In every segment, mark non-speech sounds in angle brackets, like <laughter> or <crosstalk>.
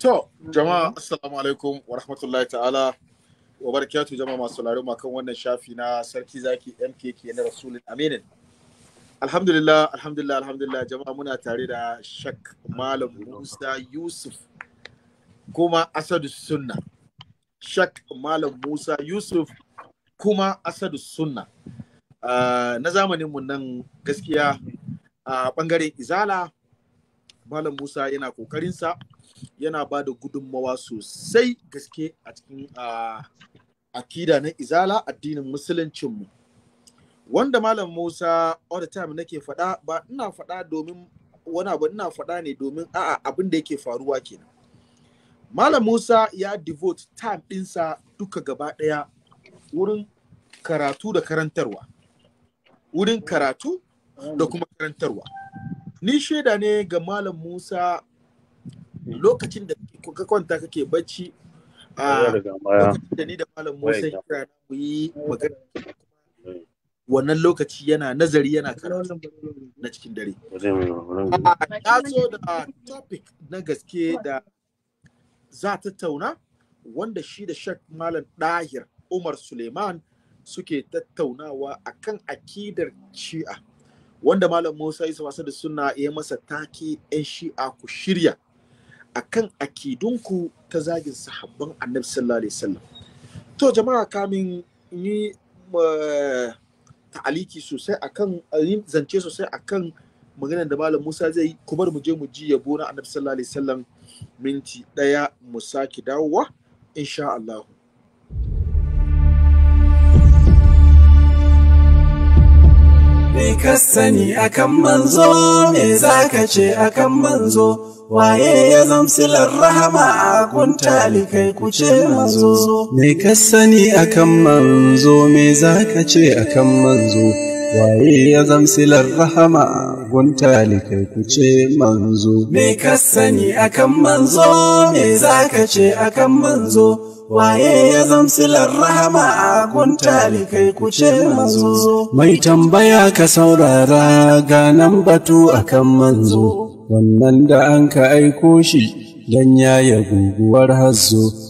To, jama'a assalamu alaikum wa rahmatullahi ta'ala wa barakatuh jama'a masu sauraro kan wannan shafi na sarki zaki MKK na Rasulun Aminin. Alhamdulillah, alhamdulillah, alhamdulillah jama'a muna tare da Shak Malam Musa Yusuf kuma Asadu Sunna. Shak Malam Musa Yusuf kuma Asadu Sunna. Uh, na zamaninmu nan gaskiya a uh, ɓangaren Izala, Malam Musa yana ƙoƙarinsa. yana ba da gudunmawa sosai gaske a cikin akida na izala addinin musuluncinmu wanda malam musa all the time nake faɗa ba ina faɗa domin wani abu ina faɗa ne domin a'a abin da yake faruwa kenan malam musa ya devote time ɗinsa duka gaba ɗaya wurin karatu da karantarwa wurin karatu da kuma karantarwa ni shaida ne ga malam musa lokacin da ka kwanta kake bacci a lokacin da ni da malam Musa ya kira mu yi magana wannan lokaci yana nazari yana karatu na cikin dare. ta ah, zo da topic na gaske da za ta tauna wanda shi da Sheikh Malam Dahir Umar Suleiman suke tattaunawa akan akidar shi'a wanda Malam Musa wasa da suna ya masa taki 'yan shi'a ku shirya. akan akidunku ta zagin sahabban annabi sallallahu alaihi wasallam to jama'a kamin ni eh, ta'aliki sosai akan zance sosai akan maganar da malam Musa zai yi kuma mu je mu ji yabo na annabi sallallahu alaihi wasallam minti daya mu sake dawowa insha Allah me ka sani akan manzo me zaka ce akan manzo waye ya zamsilar rahama a kuntali kai kuce manzo me ka sani akan manzo me zaka ce akan manzo waye ya zamsilar rahama gunta kai ku ce manzo me ka sani akan manzo me za ka ce akan manzo waye ya zamsilar rahama a gunta kai ku ce manzo mai tambaya ka saurara ganan batu akan manzo wannan da an ka aiko shi dan yi guguwar hazo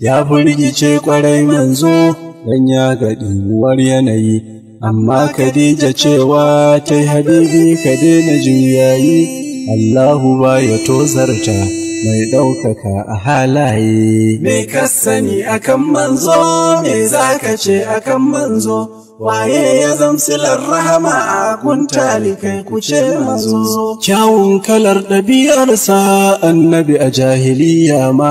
ya firgice kwarai manzo dan ya ga ɗinguwar yanayi amma Khadija cewa ta yi habibi ka daina juyayi Allahu ba ya tozarta mai ɗaukaka a halaye. Me ka sani akan manzo, me za ka ce akan manzo, waye ya zamsilar rahama a kuntali kai kuce manzo. Kyawun kalar ɗabi'arsa annabi a jahiliya ma,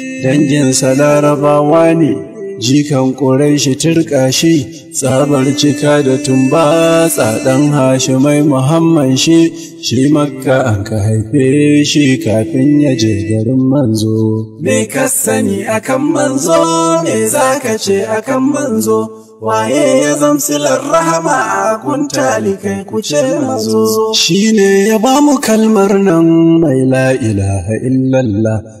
danginsa larabawa ne jikan ƙuraishi shi, tsabar cika da tumba tsadan mai muhamman shi shi makka an ka haife shi kafin ya je garin manzo me ka sani akan manzo me za ka ce akan manzo waye ya zamsilar rahama a kuntali kai kuce mazo shi ne ya ba mu kalmar nan mai la'ilaha ilaha lalla.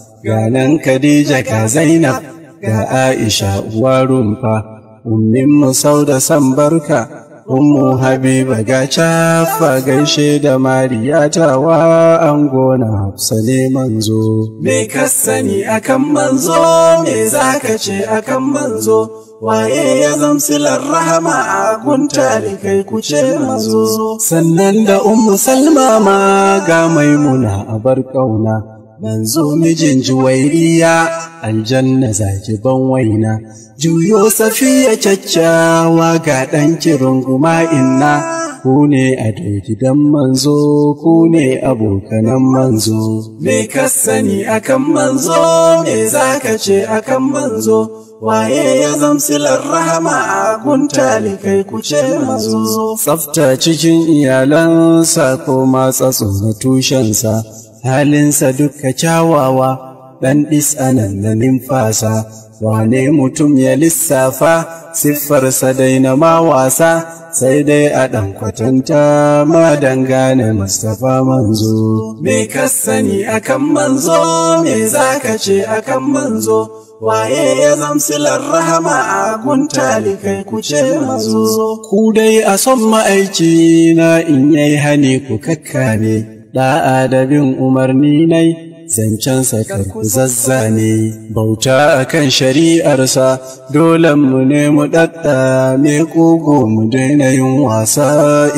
ga nan Khadija ka Zainab ga Aisha uwa rumfa ummin musau da san barka ummu Habiba ga fa gaishe da Mariya tawa an gona Hafsa ne manzo me ka sani akan manzo me zaka ce akan manzo waye ya zamsilar rahama a gunta da kai kuce manzo sannan da ummu salma ga maimuna a bar kauna manzo mijin juwairiya aljanna zaki ban waina juyo safiya caccawa ga ɗan runguma inna ku ne a dan manzo ku ne abokanan manzo me ka sani akan manzo me zaka ce akan manzo waye ya zamsilar rahama a tali kai ku ce manzo tsafta cikin iyalansa ko matsa na tushensa halinsa duka kyawawa ɗan ɗis'anan na nimfasa wane mutum ya lissafa siffarsa dai na ma wasa sai dai a ɗan kwatanta ma dangane mustapha manzo me ka sani akan manzo me za ka ce akan manzo waye ya zamsilar rahama a kuntali kai ce manzo ku dai a son ma'aiki na in yayi hane ku kakkame da'a da bin umarni nai zancen karku zazzane bauta a kan shari'arsa dole mu ne mu ɗaɗɗa me ƙugu mu daina yin wasa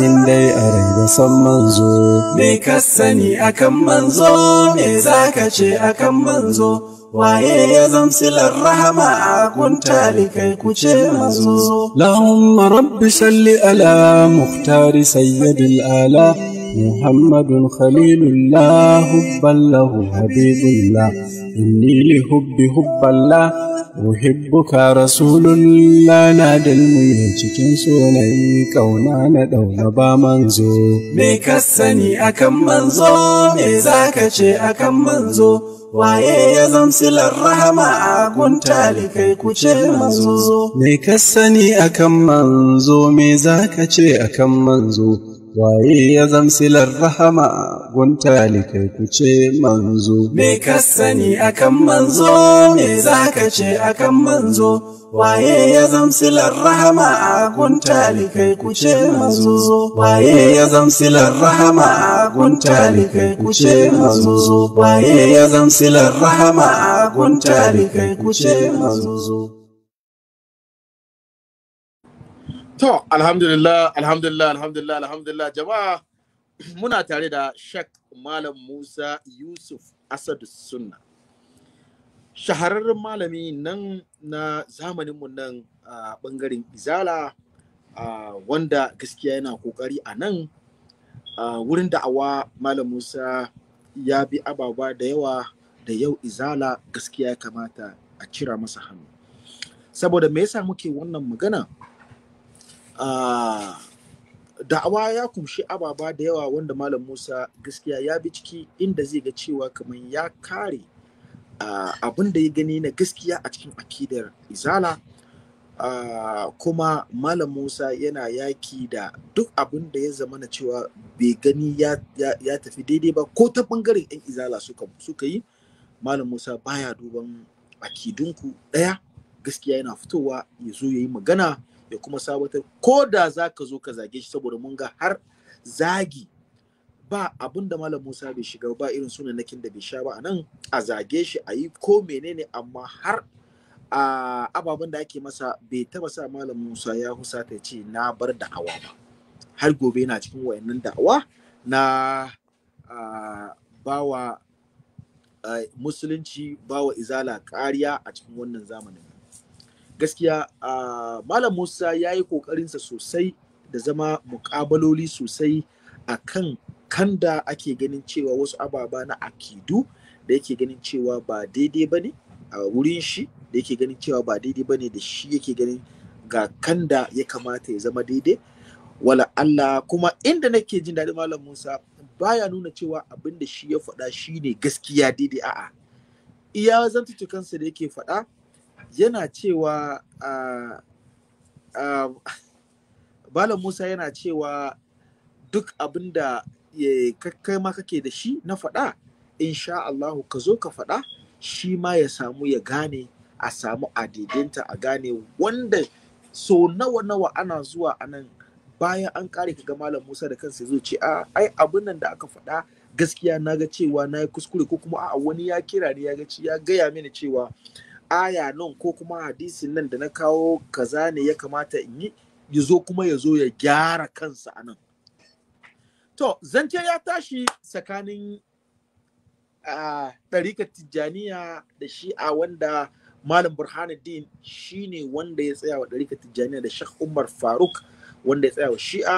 in dai a rai san manzo me ka sani akan manzo me za ka ce akan manzo waye ya zamsilar rahama a kunta likai ce manzo lahumma rabbi salli ala muhtari Sayyadul, ala Muhammadu خليل الله حبا له حبيب الله إني لحب حب الله أحبك cikin sonayi kauna na dauna ba manzo me ka sani akan manzo me zaka ce akan manzo waye ya zamsilar rahama a guntali kai kuce manzo me ka sani akan manzo me zaka ce akan manzo waye ya zamsilar rahama gunta likai ku ce manzo me ka sani akan manzo me zaka ce akan manzo waye ya zamsilar rahama gunta likai ku ce manzo waye ya zamsilar rahama gunta likai ku ce manzo waye ya zamsilar rahama gunta likai ku ce manzo To, alhamdulillah, alhamdulillah, alhamdulillah, alhamdulillah, jama'a <clears throat> muna tare da Shek Malam Musa Yusuf Asadu Sunna. Shahararren malami nan na zamaninmu nan a ɓangaren Izala, uh, wanda gaskiya yana ƙoƙari a nan, uh, wurin da'awa Malam Musa ya bi ababa da yawa da yau Izala gaskiya ya kamata a cira masa hannu. Saboda me yasa muke wannan magana? Ah, da'awa ya kumshi ababa da yawa wanda malam musa gaskiya ya bi ciki inda zai ga cewa kamar ya kare ah, abin da ya gani na gaskiya a cikin akidar izala ah, kuma malam musa yana yaki da duk abin da ya zama na cewa bai gani ya tafi daidai ba ko ta bangaren 'yan izala suka yi malam musa baya duban akidunku ɗaya gaskiya yana fitowa ya zo ya yi magana ya kuma sabatar ko da za ka zo ka zage shi saboda mun ga har zagi ba abin malam musa bai shiga ba irin nakin da bai sha ba a nan a zage shi a yi ko menene amma har a ababen da ake masa bai taba sa malam musa ya husa ta ce na bar da'awa ba har gobe yana cikin wayannan da'awa na bawa musulunci bawa izala kariya a cikin wannan zamanin gaskiya malam musa ya yi ƙoƙarinsa sosai da zama muƙabaloli sosai a kan kanda ake ganin cewa wasu ababa na akidu da yake ganin cewa ba daidai ba ne a wurin shi da yake ganin cewa ba daidai ba ne da shi yake ganin ga kanda ya kamata ya zama daidai wala Allah kuma inda nake jin daɗin malam Musa baya nuna cewa abin da shi ya faɗa shi ne gaskiya daidai a'a iya zantutukansa da yake faɗa yana cewa Malam Musa yana cewa duk abin da kai ma kake da shi na faɗa insha Allahu ka zo ka faɗa shi ma ya samu ya gane a samu adidinta a gane wanda so nawa nawa ana zuwa a nan, bayan an kare ka ga malam Musa da kansa zai ce a ai abin nan da aka faɗa gaskiya na ga cewa na yi kuskure ko kuma a wani ya kira ni ya gaya mini cewa aya nan ko kuma hadisin nan da na kawo kaza ne ya kamata in yi ya zo kuma ya zo ya gyara kansa a nan to zance ya tashi tsakanin ɗarika tijjaniya da shi'a wanda malam burhanuddin shine wanda ya tsaya wa ɗarika tijjaniya da shek umar faruk wanda ya tsaya wa shi'a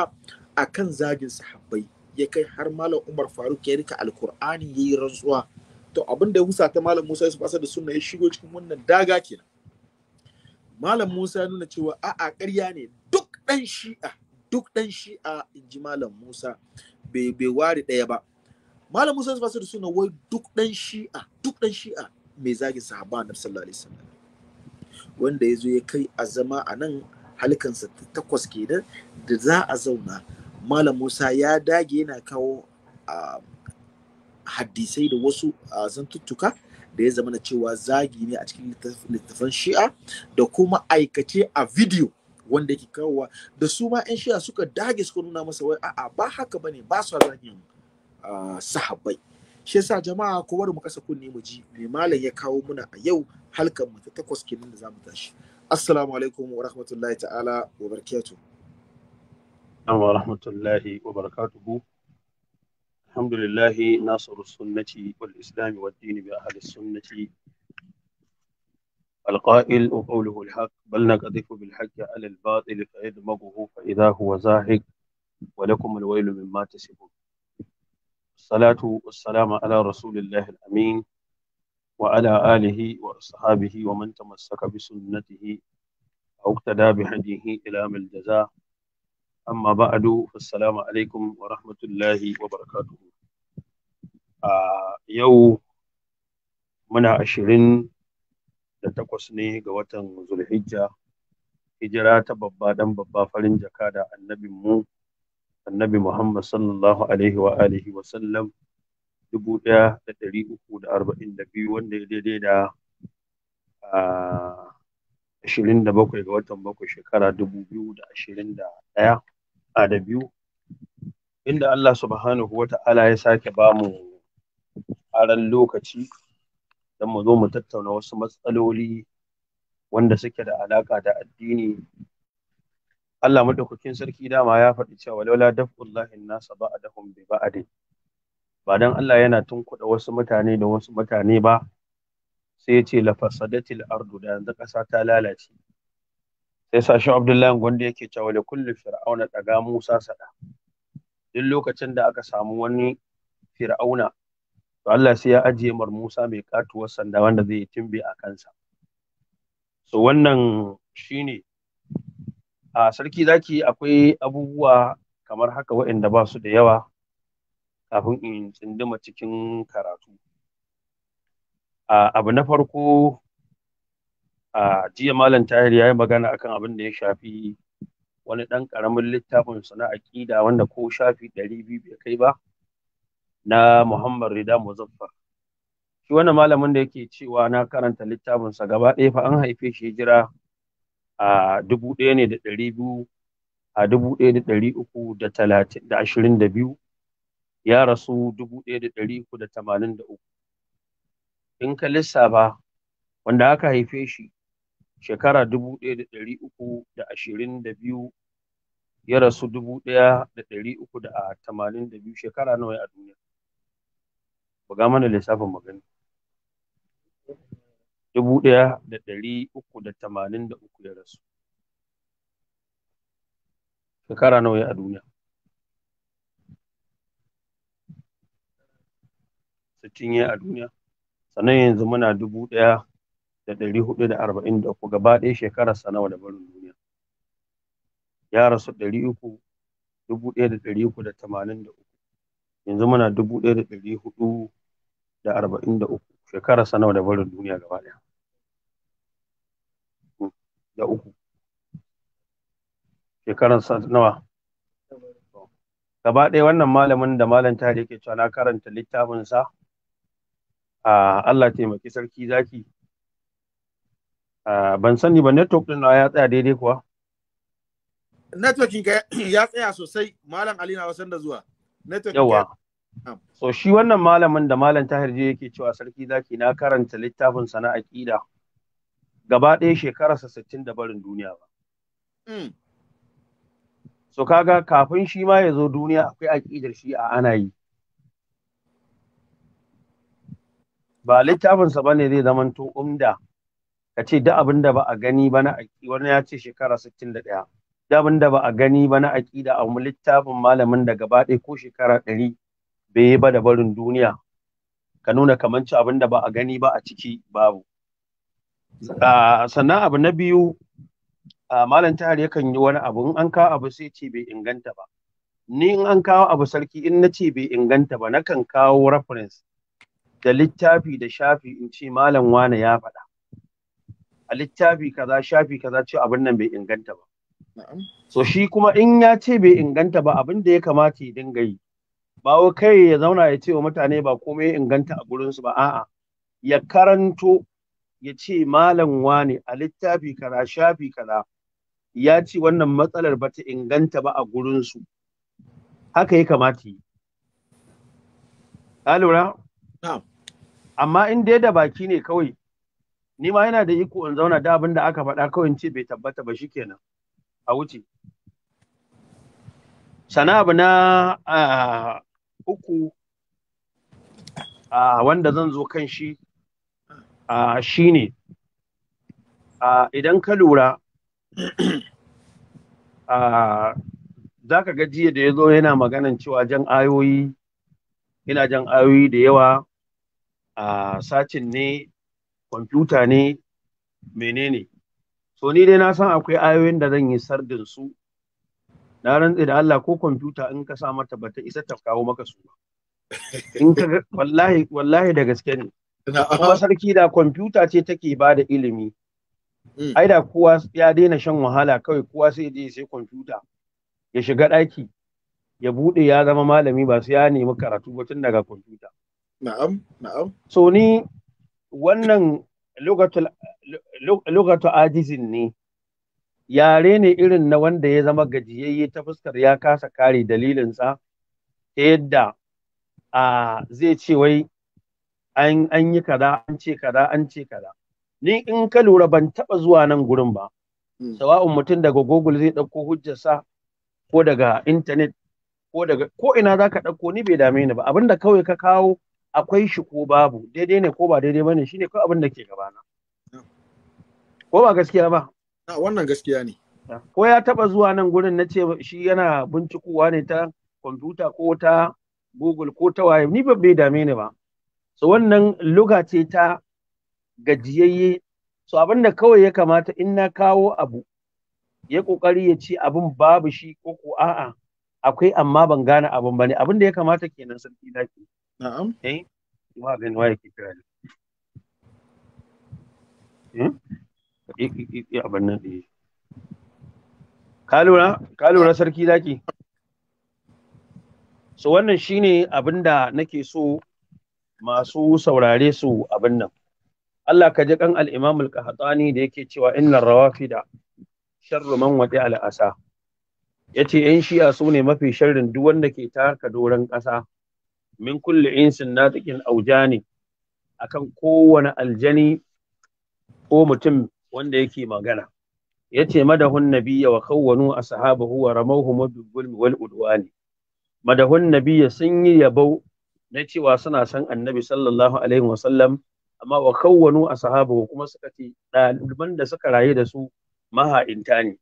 a kan zagin sahabbai ya kai har malam umar faruk ya rika alkur'ani ya yi rantsuwa to abin da ya husa ta malam Musa su Asad da sunna ya shigo cikin wannan daga kenan malam Musa ya nuna cewa a'a ƙarya ne duk ɗan shi'a duk ɗan shi'a in ji malam Musa bai bai ware ɗaya ba malam Musa su Asad da sunna wai duk ɗan shi'a duk ɗan shi'a mai zagin sahaba na sallallahu alaihi wanda ya zo ya kai azama a nan halkansa ta takwas kenan da za a zauna malam Musa ya dage yana kawo a. Ah, haddisai da wasu zantuttuka da ya zama na cewa zagi ne a cikin littafan shi'a da kuma aikace a video wanda yake kawowa da su ma 'yan shi'a suka dage suka nuna masa wai a'a ba haka bane ba su zagin sahabbai shi yasa jama'a ko bari mu kasa kunne mu ji me malam ya kawo muna a yau halkan mu ta takwas kenan da zamu tashi assalamu alaikum wa rahmatullahi ta'ala wa barakatuh wa rahmatullahi wa barakatuh الحمد لله ناصر السنة والإسلام والدين بأهل السنة القائل وقوله الحق بل نقذف بالحق على الباطل فيدمغه فإذا هو زاهق ولكم الويل مما تسبون الصلاة والسلام على رسول الله الأمين وعلى آله وأصحابه ومن تمسك بسنته أو اقتدى بهديه إلى الجزاء Amma assalamu alaikum wa rahmatullahi wa الله a Yau muna ashirin da takwas ne ga watan zulhijja hijira ta babba dan babba farin jaka da annabin mu annabi muhammad sallallahu alaihi wa alihi wa sallam dubu ɗaya da ɗari uku da arba'in da biyu wanda ya daidai da ashirin da bakwai ga watan bakwai shekara dubu biyu da ashirin da ɗaya da biyu inda Allah subhanahu wa ta'ala ya sake ba mu aran lokaci don mu zo mu tattauna wasu matsaloli wanda suke da alaƙa da addini Allah madaukakin sarki dama ya faɗi cewa laula daf'ullahi nasa ba a bi bai ba dan Allah yana tunkuɗa wasu mutane da wasu mutane ba sai ya ce la ardu da yanzu ƙasa ta lalace sai sashen abdullahi gwanda yake cewa da kulle fir'auna daga musa sada duk lokacin da aka samu wani fir'auna to Allah sai ya ajiye mar musa mai katuwar sanda wanda zai yi timbe a kansa so wannan shine a sarki zaki akwai abubuwa kamar haka waɗanda ba su da yawa kafin in tsinduma cikin karatu A abu na farko a jiya malam tahir ya yi magana akan abin da ya shafi wani ɗan ƙaramin littafin su na aƙida wanda ko shafi ɗari biyu bai kai ba na muhammad rida muzaffar shi wani malamin da yake cewa na karanta littafinsa gaba ɗaya fa an haife shi jira a dubu ɗaya ne da ɗari biyu a dubu ɗaya da ɗari uku da talatin da ashirin da biyu ya rasu dubu ɗaya da ɗari uku da tamanin da uku in ka lissafa wanda aka haife shi shekara dubu ɗaya da ɗari uku da ashirin da biyu ya rasu dubu ɗaya da ɗari uku da tamanin da biyu shekara nawa a duniya ga mana lissafin magana dubu ɗaya da ɗari uku da tamanin da uku ya rasu shekara nawa a duniya sittin ya a duniya sannan yanzu muna dubu ɗaya da ɗari hudu da arba'in da uku gaba ɗaya shekarar sa nawa da barin duniya ya rasu ɗari uku dubu ɗaya da ɗari uku da tamanin da uku yanzu muna dubu ɗaya da ɗari hudu da arba'in da uku shekarar sa nawa da barin duniya gaba ɗaya da uku shekarar sa nawa gaba ɗaya wannan malamin da malam tare yake cewa na karanta littafinsa a ah, Allah taimaki sarki zaki Ah, ban sani ba network din ya tsaya daidai kuwa networking ka ya <clears throat> tsaya sosai malam ali na wasan da zuwa networking yawa so shi wannan malamin da malam tahir je yake cewa sarki zaki na karanta littafin sana aqida gaba ɗaya shekararsa 60 da barin duniya ba mm. so kaga kafin shi ma ya zo duniya akwai aqidar shi a ana yi ba littafinsa ba ne zai zamanto umda ka ce da abin da ba a gani ba na aƙi wani ya ce shekara 61 da abin da ba a gani ba na aƙida a mu littafin malamin da gaba ɗaya ko shekara ɗari bai yi ba da barin duniya ka nuna ci abin da ba a gani ba a ciki babu sannan abu na biyu malam tahar yakan yi wani abu in an kawo abu sai ce bai inganta ba ni in an kawo abu sarki in na ce bai inganta ba nakan kawo reference da littafi da shafi in ce malam wane ya faɗa a littafi kaza shafi kaza ce abin nan bai inganta ba so shi kuma in ya ce bai inganta ba abin da ya kamata ya dinga yi ba kai ya zauna ya ce wa mutane ba komai inganta a gurinsu ba a'a ya karanto ya ce malam wane a littafi kaza shafi kaza ya ce wannan matsalar ba ta inganta ba a gurinsu haka ya kamata yi ka lura amma in dai da baki ne kawai ni ma yana da iko in zauna da abin da aka faɗa kawai in ce bai tabbata ba shikenan a wuce sana abu na uku wanda zan zo kan shi shi ne idan ka lura <clears throat> za ka ga jiya da ya zo yana maganan cewa jan ayoyi ina jan ayoyi da yawa a sacin ne kwamfuta ne menene so ni dai na san akwai ayoyin da zan yi sardin su na rantse da Allah ko kwamfuta in ka sa mata bata isa ta kawo maka su in ka wallahi wallahi da gaske ne kuma sarki da kwamfuta ce take ba da ilimi hmm. ai da kowa ya daina shan wahala kawai kowa sai je sai kwamfuta ya shiga ɗaki ya buɗe ya zama malami ba sai ya nemi karatu ba tun daga kwamfuta na'am na'am so ni wannan lugatu ajizin ne yare ne irin na wanda ya zama gajiyayye ta fuskar ya kasa kare dalilinsa ta yadda a zai ce wai an yi kada, an ce kada, an ce kada. ni in ka lura ban taba zuwa nan gurin ba hmm. sawa'un mutum daga google zai ɗauko hujjarsa ko daga intanet ko daga ko ina za ka ɗauko ni bai dame ni ba abinda kawai ka kawo akwai shi ko babu daidai ne ko ba daidai bane shine kawai abin da ke gabana ko ba gaskiya ba wannan gaskiya ne ko ya taba zuwa nan gurin na ce shi yana bincikowa ne ta kwamfuta ko ta google ko ta waye ni bai dame ni ba so wannan luga ce ta gajiyayye so abin da kawai ya kamata in na kawo abu ya kokari ya ce abin babu shi ko ko a'a akwai amma ban gane abin bane abin da ya kamata kenan sarki zaki Na'am. Eh? Kuma abin wa sarki wannan shine abin da nake so masu saurare su abin nan. Allah ka ji kan al-Imam al-Qahtani da yake cewa innar rawafida sharru man wadi al-asa. Yace yan shi'a su ne mafi sharrin duk wanda ke taka doron ƙasa min kulli insin natiqin aujani akan kowane aljani ko mutum wanda yake magana yace madahun Nabiya wa khawwanu ashabahu wa ramawhum bil zulmi wal udwani madahun Nabiya sun yi yabo na cewa suna san annabi sallallahu alaihi wa sallam amma wa khawwanu ashabahu kuma suka ce ɗaliban da suka rayu da su maha'inta ne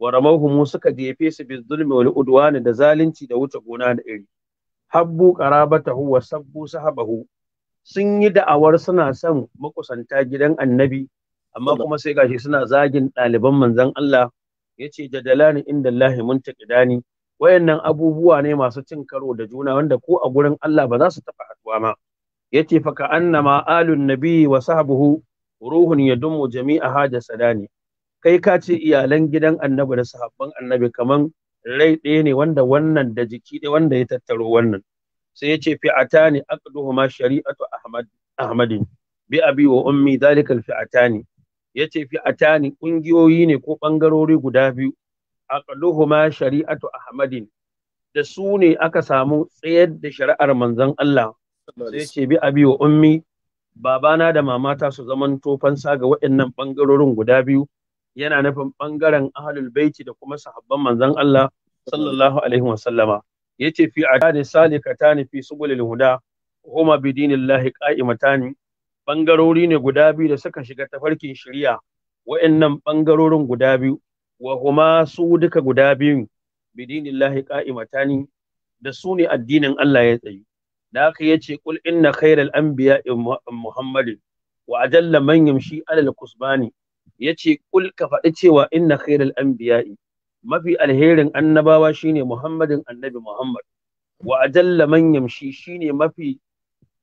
wa ramawhum suka jefe su bil wal udwani da zalunci da wuce gona da iri habbu qarabatahu wa sabbu sahabahu sun yi da'awar suna son makusanta gidan annabi amma kuma sai gashi suna zagin ɗaliban manzon Allah yace jadalani inda Allah muntaqidani wayannan abubuwa ne masu cin karo da juna wanda ko a gurin Allah ba za su taɓa haɗuwa ma yace fa ka annama alun nabi wa sahbuhu ruhun yadumu jami'a haja kai ka ce iyalan gidan annabi da sahabban annabi kaman rai ɗaya ne wanda wannan da jiki ɗaya wanda ya tattaro wannan sai ya ce fi'atani aqduhuma shari'atu ahmadin bi a wa ummi dhalika fi'atani yace fi'atani ƙungiyoyi ne ko bangarori guda biyu aqduhuma shari'atu ahmadin da su ne aka samu tsayar da shari'ar manzon Allah sai ce bi a wa ummi babana da mamata su zaman tofansa ga waɗannan bangarorin guda biyu yana nufin ɓangaren ahlul baiti da kuma sahabban manzon Allah sallallahu alaihi wa sallama yace fi akadi salikatani fi subulil huda huma bi dinillahi qa'imatani bangarori ne guda biyu da suka shiga tafarkin shari'a wa'annan bangarorin guda biyu wa huma su duka guda biyu bi dinillahi qa'imatani da su ne addinin Allah ya tsayi da haka yace kul inna khairal anbiya muhammadin wa ajalla man yamshi alal kusbani yace kul ka faɗi cewa inna khairal anbiya'i mafi alherin annabawa shine Muhammadin annabi Muhammad wa ajalla man yamshi shine mafi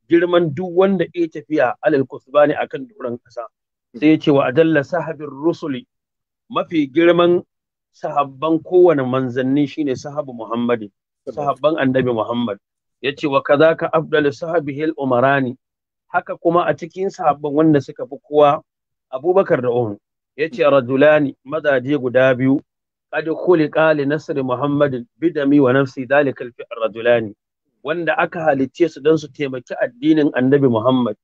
girman duk wanda ya tafiya alal kusbani akan duran kasa sai ya ce wa ajalla sahabin rusuli mafi girman sahabban kowane manzanni shine sahabu Muhammadin sahabban annabi Muhammad ya ce wa kazaka afdalu sahabihil umarani haka kuma a cikin sahabban wanda suka fi kowa Abubakar da Umar ya ce rajulani mazaje guda biyu qad khuliqa li nasri muhammadin bidami wa nafsi dhalika al rajulani wanda aka halicce su don su taimaki addinin annabi muhammad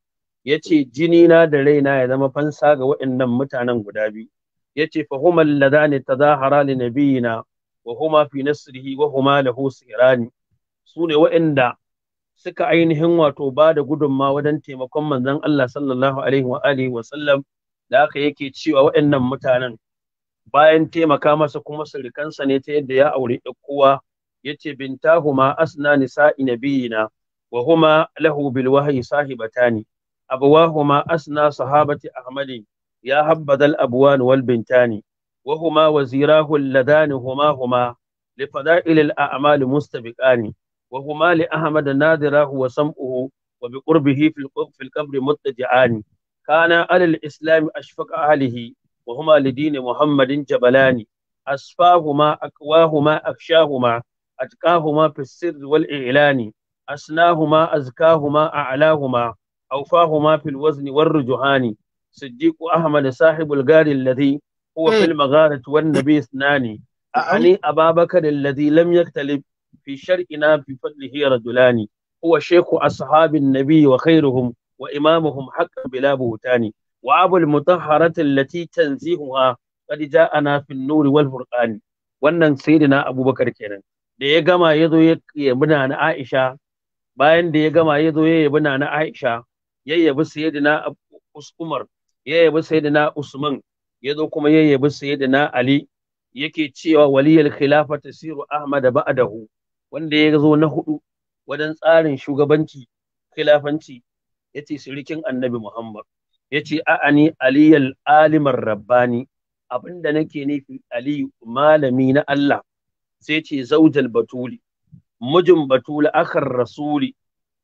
yace jini na da raina ya zama fansa ga waɗannan mutanen guda biyu yace fa huma alladhani tadahara li nabiyina wa huma fi nasrihi wa huma lahu sirani sune waɗanda suka ainihin wato ba da gudunma wajen taimakon manzon Allah sallallahu alaihi wa alihi wa sallam da aka yake cewa waɗannan mutanen bayan taimaka masa kuma surikansa ne ta yadda ya aure kowa yace bintahuma asna nisa'i nabiyina wa huma lahu bil wahyi sahibatani abwahuma asna sahabati ahmadi ya habbada al abwan wal bintani wa huma wazirahu alladani huma huma li fada'il al a'mal mustabiqani wa huma li ahmad nadirahu wa sam'uhu wa bi qurbihi fil qabr muttaji'ani kana al islam ashfaqa ahlihi وهما لدين محمد جبلان أصفاهما أقواهما أخشاهما أتقاهما في السر والإعلان أسناهما أزكاهما أعلاهما أوفاهما في الوزن والرجحان صديق أحمد صاحب الغار الذي هو في المغارة والنبي اثنان أعني أبا بكر الذي لم يختلف في شرعنا بفضله رجلان هو شيخ أصحاب النبي وخيرهم وإمامهم حقا بلا بهتان wa abul mutahharati allati tanzihuha qad ja'ana fin nuri wannan sayyidina abubakar kenan da ya gama ya zo ya yabi na aisha bayan da ya gama ya zo ya yabi na aisha ya yabi sayyidina umar ya yabi sayyidina usman ya zo kuma ya yabi sayyidina ali yake cewa waliyal khilafa siru ahmad ba'dahu wanda ya zo na hudu wajen tsarin shugabanci khilafanci yace surikin annabi muhammad yace a'ani aliyal alimar rabbani abinda nake nufi aliyu malami na Allah sai ce zaujal batuli mijin batuli akan rasuli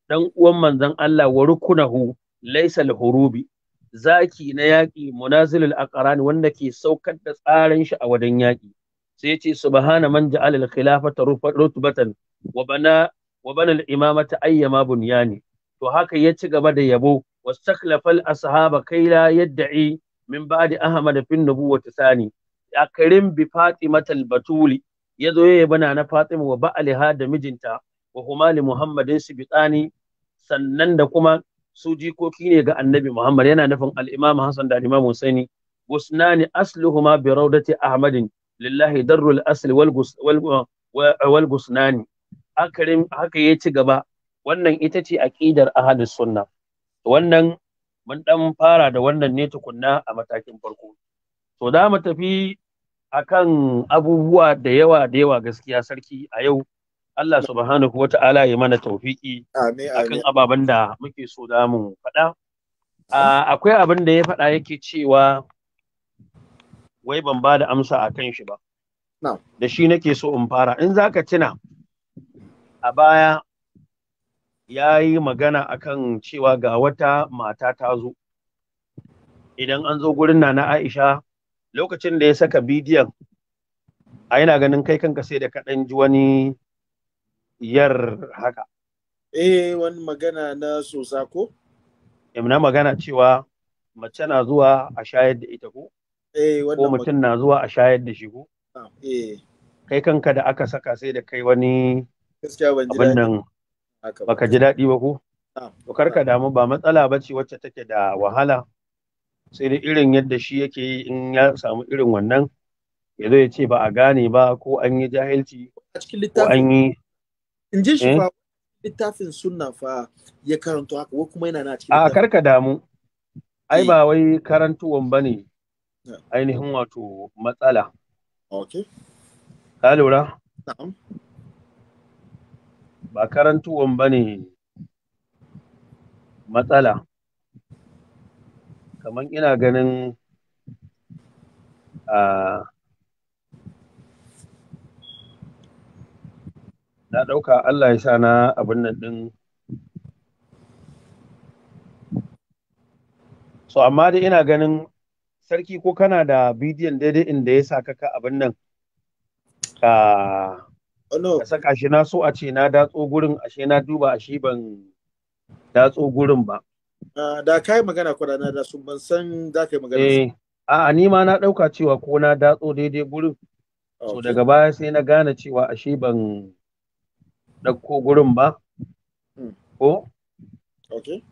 dan uwan manzon Allah wa rukunahu laysal hurubi zaki na yaƙi munazilul aqrani wanda ke saukar da tsarin shi a wadan yaƙi sai ce subhana man ja'ala al khilafata rutbatan wa bana wa bana al imamata ayyama bunyani to haka ya ci gaba da yabo واستخلف الاصحاب كي لا يدعي من بعد احمد في النبوة ثاني أكرم بفاطمه البتولي يدو يبنى أنا فاطمة وبألها دمجنتا وهما لمحمد سبيطاني sannan da kuma su jikoki ne ga annabi Muhammad yana nufin al-Imam Hassan da al-Imam Husaini wasnani asluhuma bi rawdati Ahmadin lillahi darrul asl wal wal gusnani akrim haka ya ci gaba wannan ita ce aqidar ahlus sunna wannan mun dan fara da wannan ne tukunna a matakin farko to za mu tafi akan abubuwa da yawa da yawa gaskiya sarki a yau Allah subhanahu wata'ala ya mana taufiki akan ababen da muke so da mu faɗa akwai abin da ya faɗa yake cewa wai ban ba da amsa a kan shi ba da shi nake so in fara in za ka tuna a baya ya yi magana akan cewa ga wata mata ta zo idan an zo gurin na Aisha lokacin da ya saka bidiyon a yana ganin kai kanka sai da kaɗan ji wani yar haka eh wani magana na sosa ko eh, na magana cewa mace na zuwa a shayar da ita ko eh ko mutum na zuwa a shayar da shi ko ah, eh kai kanka da aka saka sai da kai wani gaskiya ban ji baka ji daɗi ba ko to karka damu ba matsala ba ce wacce take da wahala sai dai irin yadda shi yake yi in ya samu irin wannan ya zo ya ce ba a gane ba ko an yi jahilci ko an yi in ji shi eh? fa littafin sunna fa ya karanto haka ko kuma yana na cikin a karka damu ai eh. ba wai karantuwan bane ainihin wato matsala okay ka lura na'am ba karantuwan ba ne matsala kamar ina ganin a. na ɗauka Allah ya sa na abin nan ɗin so amma dai ina ganin sarki ko kana da bidiyon daidai inda ya sa kaka abin nan ka Oh, na saka shi na so a ce na datso gurin ashe na duba ashe ban datso gurin ba ah, da kai magana kwada na da sun ban san za ka yi magana eh a ni ma na ɗauka cewa ko na datso daidai gurin so daga baya sai na gane cewa ashe ban dauko gurin ba hmm. ko Ok.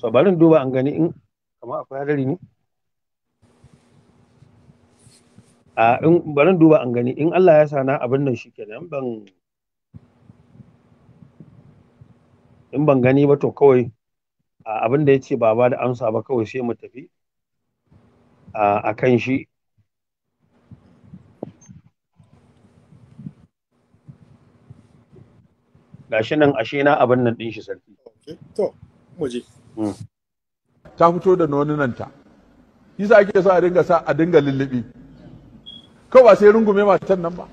so barin duba an gani in kamar akwai hadari ne a in barin duba an gani in Allah ya sa na abin nan shi kenan ban in ban gani ba to kawai abin da ya ce ba ba da amsa ba kawai sai mu tafi a kan shi gashi nan ashe na abin nan ɗin shi sarki to muje hmm. ta fito da noninanta isa ake sa a dinga sa a dinga lullubi kawai ba sai rungume matan nan ba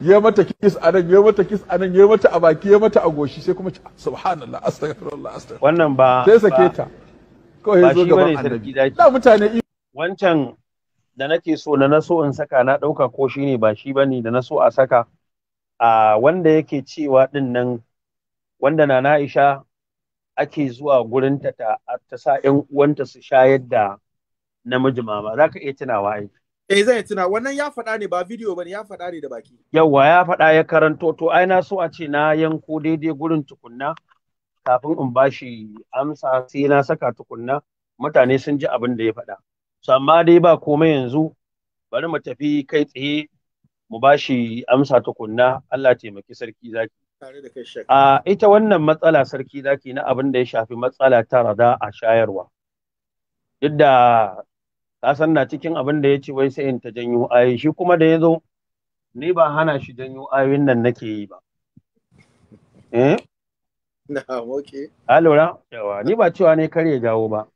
ya mata kis a nan ya mata kis a nan ya mata a baki ya mata a goshi sai kuma subhanallah astaghfirullah astaghfirullah wannan ba sai sake ta kawai ya zo gaban annabi da mutane wancan da nake so na naso in saka na dauka ko shine ba shi bane da naso a saka a wanda yake cewa din nan wanda na Na'isha ake zuwa gurin ta ta sa ƴan uwanta su shayar da namiji mama zaka iya tunawa ai Eh zai tuna wannan ya faɗa ne ba bidiyo ba ya faɗa ne da baki. Yawwa ya faɗa ya karanto to ai na so a ce na yanko daidai gurin tukunna kafin in bashi amsa sai na saka tukunna mutane sun ji abin da ya faɗa. So amma dai ba komai yanzu bari mu tafi kai tsaye mu bashi amsa tukunna Allah taimaki sarki zaki. A ita wannan matsala sarki zaki na abin da ya shafi matsala ta rada a shayarwa. Duk da kasan na cikin abin da ya ce wai sai in ta janyo ayi shi kuma da ya zo ni ba hana shi janyo ayoyin nan nake yi ba eh na alora yawa ni ba cewa ne kar ya jawo ba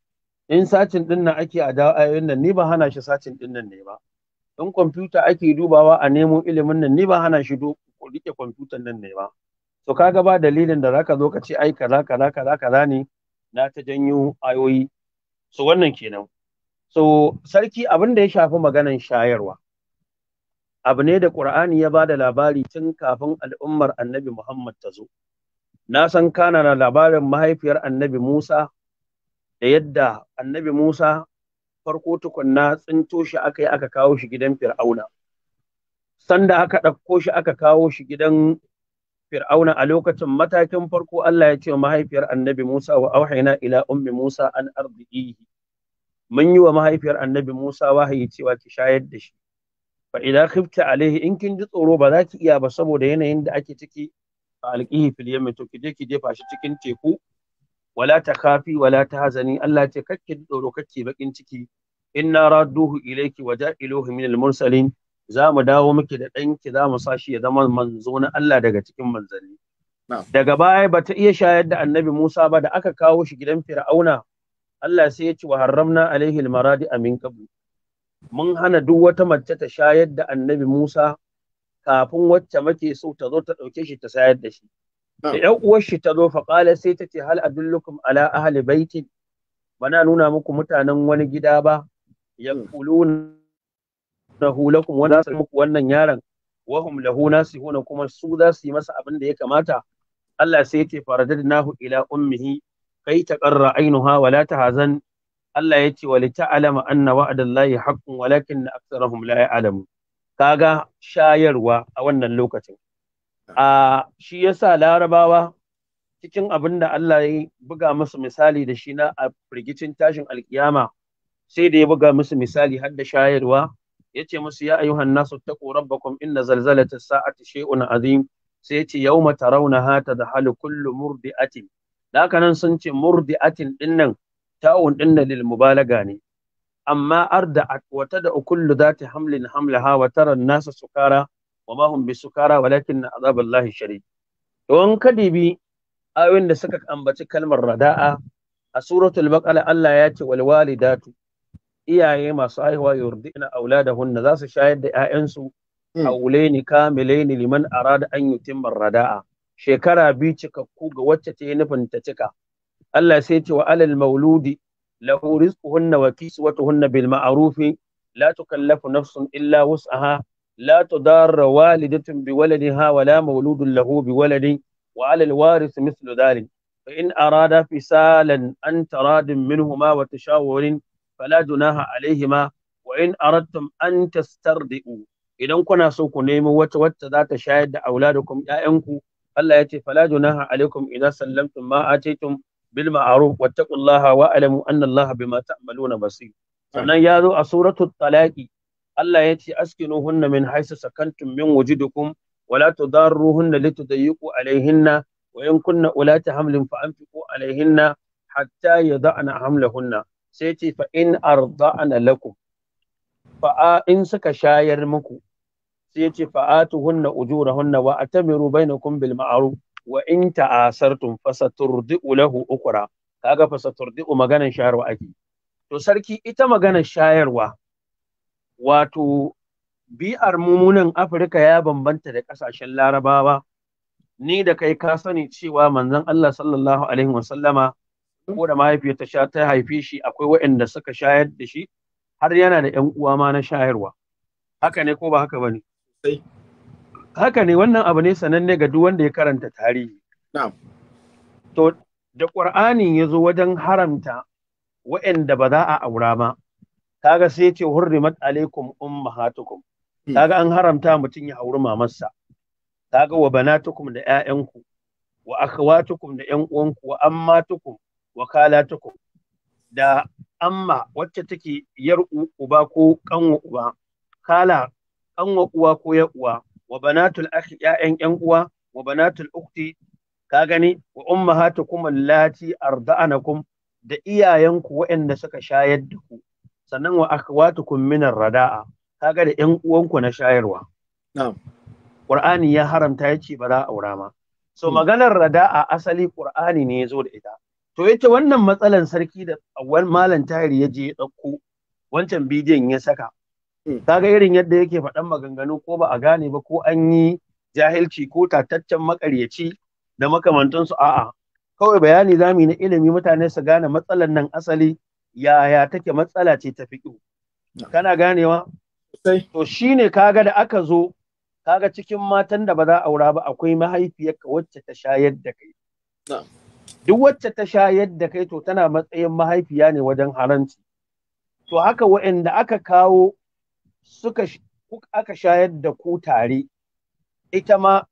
in sacin din nan ake a jawo ayoyin nan ni ba hana shi sacin din nan ne ba in kwamfuta ake dubawa a nemo ilimin nan ni ba hana shi rike kwamfutan nan ne ba to kaga ba dalilin da zaka zo ka ce ai kaza kaza kaza kaza ne na ta janyo ayoyi so wannan kenan so sarki abin da ya shafi maganar shayarwa abu ne da ƙur'ani ya ba da labari tun kafin al'ummar annabi muhammad ta zo na san kana na labarin mahaifiyar annabi musa da yadda annabi musa farko tukunna tsinto shi aka yi aka kawo shi gidan fir'auna sanda aka ɗauko shi aka kawo shi gidan fir'auna a lokacin matakin farko Allah ya ce mahaifiyar annabi Musa wa auhaina ila ummi Musa an ardihi mun yi wa mahaifiyar annabi Musa wahayi cewa ki shayar da shi fa idza khifta alaihi in kin ji tsoro ba za ki iya ba saboda yanayin da ake ciki A alqihi fil yammi to ki je ki jefa shi cikin teku wala kafi wala tahzani Allah ce kakki ji tsoro kakki bakin ciki inna radduhu ilayki wa ja'iluhu min al mursalin za mu dawo miki da ɗanki za mu sa shi ya zama manzo na Allah daga cikin manzanni daga baya ba ta iya shayar da annabi Musa ba da aka kawo shi gidan Fir'auna Allah sai ya ce wa haramna alaihi almaradi amin kabu. mun hana duk wata mace ta shayar da annabi Musa kafin wacce make so ta zo ta dauke shi ta sayar da shi da yan uwar shi ta zo fa sai ta ce hal adullukum ala ahli baiti bana nuna muku mutanen wani gida ba yaqulun lahu wa nasu muku wannan yaron wa hum lahu nasihuna kuma su za su yi masa abin da ya kamata Allah sai ya ce faradadnahu ila ummihi kai ta qarra ainuha wa la hazan Allah ya ce wa li ta'lama anna wa'dallahi haqqun walakin aktsarahum la ya'lamu kaga shayarwa a wannan lokacin a shi yasa larabawa cikin abin da Allah ya buga musu misali da shi na a firgicin tashin alkiyama sai da ya buga musu misali har da shayarwa ya ce musu ya ayyuhan nasu taqu rabbakum inna zalzalata sa'ati shay'un azim sai ya ce yawma tarawnaha tadhalu kullu murdi'atin da haka nan sun ce murdi'atin dinnan ta'un dinnan lil mubalaga ne amma arda'at wata da ukullu dhati hamlin hamlaha wa tara nasa sukara wa ma hum bisukara walakin azaballahi shari to an kadibi ayoyin da suka ambaci kalmar rada'a a suratul baqara Allah ya ce wal walidatu iyaye masu haihuwa yurdina auladahunna za su shayar da 'ya'yansu hmm. a ulaini kamilaini liman arada an yutimma rada'a shekara biyu cikakku ga wacce ta yi nufin ta cika Allah sai ce wa alal mauludi lahu rizquhunna wa kiswatuhunna bil ma'rufi la tukallafu nafsun illa wus'aha la tudarra walidatun bi waladiha wa la mauludun lahu bi waladi wa alal waris mithlu dhalik fa in arada fisalan an taradin minhuma wa tashawurin fala junaha alaihima wa in aradtum an tastardi'u idan kuna so ku nemi wata wacce za ta shayar da auladukum 'ya'yanku Allah ya ce fala junaha alaikum idza sallamtum ma ataytum bil ma'ruf wattaqullaha wa alamu anna Allah bima ta'maluna basir sannan ya zo a suratul talaqi Allah ya ce askinuhunna min haythu sakantum min wujudukum wala tudarruhunna litudayyiqu alaihinna wa in kunna ulati hamlin fa anfiqu alayhinna hatta yada'na hamlahunna sai ce fa in arda'na lakum fa in suka shayar muku sai ya ce tuhunna, ujurahunna wa bai na bil ma'ruf wa in ta'asartum fasaturdi'u lahu ukra kaga fasaturdi'u maganar shayarwa ake to sarki ita maganar shayarwa wato bi'ar mumunan Afirka ya bambanta da ƙasashen Larabawa ni da kai ka sani cewa manzon Allah sallallahu alaihi wasallama ko da mahaifiyarta sha ta haife shi akwai waɗanda suka shayar da shi har yana da ƴan uwa ma na shayarwa haka ne ko ba haka bane sosai haka ne wannan abu ne sananne ga duk wanda ya karanta tarihi to da ƙur'ani ya zo wajen haramta wa'anda ba za a aura ba kaga sai ce hurrimat alaikum ummahatukum hmm. kaga an haramta mutum ya auri mamarsa kaga wa banatukum da 'ya'yanku, wa akhawatukum da ƴan uwanku wa ammatukum wa kalatukum da amma wacce take yar uba ko kanwa uba kala An wa uwa ko ya uwa wa banatul akhi ƴaƴan ƴan uwa wa banatul ukhti ka gani wa ummahatukum allati arda'anakum da iyayenku waɗanda suka shayar da ku sannan wa akhwatukum min rada'a kaga da ƴan uwanku na shayarwa na'am Qur'ani ya haramta ya ce ba za a aura ma so hmm. maganar rada'a asali Qur'ani ne ya zo da ita to yace wannan matsalan sarki da awwal malam tahiri ya je ya ɗauko wancan bidiyon ya saka Eh, kaga irin yadda yake faɗan maganganu ko ba a gane ba ko an yi jahilci ko tataccen makaryaci da makamantansu a'a kawai bayani zamu na ilimi mutane su gane matsalar nan asali yaya take matsala ce ta fiƙo kana ganewa to shine kaga da aka zo kaga cikin matan da ba za a aura ba akwai mahaifiyar ka wacce ta shayar da kai duk wacce ta shayar da kai to tana matsayin mahaifiya ne wajen haranci to haka waɗanda aka kawo suka aka shayar da ku tare ita ma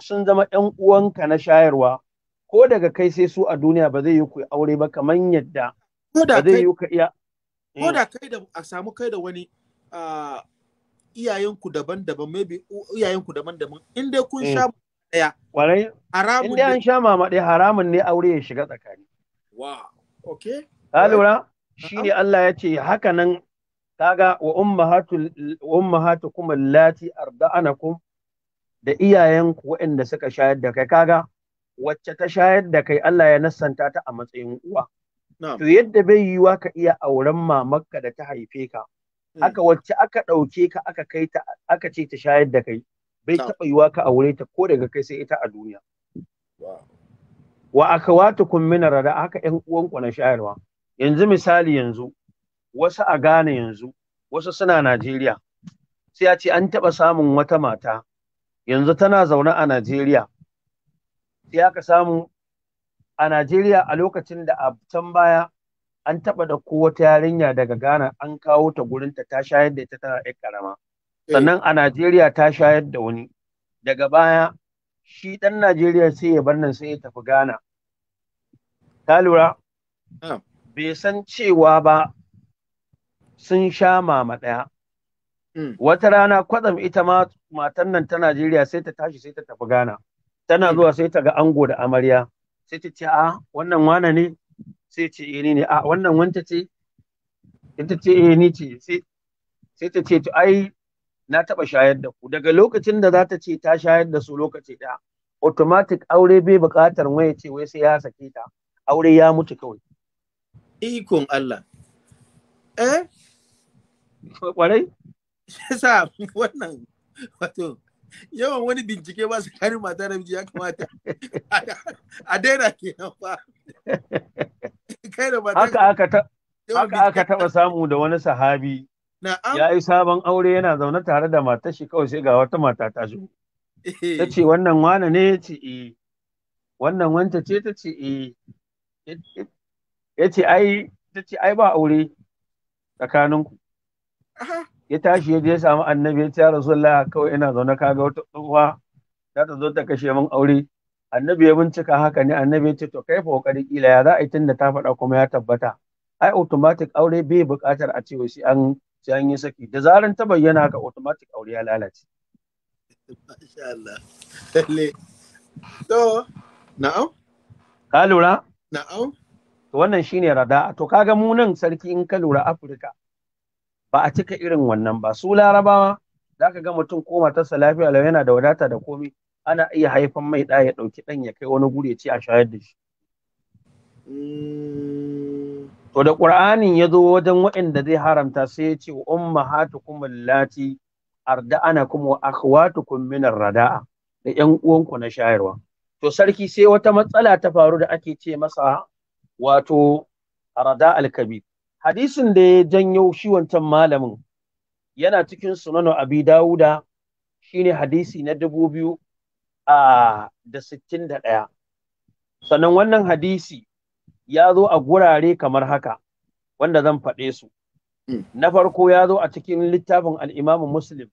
sun zama ‘yan uwanka na shayarwa ko daga kai sai su a duniya ba zai yi ku aure ba kamar yadda ba zai yi ka iya ko eh. da kai da a samu kai da wani iyayenku daban-daban maybe iyayenku daban-daban in dai kun eh. sha daya warai haramun ne an sha mama daya haramun ne aure ya shiga tsakani wa okay ka lura shine Allah ya ce haka nan kaga wa ummahatul ummahatukum allati arda'anakum da iyayenku waɗanda suka shayar da kai kaga wacce ta shayar da kai Allah ya nassanta ta a matsayin uwa to yadda bai yi yiwa ka iya auren mamarka da ta haife ka hmm. haka wacce aka ɗauke ka aka kai ta aka ce ta shayar da kai bai taɓa yiwa ka aure ta ko daga kai sai ita a duniya wa kun min rada haka ƴan uwanku na shayarwa yanzu misali yanzu wasu a Ghana yanzu wasu suna Najeriya sai a ce an taɓa samun wata mata yanzu tana zaune a Najeriya sai aka samu a Najeriya a lokacin da a can baya an taɓa da wata yarinya daga Ghana an kawo ta gurinta ta shayar da ita tana ɗan ƙarama eh. sannan a Najeriya ta shayar da wani daga baya shi ɗan Najeriya sai ya bar nan sai ya tafi Ghana ta lura ah. bai san cewa ba sun sha mama ɗaya. Mm. Wata rana kwatsam ita ma matan nan ta Najeriya sai ta tashi sai ta tafi Ghana. Tana mm. zuwa sai ta ga ango da amarya. Sai ta ce a wannan wana ne? Sai ce eh ni ne a wannan wanta ce? ta ce eh ni ce sai ta ce to ai na taɓa shayar da ku daga lokacin da za ta ce ta shayar da su lokaci ɗaya automatic aure bai buƙatar waya ce wai sai ya sake ta aure ya mutu kawai ikon Allah eh Kwarai? <laughs> Yasa wannan wato yawan wani bincike ba su kari mata da miji ya kamata a daina ke <laughs> Haka aka taɓa samu da wani sahabi. Ya yi sabon aure yana zaune tare da matar shi kawai sai ga wata mata ta zo eh. Ta ce wannan wane ne ya ce e Wannan wanta ce ta ce e Ya ce ai ta ce ai ba aure tsakaninku. ya tashi ya je samu annabi ya ce rasulullah kawai ina zaune kaga wata tsohuwa za ta zo ta kashe min aure annabi ya bincika haka ne annabi ya ce to kai fa kokari kila ya za a yi tunda ta faɗa kuma ya tabbata ai automatic aure bai buƙatar a cewa shi an sai an yi saki da zaran ta bayyana haka automatic aure ya lalace masha Allah to na'am ka lura na'am to wannan shine rada to kaga mu nan sarki in ka lura Afirka ba a cika irin wannan ba su larabawa za ka ga mutum ko matarsa lafiya lau yana da wadata da komai ana iya haifan mai ɗa ya ɗauki ɗan ya kai wani guri ya ce a shayar da shi. Mm. To da ƙur'anin ya zo wajen waɗanda zai haramta sai ya ce wa umma lati arda'ana kuma wa akhwatu rada'a da ƴan uwanku na shayarwa. To sarki sai wata matsala ta faru da ake ce masa wato rada alkabir. hadisin da ya janyo shi wancan malamin yana cikin sunanu abi dawuda shine hadisi na dubu biyu a da sittin da ɗaya sannan wannan hadisi ya zo a gurare kamar haka wanda zan faɗe su hmm. na farko ya zo a cikin littafin al'imamu muslim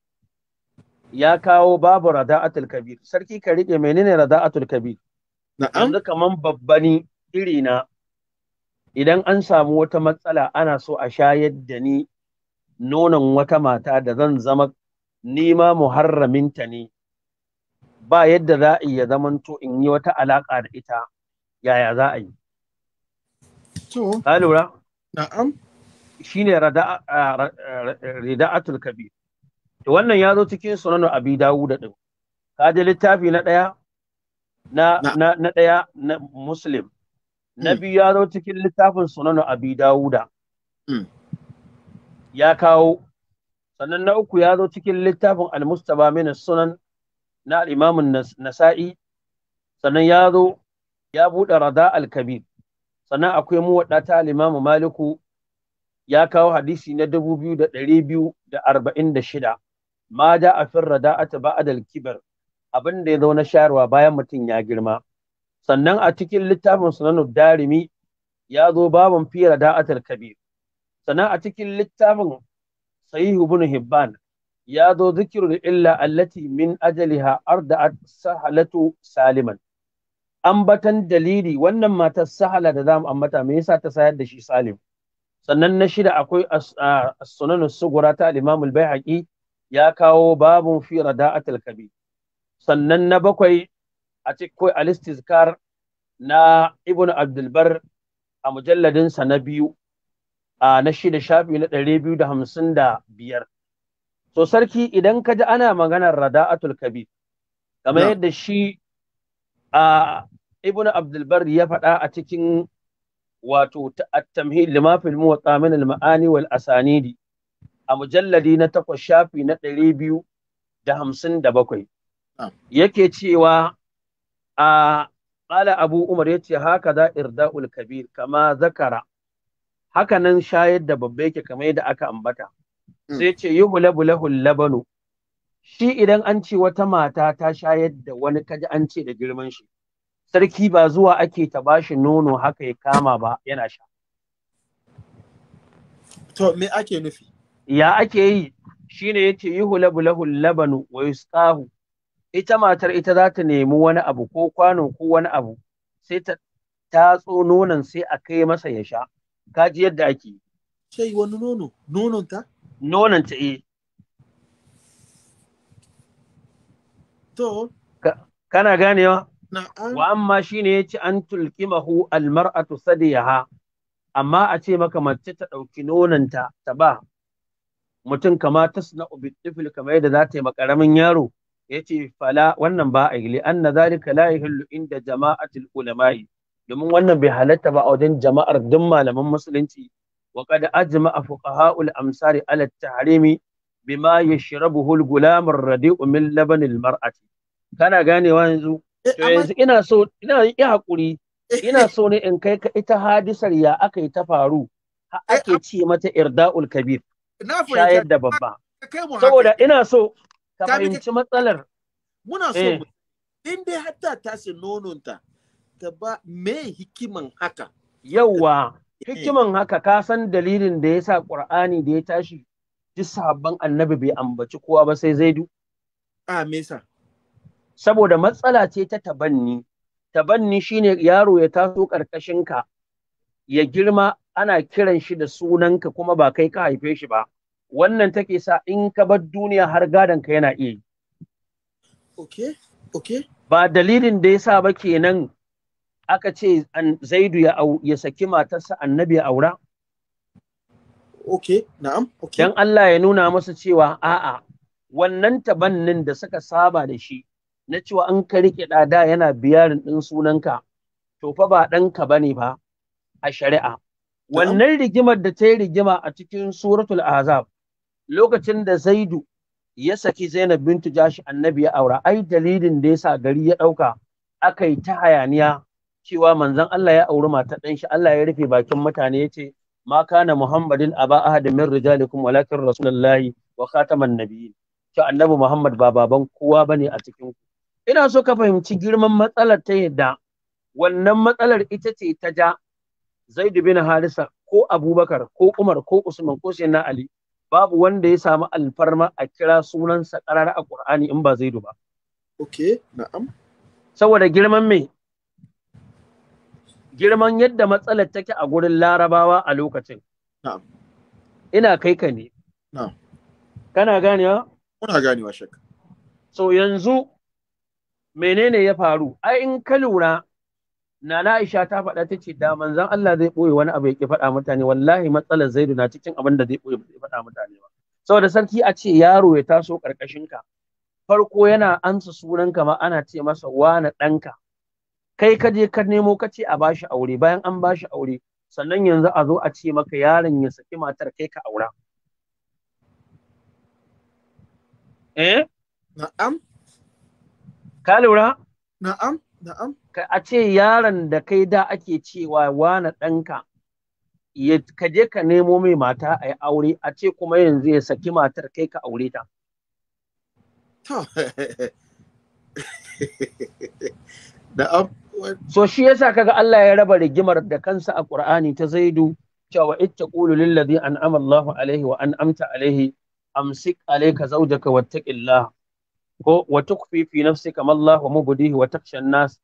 ya kawo babu rada'atul kabir sarki ka riƙe menene rada'atul kabir yanzu kaman babbani irina idan an samu wata matsala ana so a shayar da ni nonon wata mata da zan zama nima muharraminta ne ba yadda za a iya zamanto in yi wata alaƙa da ita yaya za a yi ka lura na'am shine rida'atul kabir to wannan ya zo cikin sunan abi da din ka je littafi na ɗaya na na ɗaya na muslim na hmm. biyu ya zo cikin littafin sunan abi dawuda hmm. ya kawo sannan na uku ya zo cikin littafin almustaba mini sunan na alImamun nasa'i sannan ya zo ya buɗe rada al-kabir sannan akwai mu ta al maliku ya kawo hadisi na dubu biyu da ɗari biyu da arba'in da shida ma da a fin a ba'ad kibar abin da ya zo na shayarwa bayan mutum ya girma sannan a cikin littafin sunan darimi ya zo babun fi rada'atul kabir sannan a cikin littafin sahihu ibn hibban ya zo zikirul illa allati min ajaliha da sahalatu saliman ambatan dalili wannan matar sahala da zamu ambata me yasa ta sayar da shi salim sannan na shida akwai as-sunan sugura ta al-imam al-baihaqi ya kawo babun fi rada'atul kabir sannan na bakwai a ce kawai alistizkar na ibn abdulbar a mujalladinsa na biyu a na shida shafi na ɗari biyu da hamsin da biyar so sarki idan ka ji ana maganar rada'atul kabir kamar yadda shi a ibn abdulbar ya faɗa a cikin wato at lima fil muwatta min al-ma'ani wal asanidi a mujalladi na takwas shafi na ɗari biyu da hamsin da bakwai yake cewa A'a, ƙala abu umar ya ce haka za irda'ul kabir kama zakara haka nan shayar da babba yake kama yadda aka ambata hmm. sai ce yi bulabulahul labanu shi idan an ce wata mata ta shayar da wani kaji an ce da girman shi sarki ba zuwa ake ta bashi nono haka ya kama ba yana sha to me ake nufi ya ake yi shine yace yuhlabu lahul labanu wa yusqahu ita matar ita za ta nemi wani abu ko kwano ko wani abu sai ta tatso nonon sai a kai masa ya sha ka ji yadda ake sai wani nono nonon ta nonon ta eh to kana ganewa wa amma shine yace an tulkimahu almar'atu yaha. amma a ce maka mace ta dauki nonon ta ta ba mutum kama tasna'u bitifil kamar yadda za ta yi makaramin yaro yace fala wannan ba a yi anna zalika la yahillu inda jama'atul ulama'i domin wannan bai halatta ba a wajen jama'ar duk malaman musulunci wa qad ajma'a fuqaha'ul amsari ala tahrimi bima yashrabuhu al-gulam ar-radi'u min laban al-mar'ati kana ganewa yanzu eh, yanzu ina so ina yi hakuri <laughs> ina so ne in kai ka ita hadisar ya aka yi ta faru eh, ake ce mata irda'ul kabir shayar da babba saboda ina so ka fahimci matsalar muna so eh. in dai hatta ta nononta ta ba me hikiman haka yawa eh. hikiman haka ka san dalilin da ya sa ƙur'ani da ya tashi duk sabon annabi bai ambaci kowa ba sai zaidu a me sa? saboda matsala ce ta tabanni tabanni shine yaro ya taso ƙarƙashinka ya girma ana kiran shi da sunanka kuma ba kai ka haife shi ba wannan take sa in ka bar duniya har gadon ka yana iya yi okay okay ba dalilin da yasa ba kenan aka ce zaidu ya ya saki matarsa annabi ya aura okay na'am okay dan Allah ya nuna masa cewa a'a wannan tabannin da suka saba da shi na cewa an ka rike da yana biyarin din sunanka to fa ba ɗanka bane ba a shari'a wannan rigimar da ta yi rigima a cikin suratul azab lokacin da zaidu ya saki zainab bintu jashi annabi ya aura ai dalilin da yasa gari ya ɗauka aka yi ta hayaniya cewa manzon Allah ya auri mata ɗan shi Allah ya rufe bakin mutane ya ce ma kana muhammadin aba ahadin min rijalikum walakin rasulullahi wa khataman nabiyyin to annabi muhammad ba baban kowa bane a cikin ku ina so ka fahimci girman matsalar ta yadda wannan matsalar ita ce ta ja Zaid bin Harisa ko Abubakar ko Umar ko Usman ko Sayyidina Ali babu wanda ya samu alfarma a kira sunansa ƙarar a Qur'ani in ba zai ba okay na'am saboda girman me girman yadda matsalar take a gurin larabawa a lokacin na'am ina kai ka ne na'am kana ganewa kuna ganewa shakka so yanzu menene ya faru ai in ka lura Nana Aisha ta faɗa ta ce da manzon Allah zai ɓoye wani abu ya ki faɗa mutane wallahi matsalar zaidu na cikin abin da zai ɓoye zai faɗa mutane ba. Saboda sarki a ce yaro ya taso ƙarƙashin ka farko yana ansa sunanka ma ana ce masa wane ɗanka kai ka je ka nemo ka ce a bashi aure bayan an bashi aure sannan yanzu a zo a ce maka yaron ya saki matar kai ka aura. Eh? Na'am. Ka lura? Na'am, na'am. a ce yaron da kai da ake cewa wane ɗanka ka je ka nemo mai mata a yi aure a ce kuma yanzu ya saki matar kai ka aure ta. So shi yasa kaga Allah ya raba rigimar da kansa a Ƙur'ani ta Zaidu cewa ƙulu lillazi an amallahu alaihi wa an'amta alaihi amsik alayka zawjaka wattaqillah ko wa tukfi fi nafsika ma Allah wa mubdihi wa nas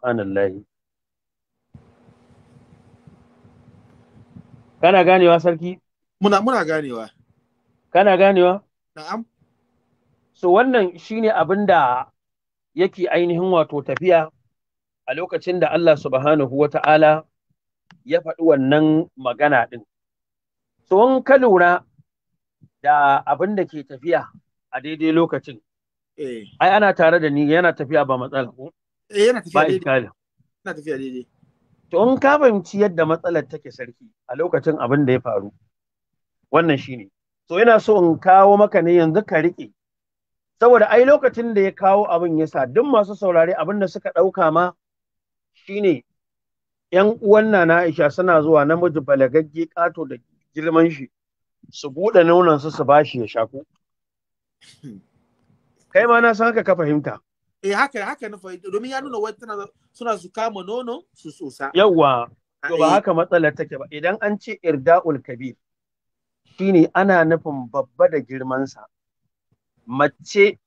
subhanallahi kana ganewa sarki muna muna ganewa kana ganewa na'am so wannan shine abin da yake ainihin wato tafiya a lokacin da Allah subhanahu wata'ala ya faɗi wannan magana ɗin. So, in ka lura da abin da ke tafiya a daidai lokacin, eh. ai ana tare da ni yana tafiya ba matsala ko? Eh, yana to in ka fahimci yadda matsalar take sarki a lokacin abin da ya faru wannan shine so yana so in kawo maka ne yanzu ka rike saboda ai lokacin da ya kawo abin ya sa duk masu saurare abin da suka ɗauka ma shine yan uwan na Aisha suna zuwa namiji balagagge ƙato da girman shi su buɗe nunansu su bashi ya shako <laughs> kai ma na san haka ka fahimta eh haka haka na fahimta domin ya nuna tana suna su kama nono su sosa. yawwa to ba eh. haka matsalar take ba idan an ce irda'ul kabir shine ana nufin babba da girman sa. mace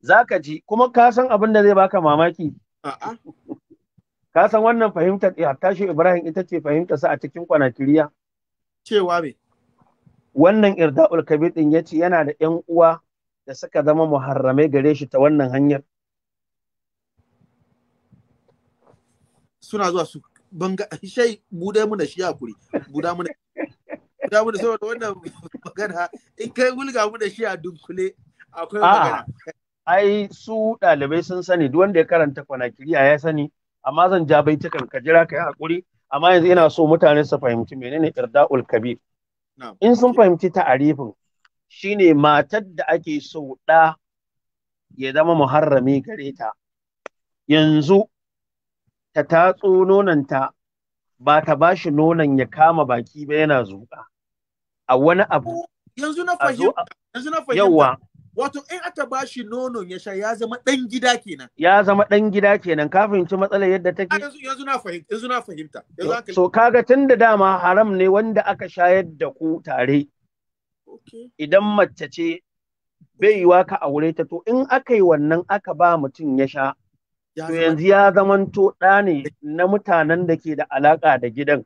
zaka ji kuma ka san abin da zai baka mamaki a'a ka san wannan fahimtar Ya eh, tashi Ibrahim ita ce fahimtar sa a cikin kwanakiriya cewa me wannan irda'ul kabir din yace yana da yan uwa da suka zama muharramai gare shi ta wannan hanyar suna zuwa su banga shai bude muna shi kuri buda muna buda muna saboda wannan magana in kai wulga muna shi a dunkule akwai magana ai su ɗalibai sun sani duk wanda ya karanta kwanakiriya ya sani amma zan ja bai ta ka jira ka yi hakuri amma yanzu ina so mutane su fahimci menene irda'ul kabir in sun fahimci arifin shine matar da ake so ɗa ya zama muharrami gare ta yanzu ta tatso nonanta ba ta ba shi nonon ya kama baki ba yana zuƙa a wani abu yanzu na fahimta yanzu na fahimta yawa wato in aka ba shi nonon ya sha ya zama dan gida kenan ya zama dan gida kenan ka fahimci matsalar yadda take yanzu na fahimta yanzu na fahimta so kaga tun da dama haram ne wanda aka shayar da ku tare idan mace ce bai yiwa ka aure ta to in aka yi wannan aka ba mutum ya sha yanzu ya zamanto ɗa ne na mutanen da ke da alaƙa da gidan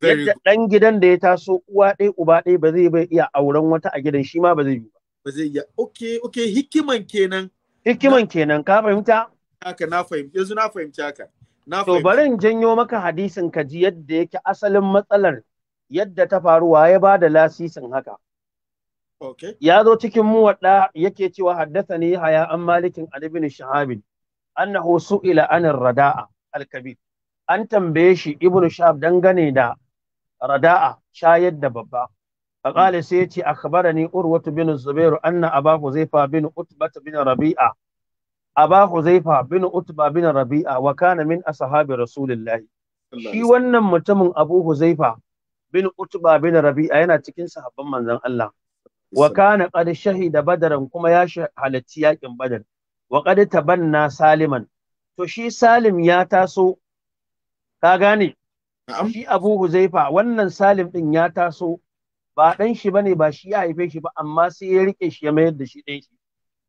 yadda ɗan gidan da ya taso uwa ɗaya uba ɗaya ba zai bai iya auren wata a gidan shi ma ba zai yi ba ba zai iya okay okay hikiman kenan hikiman kenan ka fahimta haka na fahimta, yanzu na fahimci haka na fahimci to bari in janyo maka hadisin ka ji yadda yake asalin matsalar yadda ta faruwa ya ba da lasisin haka okay ya zo cikin muwadda yake cewa Haddasa ne haya an malikin an shahabin annahu su'ila anir rada'a al-kabir an tambaye shi ibnu shahab dangane da rada'a shayar da babba فقال سيتي أخبرني أروة بن الزبير أن أبا حذيفة بن أتبة بن ربيعة أبا حذيفة بن أتبة بن ربيعة وكان من أصحاب رسول الله shi wannan mutumin Abu Huzaifa bin Utba bin Rabi'a yana cikin sahabban manzan Allah wa kana qad shahida badaran kuma ya halarci yaƙin badar wa qad tabanna saliman to shi salim ya taso ka gane shi abu huzaifa wannan salim din ya taso ba dan shi bane ba shi ya haife shi ba amma sai ya rike shi ya mayar da shi dan shi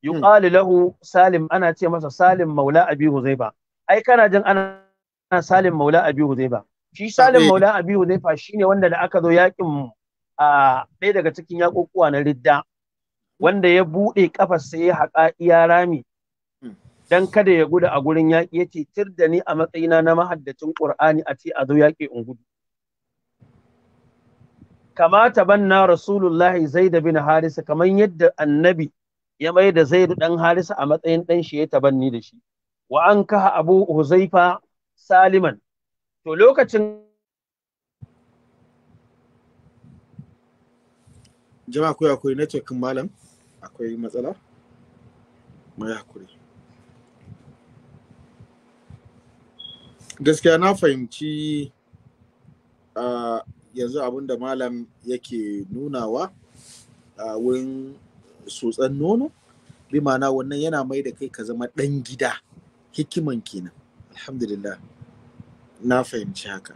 yuqalu lahu salim ana ce masa salim maula abi huzaifa ai kana jin ana salim maula abi huzaifa shi salim eh. maula abi huzaifa shine wanda da aka zo yakin a ɗaya daga cikin yakokuwa na ridda wanda ya buɗe kafar sai ya haƙa iya rami dan kada ya gudu a gurin yaki, yace tir da ni a matsayina na mahaddacin Qur'ani a ce a zo yaƙi in gudu kamata banna rasulullahi zaid bin harisa kamar yadda annabi ya mai da zaid dan harisa a matsayin dan shi ya tabanni da shi wa an kaha abu huzaifa saliman to lokacin jama'a akwai akwai network malam akwai matsala mai hakuri gaskiya na fahimci yanzu abin malam yake nunawa a wurin sotsan nono bi ma'ana wannan yana mai da kai ka zama ɗan gida hikiman kenan alhamdulillah na fahimci haka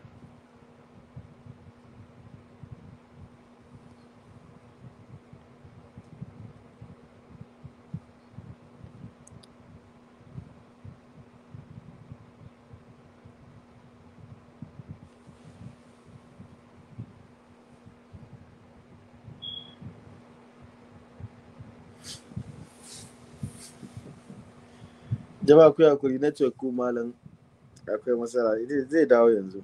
jama'a ku kuri network ko malam akwai matsala zai dawo yanzu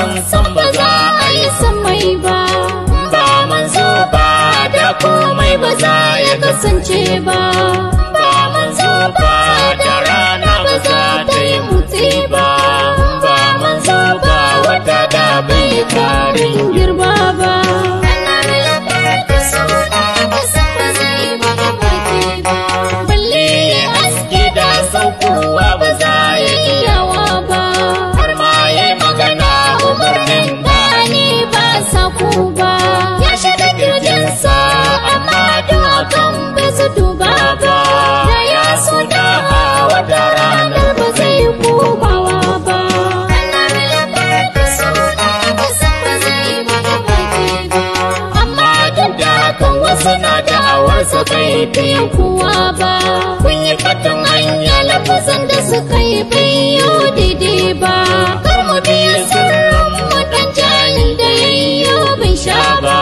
sun san ba za a yi samai ba ba manzo ba da komai ba za ya kasance ba ba manzo ba da rana ba za ta yi mutse ba ba manzo ba wata da bai karin girma ba su kai biyu kuwa ba kun yi katon hanya lafazan da su kai biyu daidai ba kar mu biya sirrin wadan jahil da yayyo bin sha ba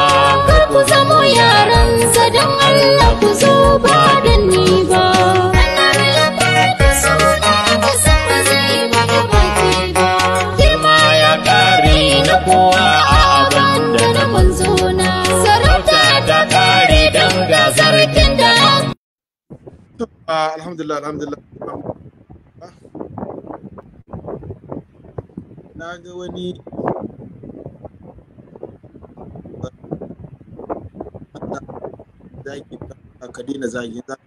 kar ku zamo yaran sa don Allah ku zo ba da ni ba Kowa a na ga wani zaki. a kadina zagi za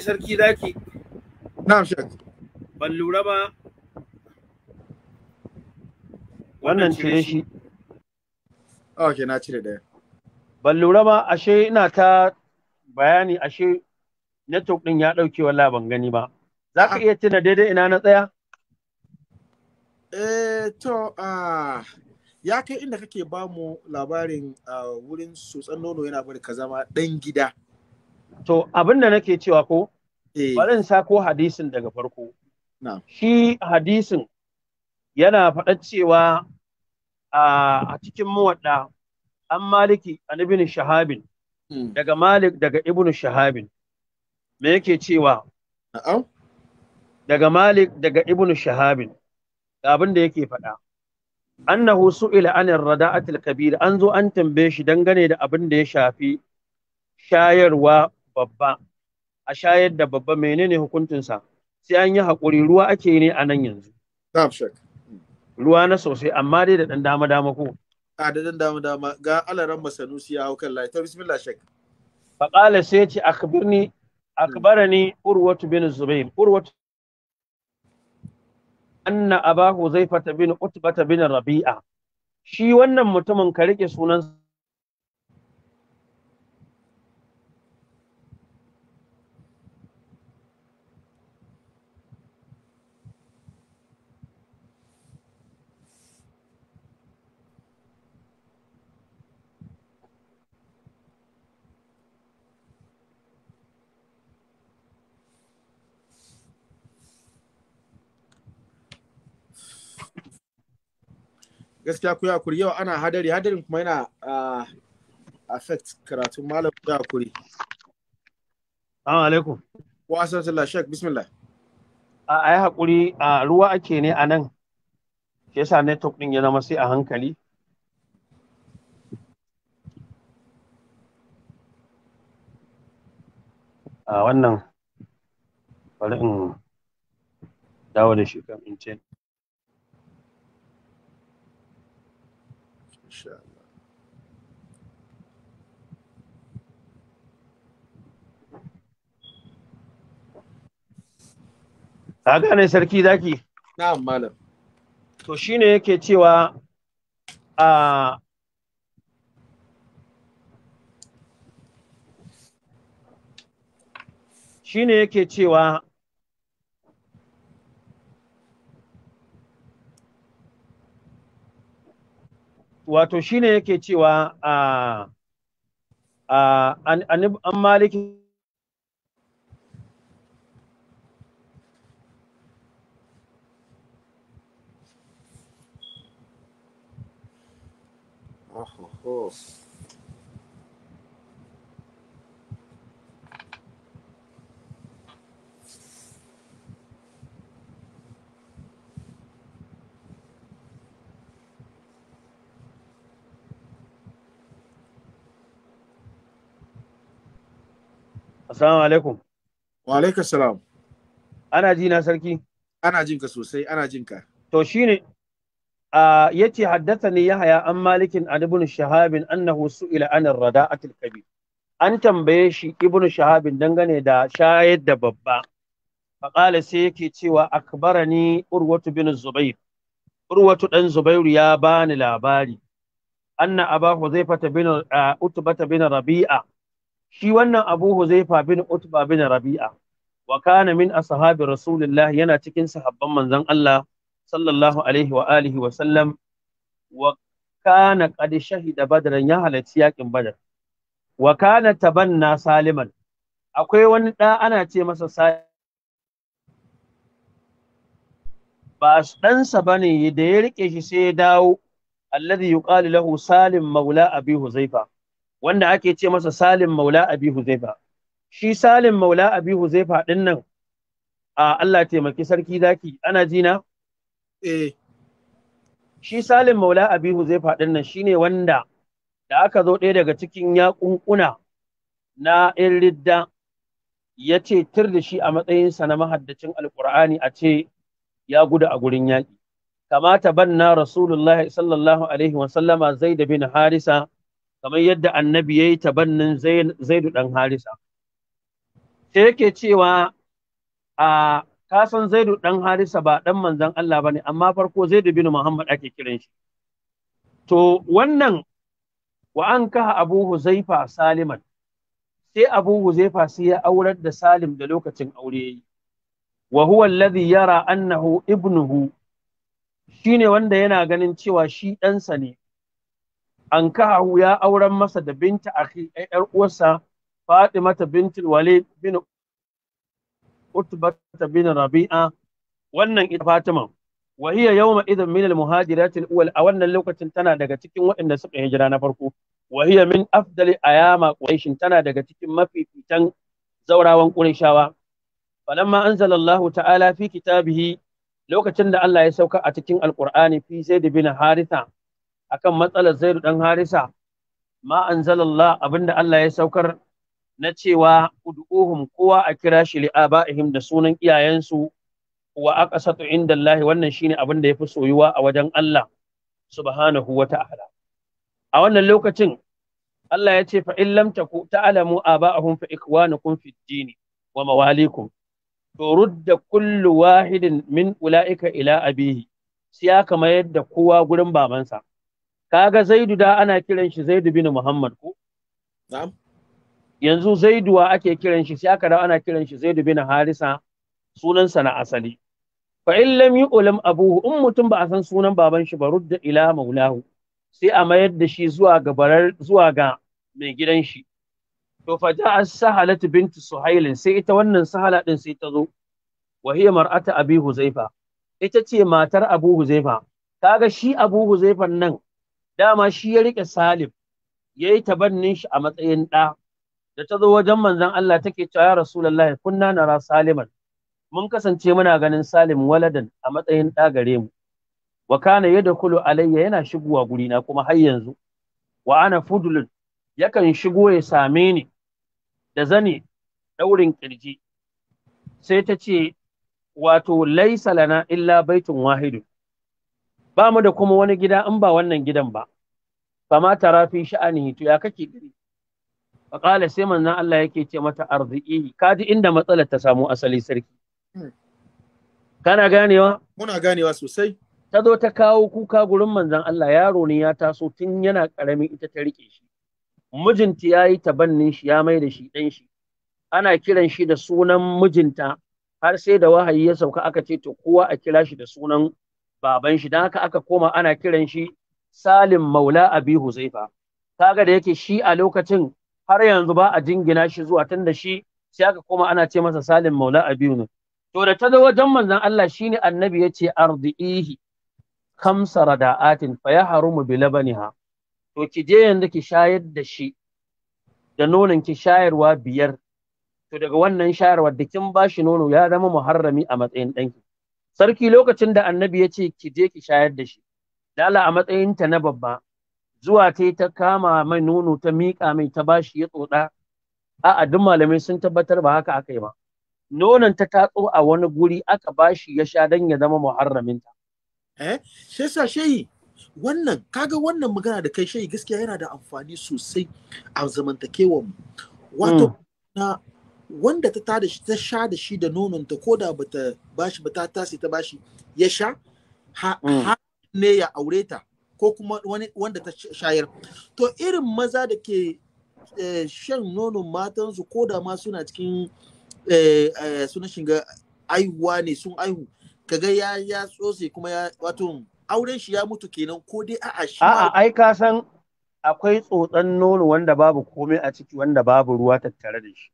sarki zaki na'am shek ban lura ba wannan cire shi ah, okay na cire daya ban lura ba ashe ina ta bayani ashe network din ya dauke wallahi ban gani ba za ka ah. iya tuna daidai ina na tsaya eh to ah ya kai inda kake ba mu labarin ah, wurin tsotsan nono yana bari ka zama ɗan gida to abin da nake cewa ko eh. bari in sako hadisin daga farko shi hadisin yana faɗa cewa a cikin muwadda an maliki an ibn shahabin hmm. daga malik daga ibn shahabin me yake cewa daga malik daga ibn shahabin abin da yake faɗa annahu su'ila anir rada'atil kabir an zo an tambaye shi dangane da abin da ya shafi shayarwa babba a shayar da babba menene hukuncinsa sai an yi haƙuri ruwa ake ne a nan yanzu ruwa na sosai amma dai da ɗan dama dama ko a da ɗan dama dama ga alaran masanusi ya hau lai layi to bismillah shek faqala sai ce akbirni akbarani urwatu bin zubair urwatu anna abahu zaifata bin utbata bin rabi'a shi wannan mutumin ka rike sunansa. gaskiya ku yakuri yau ana hadari hadarin kuma yana ah, affect karatun malam ku yakuri assalamu alaikum wa asallallahu shek bismillah a ai hakuri a ruwa ake ne a nan shi yasa network din ya zama sai a hankali a wannan bari in dawo da shi kan in ce insha Allah Ka gane sarki daki. Na'am malam. To shine yake cewa a shine yake cewa wato shi ne yake cewa a an maliki oh. Assalamu alaikum. Wa alaikum salam. Ana ji na sarki? Ana jinka sosai, ana jinka. To shine a yace haddathani Yahya an Malikin an Ibn Shahabin annahu su'ila an ar-rada'atil kabir. An tambaye shi Ibn Shahabin dangane da shayar da babba. Faƙala sai yake cewa akbarani Urwatu bin Zubair. Urwatu ɗan Zubairu ya bani labari. Anna Abahu zai fata bin Rabi'a shi wannan Abu Huzaifa bin Utba bin Rabi'a wa kana min ashabi Rasulillah yana cikin sahabban manzon Allah sallallahu alaihi wa alihi wa sallam wa kana qad shahida badran ya halarci yakin badar wa kana tabanna saliman akwai wani da ana ce masa saliman ba ɗansa ba ne da ya riƙe shi sai ya dawo alladhi yuqalu lahu salim maula abi huzaifa wanda ake ce masa Salim Maula Abi Huzaifa shi Salim Maula Abi Huzaifa din nan a Allah taimaki sarki zaki ana jina eh shi Salim Maula Abi Huzaifa din nan shine wanda da aka zo ɗaya daga cikin yaƙunƙuna na ‘yan ridda ya ce tir da shi a matsayinsa na mahaddacin alƙur'ani a ce ya gudu a gurin yaƙi. Kamata banna Rasulullahi sallallahu Alaihi wasallama zai da bin harisa kamar yadda annabi ya yi tabannin zaidu ɗan harisa sai yake cewa a kasan zaidu ɗan harisa ba ɗan manzan Allah ba ne amma farko zaidu bin muhammad ake kiran shi to wannan wa an kaha abu huzaifa saliman sai abu huzaifa sai ya aurar da salim da lokacin aure yi wa huwa alladhi yara annahu ibnuhu shine wanda yana ganin cewa shi ɗansa ne an kahu ya auren masa da binta akhi ai eh, yar uwarsa Fatimata bintul Walid bin Utbata bin Rabi'a wannan ita Fatima wa hiya yawma idan min al muhajirat al a wannan lokacin tana daga cikin waɗanda suka hijira na farko wa hiya min afdali ayama quraish tana daga cikin mafifitan zaurawan qurayshawa falamma anzala Allahu ta'ala fi kitabihi lokacin da Allah ya sauka a cikin alqur'ani fi zaid bin haritha akan matsalar zaidu dan harisa ma anzalallah abinda Allah ya saukar na cewa ud'uhum kowa a kira shi li'aba'ihim da sunan iyayensu wa aqsatu Allah, wannan shine abinda yafi soyuwa a wajen Allah subhanahu wa ta'ala a wannan lokacin Allah ya ce fa in lam taku ta'lamu aba'ahum fa ikwanukum fid din wa mawalikum to rudda kullu wahidin min ulaika ila abihi siya kama yadda kowa gurin babansa kaga zaidu da ana kiran shi zaidu bin muhammad ko na'am yanzu zaiduwa ake kiran shi sai aka dawo ana kiran shi zaidu bin harisa sunansa na asali fa in lam yu'lam abuhu in mutum ba a san sunan baban shi ba rudda ila maulahu sai a mayar da shi zuwa ga barar zuwa ga mai gidan shi to fa ja'a sahalat bint suhailin sai ita wannan sahala din sai ta zo wa hiya mar'atu abi huzaifa ita ce matar abu huzaifa kaga shi abu huzaifan nan dama shi ya riƙe Salim ya yi tabannin shi a matsayin ɗa da ta zo wajen manzon Allah take cewa ya Rasulullahi kunna nara Saliman mun kasance muna ganin Salim waladan a matsayin ɗa gare mu wa kana yadkhulu alayya yana shigowa guri na kuma har yanzu wa ana fudulun yakan shigo ya same ni da zani daurin kirji sai ta ce wato laysa lana illa baitun wahidun ba mu da kuma wani gida in ba wannan gidan ba fama tara fi sha'ani to ya kake gari faqala sai manzon Allah yake ce mata Ka ji inda matsalar ta samu asali sarki kana ganewa muna ganewa sosai ta zo ta kawo kuka gurin manzon Allah yaro ne ya taso tun yana karami ita ta rike shi mijinta yayi tabannin shi ya mai da shi dan shi ana kiran shi da sunan mijinta har sai da wahayi ya sauka aka ce to kowa a kira shi da sunan baban shi dan haka aka koma ana kiran shi Salim Maula Abi Huzaifa kaga da yake shi a lokacin har yanzu ba a jingina shi zuwa tunda shi sai aka koma ana ce masa Salim Maula Abi ne to da ta zo wajen manzon Allah shine annabi yace ardihi khamsa rada'atin fa yahrumu bi labaniha to ki je yanzu ki shayar da shi da nonon ki shayarwa biyar to daga wannan shayarwa da kin bashi nono ya zama muharrami a matsayin ɗanki sarki lokacin da annabi ya ce ki je ki shayar da shi lala a matsayinta na babba zuwa ta ta kama mai nono ta miƙa mai ta bashi ya tsotsa a'a duk malamai sun tabbatar ba haka aka yi ba nonon ta tatso a wani guri aka bashi ya sha dan ya zama muharraminta eh shi shehi wannan kaga wannan magana da kai shehi gaskiya yana da amfani sosai a zamantakewar mu wato mm. wanda ta tada ta sha da shi da nononta ko da bata bashi ba ta tasi ta bashi ya sha mm. ha ne ya aure ta ko kuma wanda ta shayar to irin maza da ke eh, shan nonon matansu ko da ma suna cikin eh, eh, suna shiga aihuwa ne sun aihu kaga ya ya tsose kuma ya wato auren shi ya mutu kenan ko dai a shi a'a ai ka san akwai tsotsan nono wanda babu komai a ciki wanda babu ruwa tattare da shi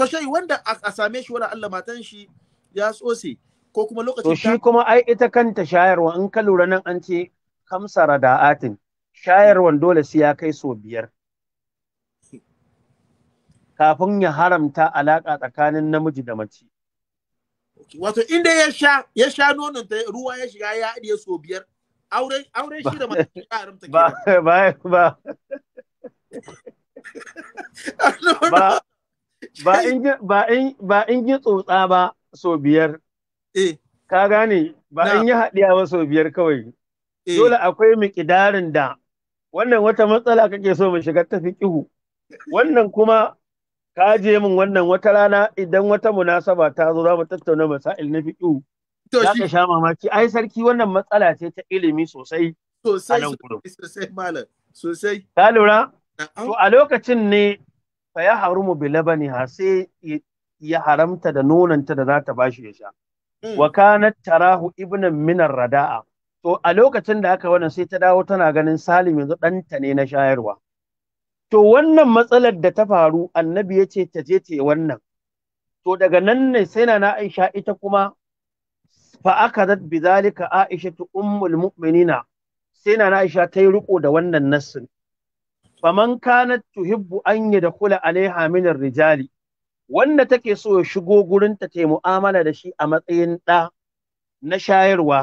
to shai wanda a same shi wala Allah matan shi ya tsose ko kuma lokacin to shi kuma ai ita kanta shayarwa in ka lura nan an ce kamsa rada'atin shayarwan dole sai ya kai so biyar kafin ya haramta alaka tsakanin namiji da mace wato inda ya sha ya sha nonon ta ruwa ya shiga ya adiye so biyar aure aure shi da mace ya haramta <laughs> ba ba <laughs> ba ba in ba in ba in ji tsotsa ba so biyar eh. ka gane ba in yi haɗiya ba so biyar kawai eh. dole akwai miƙidarin da wannan wata matsala kake so mu shiga tafi ihu wannan kuma ka je min wannan wata rana idan wata munasaba ta zo za mu tattauna masail na fiƙihu za ka sha mamaki ai sarki wannan matsala ce ta ilimi sosai sosai sosai malam ka lura to a lokacin ne fa ya harumu bi ha sai ya haramta da nonanta da za ta bashi ya sha wa kanat tarahu ibnan minar rada'a to a lokacin da aka wannan sai ta dawo tana ganin Salim yanzu ɗanta ne na shayarwa to wannan matsalar da ta faru annabi ya ce ta je ta yi wannan to daga nan ne sai na Aisha ita kuma fa akadat zalika Aisha ummul mu'minina sai na Aisha ta yi riko da wannan nassin faman kanat tuhibbu an yadkhula alaiha min rijali wanda take so ya shigo gurin ta ta mu'amala da shi a matsayin ɗa na shayarwa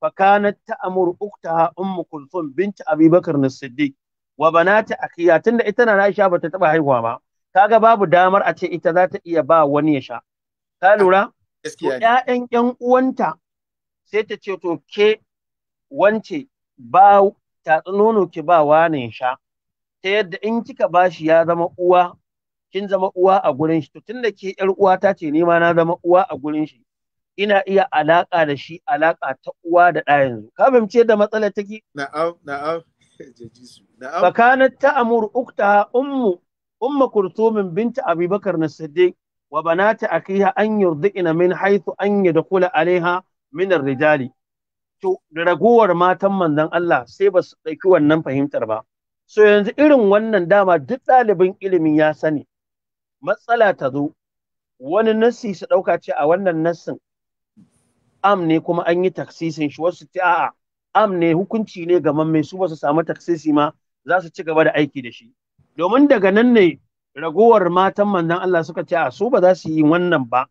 fa kanat ta'muru uktaha ummu kulthum binti abubakar as-siddiq wa banati akhiya tunda ita na Aisha bata taba haihuwa ba kaga babu damar a ce ita za ta iya ba wani ya sha ta lura ƴaƴan ƴan uwanta sai ta ce to ke wance ba ta nono ki ba wane sha ta yadda in kika bashi ya zama uwa kin zama uwa a gurin shi to tunda ke yar uwa ta ce ni ma na zama uwa a gurin shi ina iya alaka da shi alaka ta uwa da ɗa yanzu ka fahimci yadda matsalar take na'am na'am <laughs> na'am fakanat ta'mur ukta ummu kurtumin binta abubakar na siddiq wa banata akiha an yurdina min haythu an yadkhula alaiha min ar-rijali to ragowar matan manzon Allah sai ba su ɗauki wannan fahimtar ba so yanzu irin wannan dama duk ɗalibin ilimin ya sani matsala ta zo wani nassi su ɗauka ce a wannan nassin am ne kuma an yi taksisin shi wasu ta a'a am ne hukunci ne ga mai su basu samu taksisi ma za su ci gaba da aiki da shi domin daga nan ne ragowar matan manzon Allah suka ce a su ba za su yi wannan ba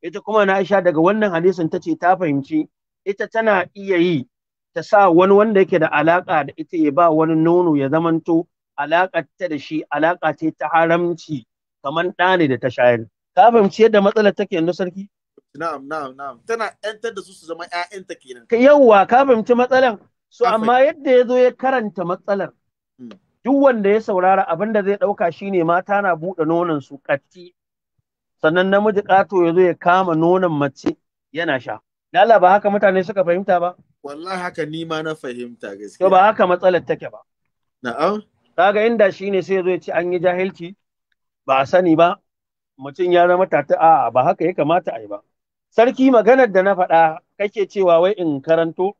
ita kuma na Aisha daga wannan hadisin ta ce ta fahimci ita tana iya yi ta sa wani wanda yake da alaƙa da ita ya ba wani nono ya zamanto alaƙar ta da shi alaƙa ce ta haramci kamar ɗa ne da ta shayar ka fahimci yadda matsalar take yanzu sarki na'am na'am na'am tana ƴantar da su su zama ƴaƴanta kenan yawwa ka fahimci matsalar so amma yadda ya zo ya karanta matsalar hmm. duk wanda ya saurara abin da zai ɗauka shine mata na buɗe nonon su ƙatti sannan namiji ƙato ya zo ya kama nonon mace yana sha. Lala ba haka mutane suka fahimta ba? wallahi haka ni ma na fahimta gaskiya to ba haka matsalar take ba na'am kaga inda shine sai zo ya ce an yi jahilci ba a sani ba mutum ya zama tata a'a ba haka ya kamata a ba sarki maganar da na faɗa kake cewa wai in karanto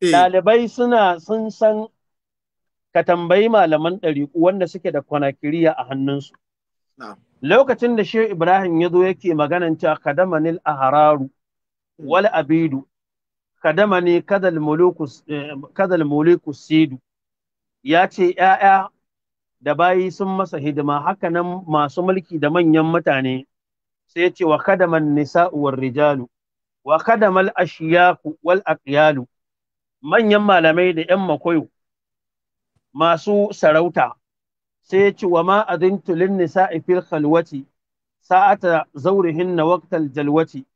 eh. ɗalibai suna sun san ka tambayi malaman ɗariku wanda suke da kwanakiriya a hannunsu lokacin da shehu ibrahim ya zo yake maganan cewa kadamanil ahararu hmm. wal abidu kadama ne kadal muliku sidu ya ce ‘ya'ya da bayi sun masa hidima hakanan masu mulki da manyan mutane sai ce wa kadaman Nisa'uwar rijalu wa kadamal ashiyaku wal aqyalu manyan malamai da ‘yan makoyo masu sarauta sai ce wa ma adintu lin nisa'i fil khalwati sa'ata zaurihin na jalwati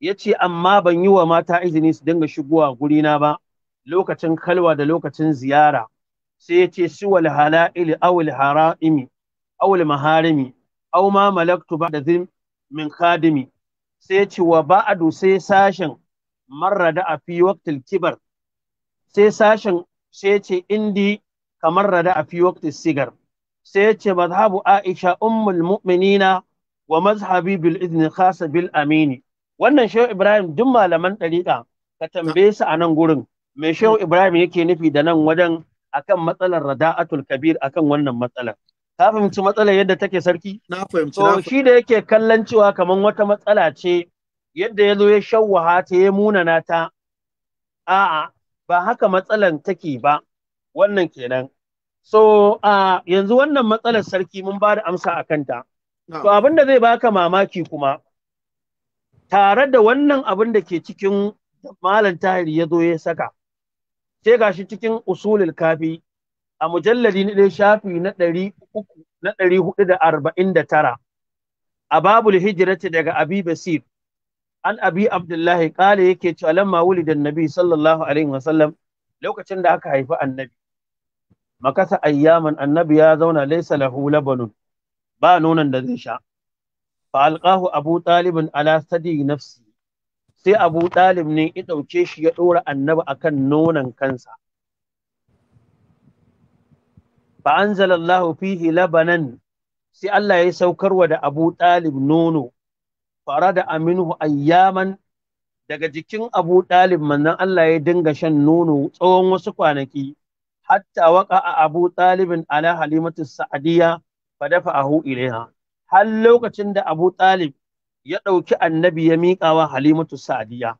ya ce amma ban yi wa mata izini su dinga shigowa gurina ba lokacin kalwa da lokacin ziyara sai ya ce siwal hala'il awul hara'imi awul maharimi aw ma malaktu ba da zim min khadimi sai ya ce wa ba'adu sai sashen marra da a fi kibar sai sashen sai ya ce indi kamar rada a fi waqtil sigar sai ya ce mazhabu aisha ummul mu'minina wa mazhabi bil idni khasa bil amini wannan shehu ibrahim duk malaman ɗariƙa ka tambaye su a nan gurin mai shehu mm. ibrahim yake nufi da nan wajen akan matsalar rada'atul kabir akan wannan matsalar ka fahimci matsalar yadda take sarki na fahimci to shi da yake kallon cewa kaman wata matsala ce yadda ya zo ya shawwaha ta ya munana ta a'a ba haka matsalar take ba wannan kenan so a yanzu wannan matsalar sarki mun ba da amsa a kanta to abin da zai baka mamaki kuma tare da wannan abin da ke cikin malam tahiri ya zo ya saka sai gashi cikin usulul kafi a mujalladi na ɗaya shafi na ɗari uku na ɗari hudu da arba'in da tara a babul hijirati daga abi basir an abi abdullahi kale yake cewa lamma wulidan nabi sallallahu alaihi wasallam lokacin da aka haifi annabi makasa ayyaman annabi ya zauna laisa lahu labanun ba nonon da zai sha fa alqahu abu talibin ala sadi nafsi sai abu talib ne ya ɗauke shi ya ɗora annabi akan nonon kansa fa anzalallahu fihi labanan sai Allah ya yi saukar wa da abu ɗalib nono fara da aminu ayyaman daga jikin abu ɗalib manzon Allah ya dinga shan nono tsawon wasu kwanaki hatta waka a abu ɗalibin ala halimatu sa'adiyya fa dafa ahu ilaiha har lokacin da Abu Talib ya ɗauki annabi ya miƙawa Halimatu Sadiya.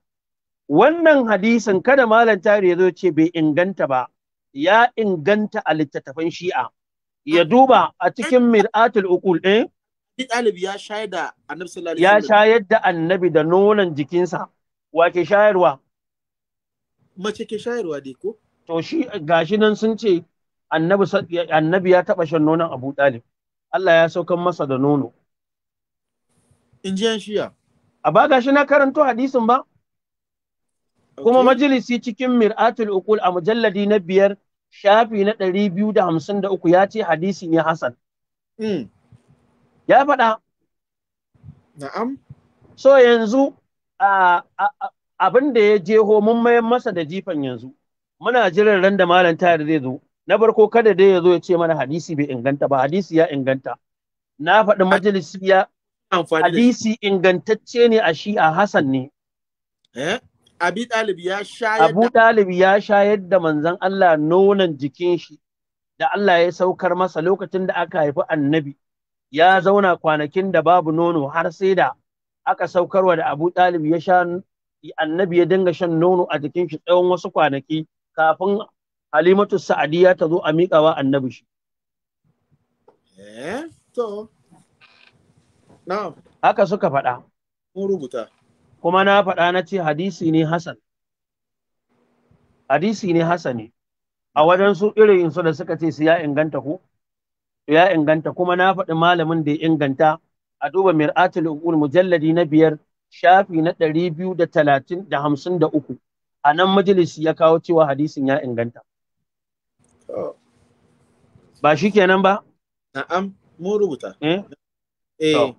Wannan hadisin kada Malam Tari ya zo ce bai inganta ba, ya inganta a littattafan shi'a. Ya duba a cikin mir'atul uqul ɗin. Eh? Ɗalibi ya shayar da annabi sallallahu Ya shayar da annabi da nonon jikinsa. Wa ke shayarwa? Mace ke shayarwa dai ko? To shi gashi nan sun ce annabi ya taɓa shan nonon Abu Talib. Allah ya saukan masa da nono. In ji shiya. A ba gashi na karanto hadisin ba? Kuma majalisi cikin mir'atul ukul a mujalladi na biyar shafi na ɗari biyu da hamsin da uku ya ce hadisin ya Hassan. Hmm. Ya faɗa. Na'am. So yanzu abin da ya jeho mun mayan masa da jifan yanzu. Muna jiran randa da malam tayar zai zo. na farko kada dai ya zo ya ce mana hadisi bai inganta ba hadisi ya inganta na faɗi majalisi ya hadisi ingantacce ne a shi'a hasan ne eh? abi ya shayar abu ɗalib ya shayar da manzon Allah nonon jikin shi da Allah ya saukar masa lokacin da aka haifi annabi ya zauna kwanakin da babu nono har sai da aka saukarwa da abu ɗalib ya sha annabi ya dinga shan nono a jikin shi tsawon wasu kwanaki kafin halimatu sa'adiyya ta zo a miƙawa annabi shi eh to na'am haka suka faɗa mun rubuta kuma na faɗa na ce hadisi ne Hassan hadisi ne a wajen su irin su da suka ce su ya inganta ku ya inganta kuma na faɗi malamin da ya inganta a duba mir'atul uqul mujalladi na biyar shafi na ɗari biyu da talatin da hamsin da uku a nan majalisi ya kawo cewa hadisin ya inganta Ba shi kenan ba? Na'am, mun rubuta. Eh. eh.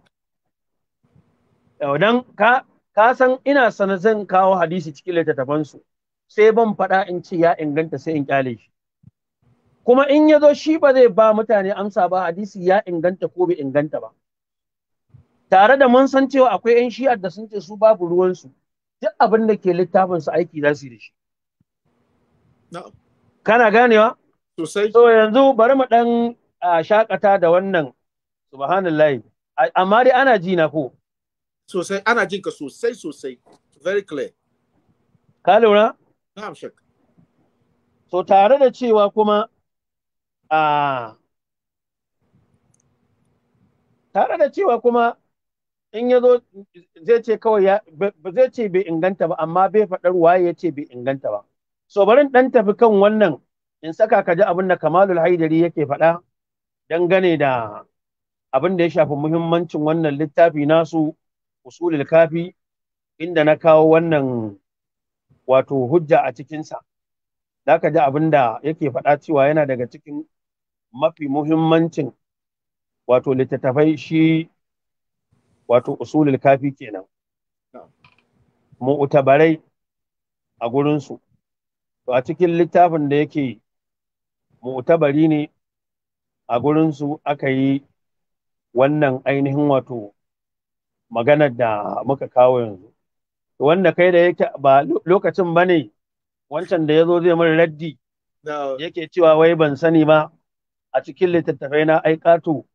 Yaudan ka ka san ina sana zan kawo hadisi cikin littattafansu sai ban faɗa in ce ya inganta sai in kyale shi. Kuma in ya zo shi ba zai ba mutane amsa ba hadisi ya inganta ko bai inganta ba. Tare da mun san cewa akwai 'yan shi'ar da sun ce su babu ruwansu duk abin da ke littafinsu aiki za su yi da shi. Kana ganewa? Sosai. So yanzu bari mu ɗan shakata da wannan subhanallah. Amma dai ana ji na ko. Sosai ana jin ka sosai sosai. Very clear. Ka lura? Na'am shak. So tare da cewa kuma a tare da cewa kuma in ya zo zai ce kawai ba zai ce bai inganta ba amma bai faɗar waye ya ce bai inganta ba. So bari dan tafi kan wannan in saka ka ji abin da kamalul haidari yake faɗa dangane da abin da ya shafi muhimmancin wannan littafi nasu usulul kafi inda na kawo wannan wato hujja a cikinsa za ka ji abin da yake faɗa cewa yana daga cikin mafi muhimmancin wato littattafai shi wato usulul kafi kenan mu'utabarai a gurinsu to a cikin littafin da yake mu'tabari ne a su aka yi wannan ainihin wato maganar da muka kawo yanzu wanda kai da yake ba lokacin ba ne wancan da ya zo zai min raddi yake cewa wai ban sani ba a cikin littattafai na ai ƙato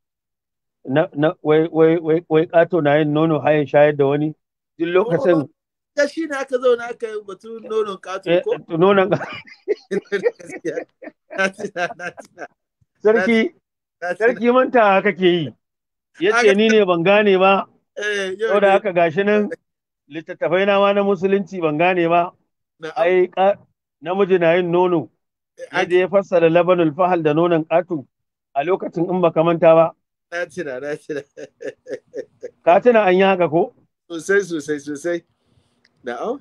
na wai kato na yin nono hayan shayar da wani duk lokacin ga shi ne aka zauna aka yi batu nonon kato ko? Nonon Sarki, sarki manta ke yi. Ya ce ni ne ban gane ba, sau eh, da haka gashi nan littattafai na ma na musulunci ban gane ba. Ai, namiji na yin nono. Yadda eh, ya fassara labanul fahal da nonon ƙato a lokacin in baka manta ba. Na cina, na cina. Ka an yi haka ko? Sosai, sosai, sosai. Na'am?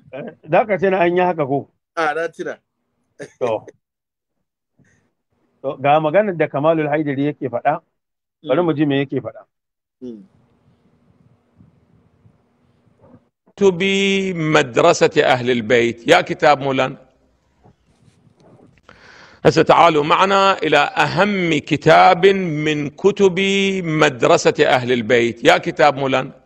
Da ka tuna an yi haka ko? A na tuna. To. To ga maganar da Kamalul Haidari yake faɗa, bari mu ji me yake faɗa. بمدرسة أهل البيت يا كتاب مولانا هسه تعالوا معنا إلى أهم كتاب من كتب مدرسة أهل البيت يا كتاب مولانا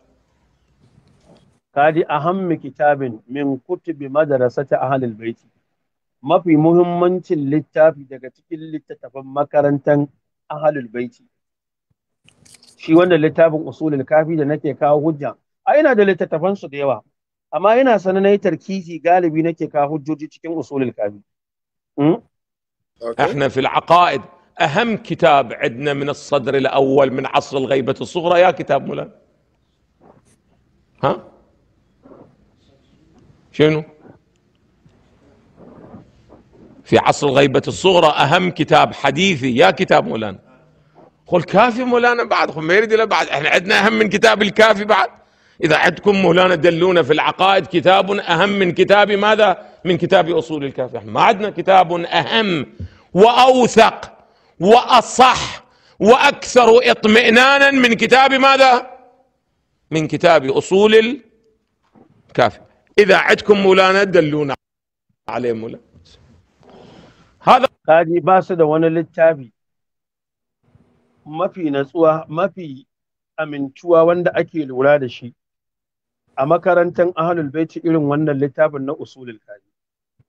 كادي أهم كتاب من كتب مدرسة أهل البيت ما في مهمة للتابي دكتك اللي تتفهم مكرن تن أهل البيت شي وانا للتاب أصول الكافي دنكي كاو هجا أين هذا اللي تتفهم صديوة أما أين أصلا نهي تركيزي غالبي نكي كاو هجو جيتكين أصول الكافي احنا في العقائد اهم كتاب عندنا من الصدر الاول من عصر الغيبه الصغرى يا كتاب مولانا ها شنو في عصر الغيبة الصغرى أهم كتاب حديثي يا كتاب مولانا قل كافي مولانا بعد ما يريد إلا بعد احنا عندنا أهم من كتاب الكافي بعد إذا عندكم مولانا دلونا في العقائد كتاب أهم من كتاب ماذا من كتاب أصول الكافي ما عندنا كتاب أهم وأوثق وأصح وأكثر اطمئنانا من كتاب ماذا من كتاب أصول الكافي اذا عندكم مولانا دلونا عليه ba su da wani littafi mafi natsuwa mafi amincuwa wanda ake lura da shi a makarantar ahlul baiti irin wannan littafin na usulul kaji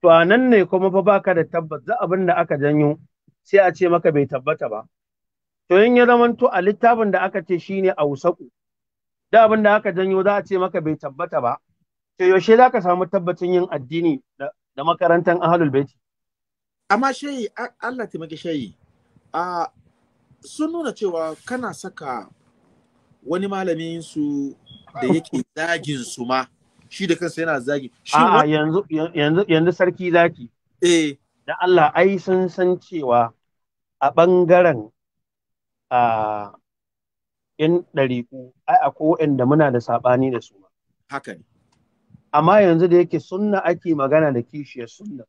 to a nan ne kuma fa baka da tabbas za abin da aka janyo sai a maka bai tabbata ba to in ya zamanto a littafin da aka ce shine ausaku da abin da aka janyo za a ce maka bai tabbata ba to yaushe za ka samu tabbacin yin addini da makarantar ahalul baiti amma shayi Allah taimaki shayi a sun nuna cewa kana saka wani malamin su da yake <laughs> zagin su ma shi da kansa yana zagi A'a, yanzu yanzu yanzu sarki zaki eh da Allah ai sun san cewa a bangaren a yan ɗariƙu ai akwai da muna da saɓani da su haka ne amma yanzu da yake sunna ake magana da kishiyar sunna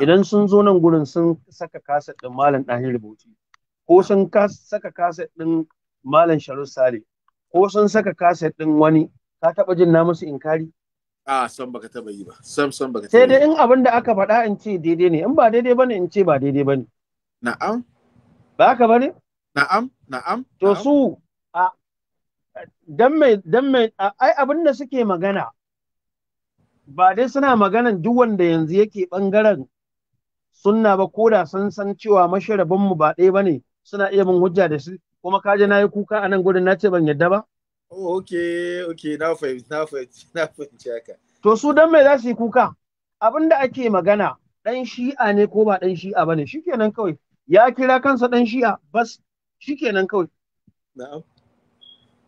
idan sun zo nan gurin sun saka kasa din malam ɗahin rubuci ko sun saka kasa din malam sharus sale ko sun saka kasa din wani ka taɓa jin na musu inkari a san baka taɓa yi ba san san baka sai dai in abin da aka faɗa in ce daidai ne in ba daidai bane in ce ba daidai bane na'am ba haka bane na'am na'am to su a dan mai dan mai ai abin da suke magana ba dai suna maganan duk wanda yanzu yake ɓangaren sunna ba ko da sun san cewa mu ba ɗaya ba ne suna iya min hujja da su kuma kaje na yi kuka a nan gudun na ce ban yadda ba. Oh, okay, okay, na fahimci, na fahimci, <laughs> na fahimci haka. To su dan me za su yi kuka? Abin da ake magana ɗan shi'a ne ko ba ɗan shi'a ba ne, shikenan kawai. Ya kira kansa ɗan shi'a, bas, shikenan kawai. Na'am.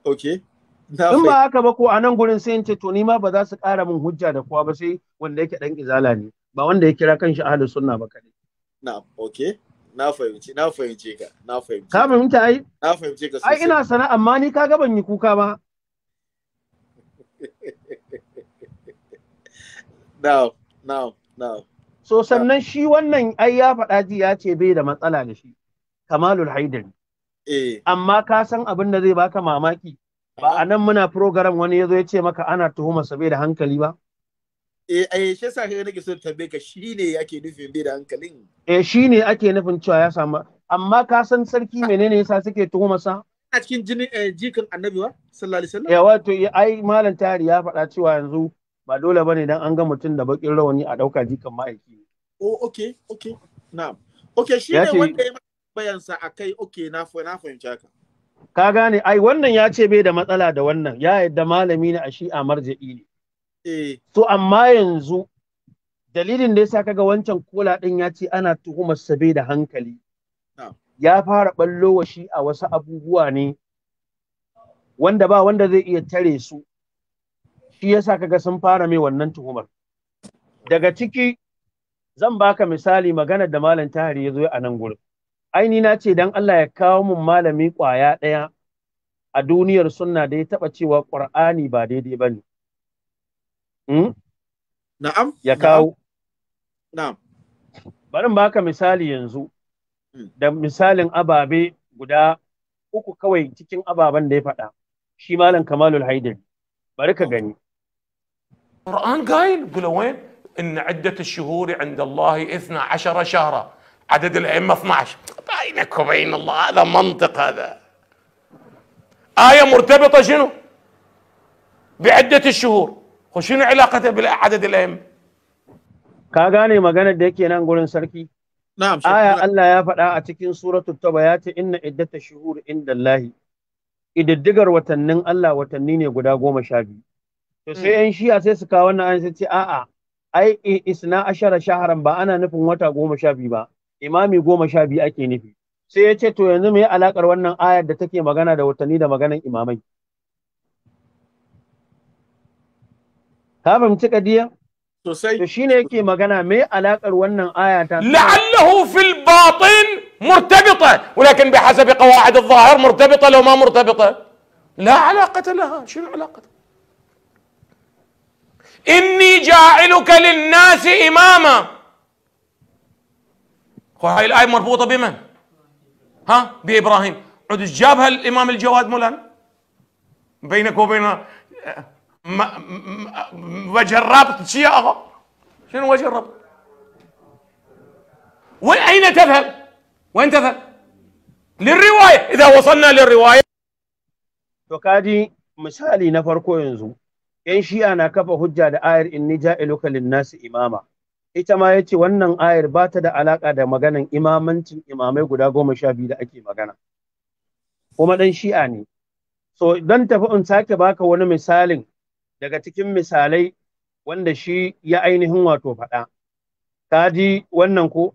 Okay. in ba haka ba ko a nan gurin sai in ce to ni ma ba za su ƙara min hujja da kowa ba sai wanda yake dan izala ne ba wanda ya kira kanshi ahlus sunna ba kadai na okay na fahimci na fahimci ka na fahimci ka fahimta ai na fahimci ka ai ina sana amma ni ka ga ban yi kuka ba now now now so sannan shi wannan ai ya faɗa ji ya ce bai da matsala da shi kamalul haidari eh. amma ka san abin da zai baka mamaki ba a nan muna program wani ya zo ya ce maka ana tuhuma sabai da hankali ba eh eh shi sa kai nake so tambaye ka shine ake nufin bai da hankalin eh shine ake nufin cewa ya samu amma ka san sarki menene yasa suke tuhuma sa a cikin jinin eh, jikin annabi wa sallallahu alaihi wasallam eh wato ai malam tari ya faɗa cewa yanzu ba dole bane dan an ga mutum da bakin rawani a dauka jikan ma'aiki oh okay okay na'am okay ne wanda ya bayansa akai okay na fahimci haka ka gane ai wannan ya ce bai da matsala da wannan ya yadda malami ne a shi'a marja'i ne eh. to amma yanzu dalilin da ya yasa kaga wancan kola din ya ce ana tuhumar sa bai da hankali ya fara ballo wa shi a wasu abubuwa ne wanda ba wanda zai iya tare su shi ya yasa kaga sun fara mai wannan tuhumar daga ciki zan baka misali magana da malam tahari ya zo a nan gurin aini na ce dan Allah ya kawo mun malami kwaya ɗaya a duniyar sunna da ya taɓa cewa ƙur'ani ba daidai ba ne. Hmm? Na'am. Ya kawo. Na'am. Barin baka misali yanzu hmm. da misalin ababe guda uku kawai cikin ababen da ya faɗa shi malam Kamalul Haidar. Bari ka gani. Qur'an gain, gulawain إن عدة shuhuri, inda Allah إثنى عشر shahara. عدد الائمه 12 بينك وبين الله هذا منطق هذا ايه مرتبطه شنو؟ بعده الشهور وشنو علاقتها بالعدد الائمه؟ كاغاني ما قال ديك انا نقول سركي نعم آية الله يا فدا اتكين سورة التوبة إن عدة الشهور عند الله إذا الدقر وتنن الله وتنيني قدا قوم شابي سي إن شي أساس كاوانا آآ أي إثنا أشهر شهرا با أنا وتا قوم شابي با imami goma sha biyu ake nufi sai ya ce to yanzu me alakar wannan ayar da take magana da watanni da maganan imamai ka fahimci kadiya sosai to shine yake magana me alakar wannan aya ta la'allahu fil batin مرتبطة ولكن بحسب قواعد الظاهر مرتبطة لو ما مرتبطة لا علاقة لها شنو علاقة إني جاعلك للناس إماماً هاي الآية مربوطة بمن؟ ها؟ بإبراهيم عد جابها الإمام الجواد مولانا بينك وبين آه، وجه الرابط شيء آخر شنو وجه الرابط؟ وين أين تذهب؟ وين تذهب؟ للرواية إذا وصلنا للرواية وكادي مثالي نفر كوينزو إن شيء أنا كفى حجة لآير إني جائلك للناس إماما ita ma ya ce wannan ayar ba ta da alaƙa da maganan imamancin imamai guda goma sha biyu da ake magana kuma ɗan shi'a ne so don tafi in sake baka wani misalin daga cikin misalai wanda shi ya ainihin wato faɗa ta ji wannan ko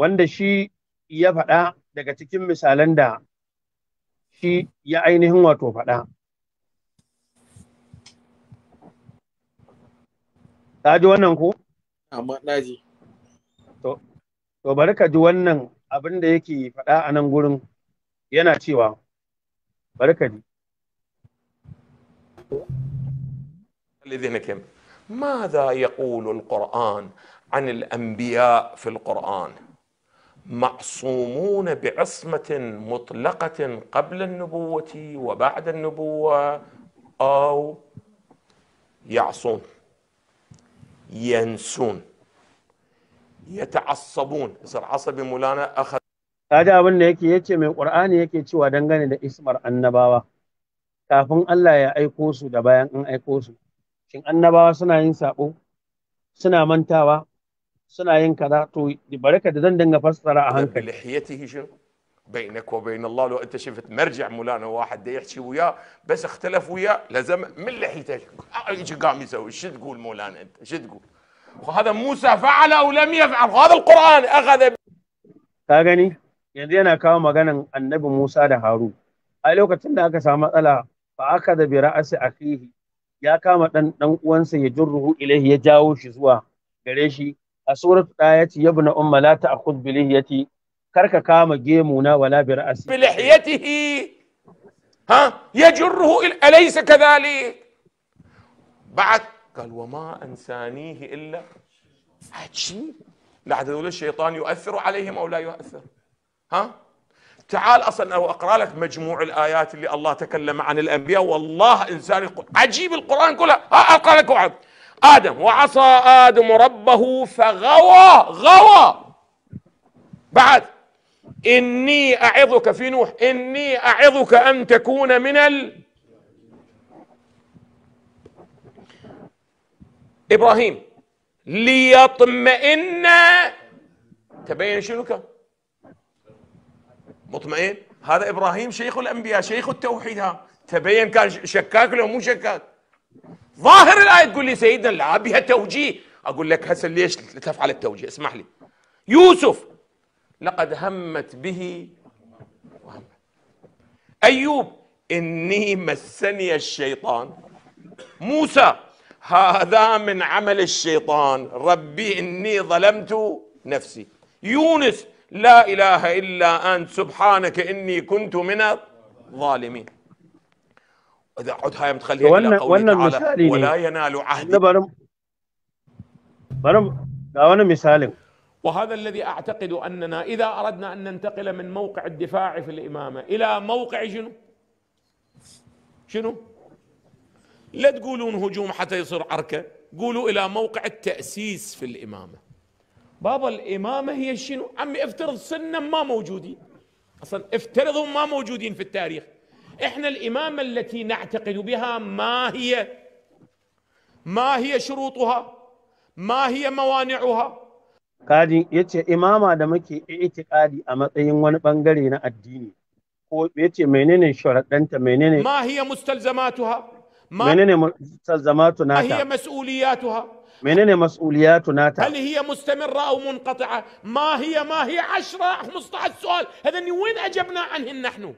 wanda shi ya faɗa daga cikin misalan da shi ya ainihin wato faɗa Ta ji wannan ko amma naji to to bari ji wannan abin da yake faɗa a nan gurin yana cewa bari ji الذين كم ماذا يقول القرآن عن الأنبياء في القرآن معصومون بعصمة مطلقة قبل النبوة وبعد النبوة أو يعصون yansun ya ta'assabun isar asabi mulana akhad kaji abin da yake yace mai qur'ani yake cewa dangane da ismar annabawa kafin Allah ya aiko su da bayan an aiko su shin annabawa suna yin sabo suna mantawa suna yin kaza to baraka da zan dinga fassara a hankali lihiyatihi بينك وبين الله لو انت شفت مرجع مولانا واحد دا يحكي وياه بس اختلف وياه لازم من لحيته آه، قام يسوي شو تقول مولانا انت شو تقول؟ وهذا موسى فعل او لم يفعل هذا القران اخذ كاغني يعني انا كاو مغانا النبي موسى ده هارون اي لو كنت ناكا سامة الله فاكذ براس اخيه يا كاما دن دن وانسى يجره اليه يجاوش زوا قريشي اسورة ايتي يا ابن ام لا تاخذ بليهيتي kar كام جيمونا ولا برأس بلحيته ها يجره أليس كذلك بعد قال وما انسانيه الا عجيب لحد هذول الشيطان يؤثر عليهم او لا يؤثر ها تعال اصلا اقرا لك مجموع الايات اللي الله تكلم عن الانبياء والله انسان عجيب القران كله اقرا لك واحد ادم وعصى ادم ربه فغوى غوى بعد إني أعظك في نوح إني أعظك أن تكون من ال إبراهيم ليطمئن تبين شنو كان مطمئن هذا إبراهيم شيخ الأنبياء شيخ التوحيد ها تبين كان شكاك لو مو شكاك ظاهر الآية تقول لي سيدنا لا بها توجيه أقول لك هسه ليش تفعل التوجيه اسمح لي يوسف لقد همت به وهم أيوب إني مسني الشيطان موسى هذا من عمل الشيطان ربي إني ظلمت نفسي يونس لا إله إلا أنت سبحانك إني كنت من الظالمين إذا عد هاي متخليها إلى قوله تعالى ولا ينال عهدي برم برم ده وانا وهذا الذي اعتقد اننا اذا اردنا ان ننتقل من موقع الدفاع في الامامه الى موقع شنو؟ شنو؟ لا تقولون هجوم حتى يصير عركه، قولوا الى موقع التاسيس في الامامه. بابا الامامه هي شنو؟ عمي افترض سنا ما موجودين. اصلا افترضوا ما موجودين في التاريخ. احنا الامامه التي نعتقد بها ما هي؟ ما هي شروطها؟ ما هي موانعها؟ kadi yace imama da muke i'tiqadi a matsayin wani bangare na addini ko yace menene sharadanta menene ma hiya mustalzamatuha menene mustalzamatu nata hiya mas'uliyatuha menene mas'uliyatu nata hal hiya mustamirra aw munqati'a ma hiya ma hiya 10 15 سؤال هذا wain ajabna عنهن nahnu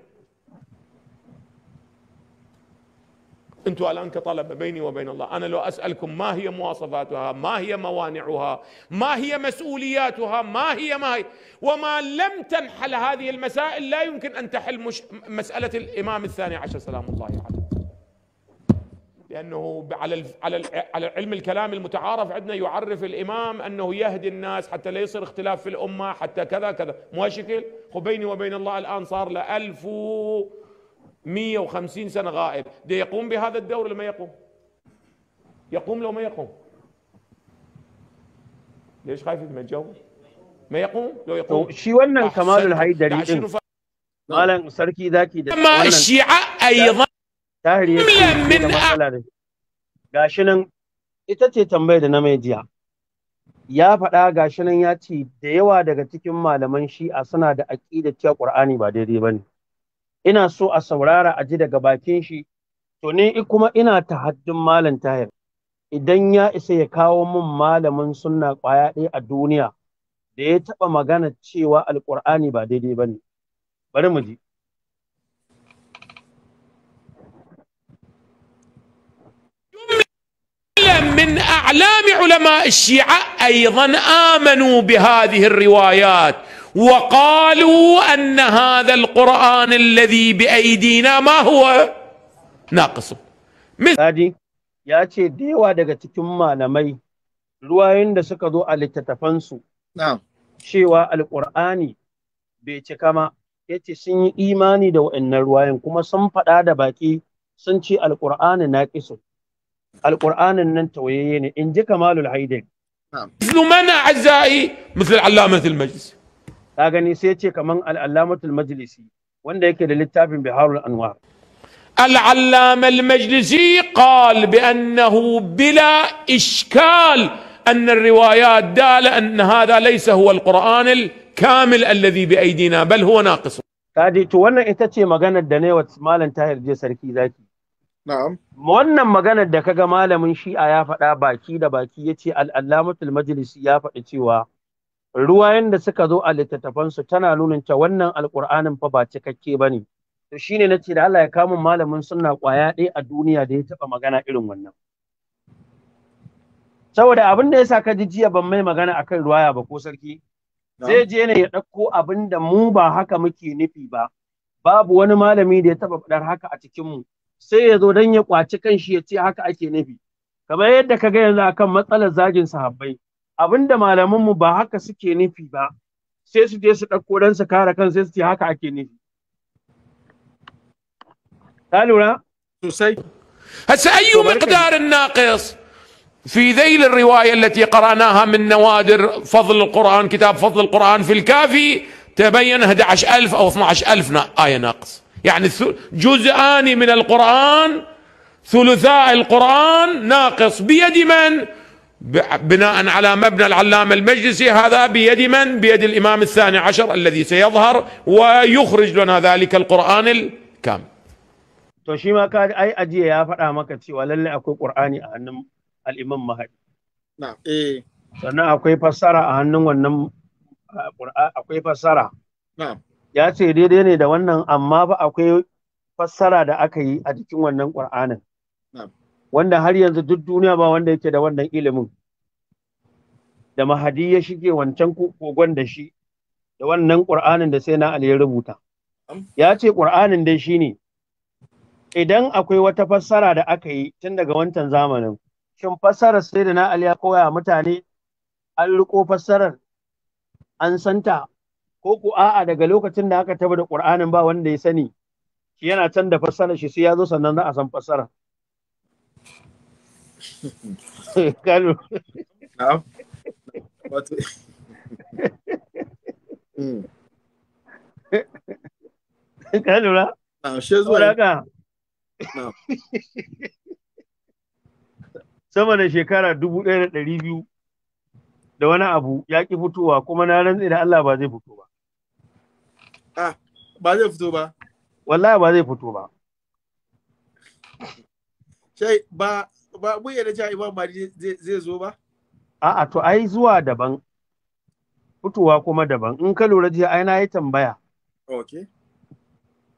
انتم الان كطلبه بيني وبين الله انا لو اسالكم ما هي مواصفاتها ما هي موانعها ما هي مسؤولياتها ما هي ما هي وما لم تنحل هذه المسائل لا يمكن ان تحل مش مساله الامام الثاني عشر سلام الله عليه لانه على على على علم الكلام المتعارف عندنا يعرف الامام انه يهدي الناس حتى لا يصير اختلاف في الامه حتى كذا كذا مو شكل وبيني وبين الله الان صار له 1000 150 سنه غائب ده يقوم بهذا الدور لما يقوم يقوم لو ما يقوم ليش خايف من الجو ما يقوم لو يقوم شي ولنا الكمال الهيدري مالا سركي ذاكي ما الشيعة ايضا غاشنن ita ce tambayar da na media ya faɗa gashi nan cikin malaman shi a suna da aqida ta Qur'ani ba daidai bane ina so a saurara a ji daga bakin shi to ni kuma ina tahaddin malam tahir idan ya isa ya kawo mun malamin sunna kwaya ɗaya a duniya da ya taɓa magana cewa alƙur'ani ba daidai ba ne bari mu ji من أعلام علماء الشيعة أيضا آمنوا بهذه الروايات وقالوا ان هذا القران الذي بايدينا ما هو ناقص مثل ya ce da yawa daga cikin malamai ruwayoyin da suka zo a littattafansu cewa alƙur'ani bai cika ma ya ce sun yi imani da wa'annan ruwayoyin kuma sun faɗa da baki sun ce alƙur'ani na ƙiso alƙur'anin nan tawayayye ne in ji kamalul haidar. Mana azzai misal Allah misal majlis. ka gani sai ce kaman al-allamatul majlisi wanda yake da littafin biharul anwar al-allama al-majlisi qal bi annahu bila ishkal قال ar-riwayat إشكال an الروايات laysa huwa al-quran al-kamil alladhi bi بأيدينا bal huwa naqis kadi to wannan ita ce maganar da ne wa malam Tahir je sarki zaki na'am wannan maganar da kaga malamin Shi'a ya faɗa baki da baki yace al-allamatul majlisi ya faɗi cewa ruwayen da suka zo a littattafansu tana nunin ta wannan alƙur'anin fa ba cikakke ba ne to shi ne na ce da Allah ya kamun malamin sunna ƙwaya ɗaya a duniya da ya taɓa magana irin wannan saboda abin da ya sa ka ji jiya ban mai magana akan ruwaya ba ko sarki zai je ne ya ɗauko abin da mu ba haka muke nufi ba babu wani malami da ya taɓa faɗar haka a cikin mu sai ya zo don ya ƙwaci kanshi ya ce haka ake nufi kamar yadda ka ga yanzu akan matsalar zagin sahabbai abinda malamanmu ba haka suke nufi ba sai su je su dauko dan su kare kan sai su ce haka ake nufi ka lura sosai هسه أي مقدار الناقص في ذيل الرواية التي قرأناها من نوادر فضل القرآن كتاب فضل القرآن في الكافي تبين 11000 أو 12000 آية ناقص يعني جزءان من القرآن ثلثاء القرآن ناقص بيد من؟ بناء على مبنى العلامة المجلسي هذا بيد من؟ بيد الإمام الثاني عشر الذي سيظهر ويخرج لنا ذلك القرآن الكامل to shi ma ka ai ajiye ya faɗa maka cewa lallai akwai Qur'ani a hannun al-Imam Mahdi na'am eh sannan akwai fassara a hannun wannan Qur'ani akwai fassara na'am ya ce daidai ne da wannan amma ba akwai fassara da aka yi a jikin wannan Qur'anin na'am wanda har yanzu duk duniya ba wanda yake da wannan ilimin da mahadi ya shige wancan kogon da shi da wannan ƙur'anin da sai na ali ya rubuta ya ce ƙur'anin dai shi ne. idan akwai wata fassara da aka yi tun daga wancan zamanin shin fassarar sai da na ali ya koya mutane an riko fassarar an santa ko ku a'a daga lokacin da aka taba da ƙur'anin ba wanda ya sani yana can da fassarar shi sai ya zo sannan za a san fassarar Kano. yo soy. Por acá. No. Sama da shekara dubu ɗaya da ɗari biyu da wani abu ya ƙi fitowa kuma na rantse da Allah ba zai fito Ah, ba zai fito ba. Wallahi ba zai fito ba ba mun yarda cewa Imam Mahdi zai zo ba? A'a to ai zuwa daban fitowa kuma daban in ka lura jiya ai na yi tambaya. Okay.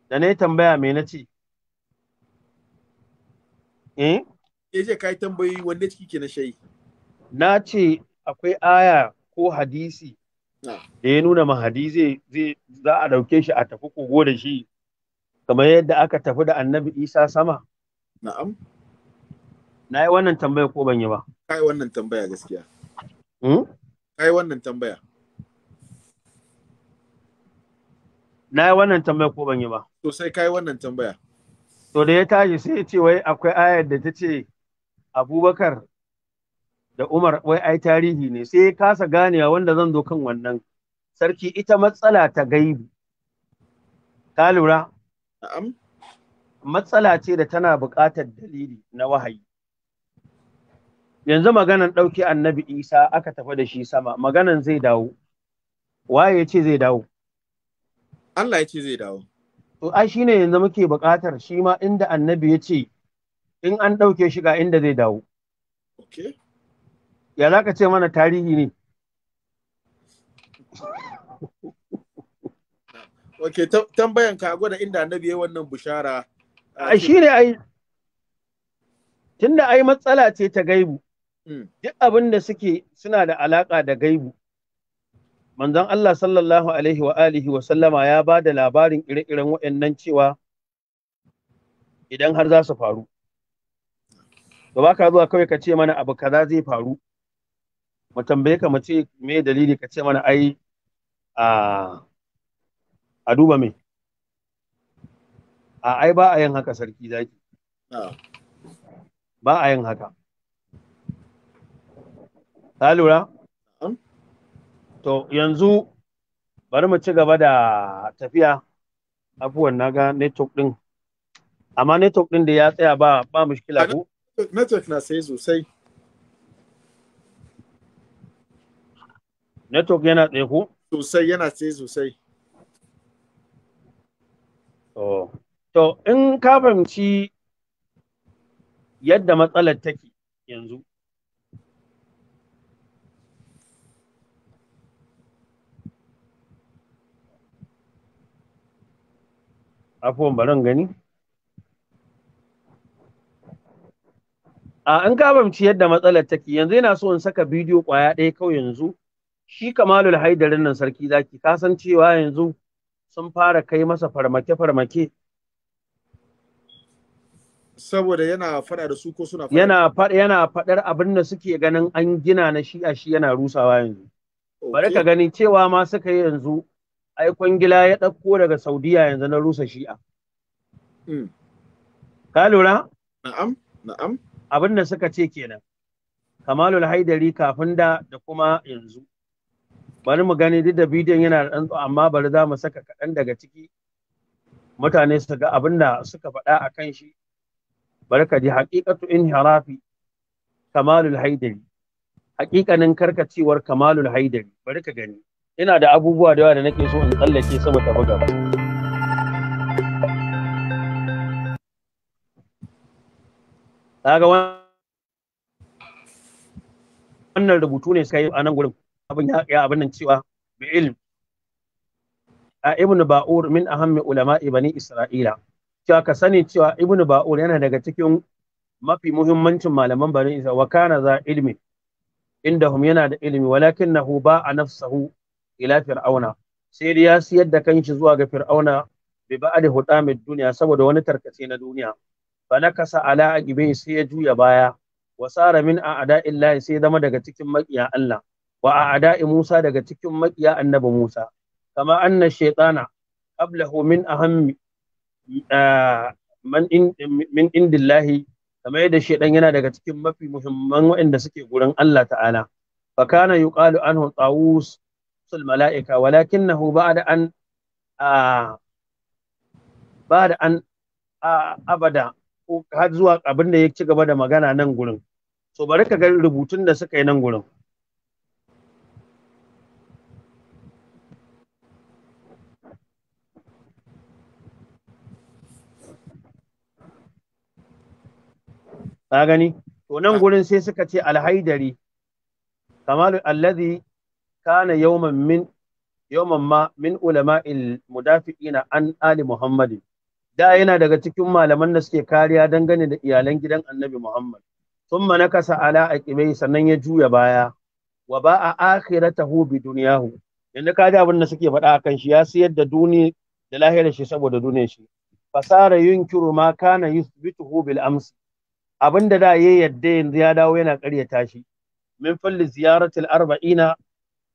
Da na yi tambaya me na ce? Eh? Ya je ka yi tambayi wanda ciki ke na shayi. Na ce akwai aya ko hadisi ah. da ya nuna mahadi zai za a ɗauke shi a tafi kogo da shi kamar yadda aka tafi da annabi isa sama. Na'am. Na yi wannan tambaya ko ban yi ba? Ka yi wannan tambaya gaskiya. Hmm? Ka yi wannan tambaya. Na yi wannan tambaya ko ban yi ba? To sai ka yi wannan tambaya. To da ya tashi sai ya ce wai akwai ayar da ta ce Abubakar da Umar wai ai tarihi ne sai ya kasa ganewa wanda zan zo kan wannan. Sarki ita matsala ta gaibi. Ka lura? Matsala ce da tana buƙatar dalili na wahayi. yanzu maganan ɗauki annabi isa aka tafi da shi sama maganan zai dawo waye ya ce zai dawo Allah ya ce zai dawo to ai shine yanzu muke buƙatar shi ma inda annabi ya ce in an ɗauke shi ga inda zai dawo ya za ka ce mana tarihi ne <laughs> ok tambayan ka gwada inda annabi ya wannan bushara a shi ne ai tunda ai matsala ce ta gaibu Mm. duk abin da suke suna da alaƙa da gaibu manzon Allah sallallahu alaihi wa alihi wa sallama ya ba da labarin ire-iren waɗannan cewa idan har za su faru ba baka ka zuwa kawai ka ce mana abu kaza zai faru mu tambaye ka mu ce me dalili ka ce mana ai a a duba me a ai ba a yin haka sarki zaki ah. ba a yin haka Ka lura? To yanzu bari mu ci gaba da tafiya abuwan na ga network ɗin. Amma network ɗin da ya tsaya ba ba mushkila ko? Network na sai sosai. Network yana tsaye ko? Sosai yana sai sosai. To, to in ka fahimci yadda matsalar take yanzu. afuwan baran gani a an kabamci yadda matsalar take yanzu yana so in saka bidiyo kwaya ɗaya kawai yanzu shi kamalul haidarin nan sarki zaki ka san cewa yanzu sun fara kai masa farmake farmake saboda yana fada da su ko suna fada yana fada yana fadar abin da suke ganin an gina na shi a shi yana rusawa yanzu bari ka gani cewa ma suka yi yanzu ai kwangila ya ɗauko daga saudiya yanzu na rusa shi'a hmm. ka lura na'am na'am abin da suka ce kenan kamalul haidari kafin da da kuma yanzu bari mu gani duk da bidiyon yana da amma bari za mu saka kaɗan daga ciki mutane su ga abin da suka faɗa akan shi bari ka ji haƙiƙatu in harafi kamalul haidari haƙiƙanin karkacewar kamalul haidari bari ka gani ina da abubuwa da yawa da nake so in tsallake saboda buga Daga wannan rubutu ne suka yi a nan gurin abin ya abin nan cewa bi ilm a ibnu ba'ur min ahammi ulama bani isra'ila cewa ka sani cewa ibnu ba'ur yana daga cikin mafi muhimmancin malaman bani isra'ila wa kana za ilmi indahum yana da ilmi nahu ba a nafsahu ila fir'auna sai dai ya siyar da kanshi zuwa ga fir'auna bi ba'd duniya saboda wani tarkace na duniya falakasa ala aqibai sai ya juya baya wa sara min a'da'illahi sai zama daga cikin makiya Allah wa a'da'i Musa daga cikin makiya annabi Musa kama anna shaytana qablahu min ahammi man min indillahi kamar yadda shaidan yana daga cikin mafi muhimman waɗanda suke gurin Allah ta'ala fa kana yuqalu anhu tawus الملائكة ولكنه بعد أن آه بعد أن آه أبدا har zuwa abin da ya ci gaba da magana nan gurin so bari ka ga rubutun da suka yi nan gurin ka gani to nan gurin sai suka ce alhaidari kamalu allazi kana yawman min yawman ma min ulama'il mudafi'ina an ali muhammadin da yana daga cikin malaman da suke kariya dangane da iyalan gidan annabi Muhammad. Thumma nakasa ala aqibai sannan ya juya baya wa ba'a akhiratahu hubi dunyahu. Yanda ka ji abin da suke faɗa kan shi ya siyar da duniya da lahirar shi saboda duniyar shi. Fasara yunkiru ma kana Bitu Hubi amsi. Abin da da ya yadda yanzu ya dawo yana ƙaryata shi. Min falli ziyaratil arba'ina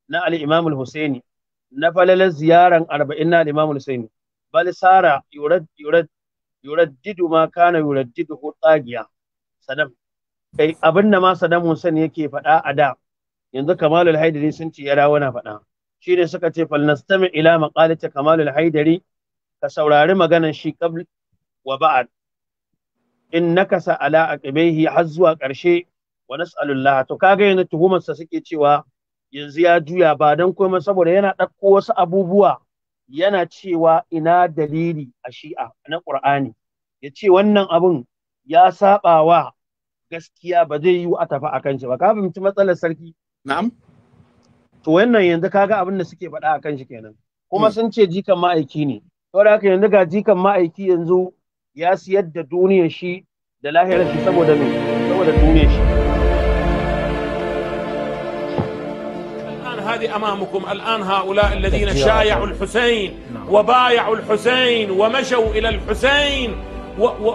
na al al-Husaini na falalar ziyaran arba'in na al al-Husaini bal sara yurad yurad yuraddidu ma kana yuraddidu tsagiya Saddam kai abin da ma Saddam Hussein yake faɗa a da yanzu Kamalul Haidari sun ce ya dawo faɗa. Shi shine suka ce falnastami ila maqalati Kamalul Haidari ka saurari maganar shi qabl wa ba'ad in nakasa ala a aqibaihi har zuwa ƙarshe wa nas'alullah to kaga yanzu tuhumarsa suke cewa yanzu ya juya ba don komai saboda yana ɗauko wasu abubuwa yana cewa ina dalili a shi'a na ƙur'ani ya ce wannan abun ya saɓa wa gaskiya ba zai yi a tafi a kan shi ba ka fahimci matsalar sarki na'am to wannan yanzu kaga abin da suke faɗa a kan shi kenan kuma hmm. sun ce jikan ma'aiki ne saboda haka yanzu ga jikan ma'aiki yanzu ya siyar da duniyar shi da lahirar shi saboda me saboda duniyar shi هذه أمامكم الآن هؤلاء الذين شايعوا الحسين نعم. وبايعوا الحسين ومشوا إلى الحسين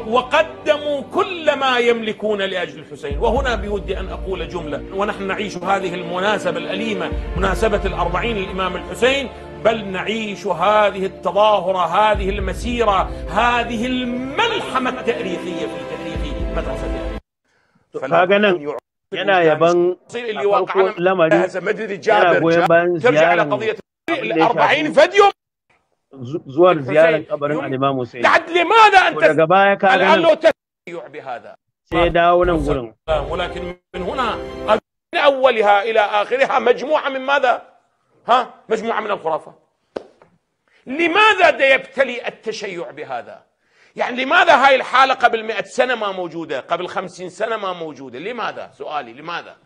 وقدموا كل ما يملكون لأجل الحسين وهنا بودي أن أقول جملة ونحن نعيش هذه المناسبة الأليمة مناسبة الأربعين للإمام الحسين بل نعيش هذه التظاهرة هذه المسيرة هذه الملحمة التاريخية في تاريخ مدرسة فلا أن yana yaban lamarin yana goyon bayan ziyarar الأربعين فيديو زوار زيارة قبر الإمام حسين لحد لماذا أنت الآن تسيع بهذا سيدا ونقول آه، ولكن من هنا من أولها إلى آخرها مجموعة من ماذا؟ ها؟ مجموعة من الخرافه لماذا يبتلي التشيع بهذا؟ يعني لماذا هاي الحالة قبل مئة سنة ما موجودة قبل خمسين سنة ما موجودة لماذا سؤالي لماذا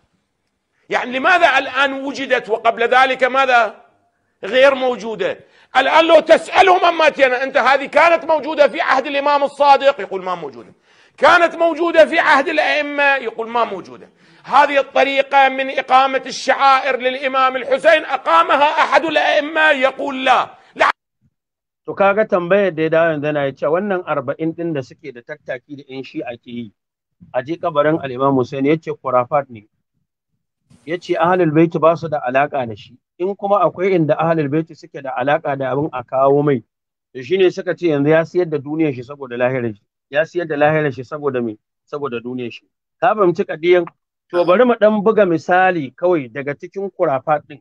يعني لماذا الآن وجدت وقبل ذلك ماذا غير موجودة الآن لو تسألهم تينا يعني أنت هذه كانت موجودة في عهد الإمام الصادق يقول ما موجودة كانت موجودة في عهد الأئمة يقول ما موجودة هذه الطريقة من إقامة الشعائر للإمام الحسين أقامها أحد الأئمة يقول لا To kaga tambayar da ya dawo yanzu na ce wannan arba'in ɗin da suke da tattaki da 'yan shi ake yi a je kabarin al'imam Hussein ya ce kurafat ne. Ya ce ahalul baiti ba su da alaƙa da shi. In kuma akwai inda ahalul baiti suke da alaƙa da abin a kawo mai. To shi ne suka ce yanzu ya siyar da duniyar shi saboda lahirar shi. Ya siyar da lahirar shi saboda me? Saboda duniyar shi. Ka fahimci kadiyan To bari mu ɗan buga misali kawai daga cikin kurafat ɗin.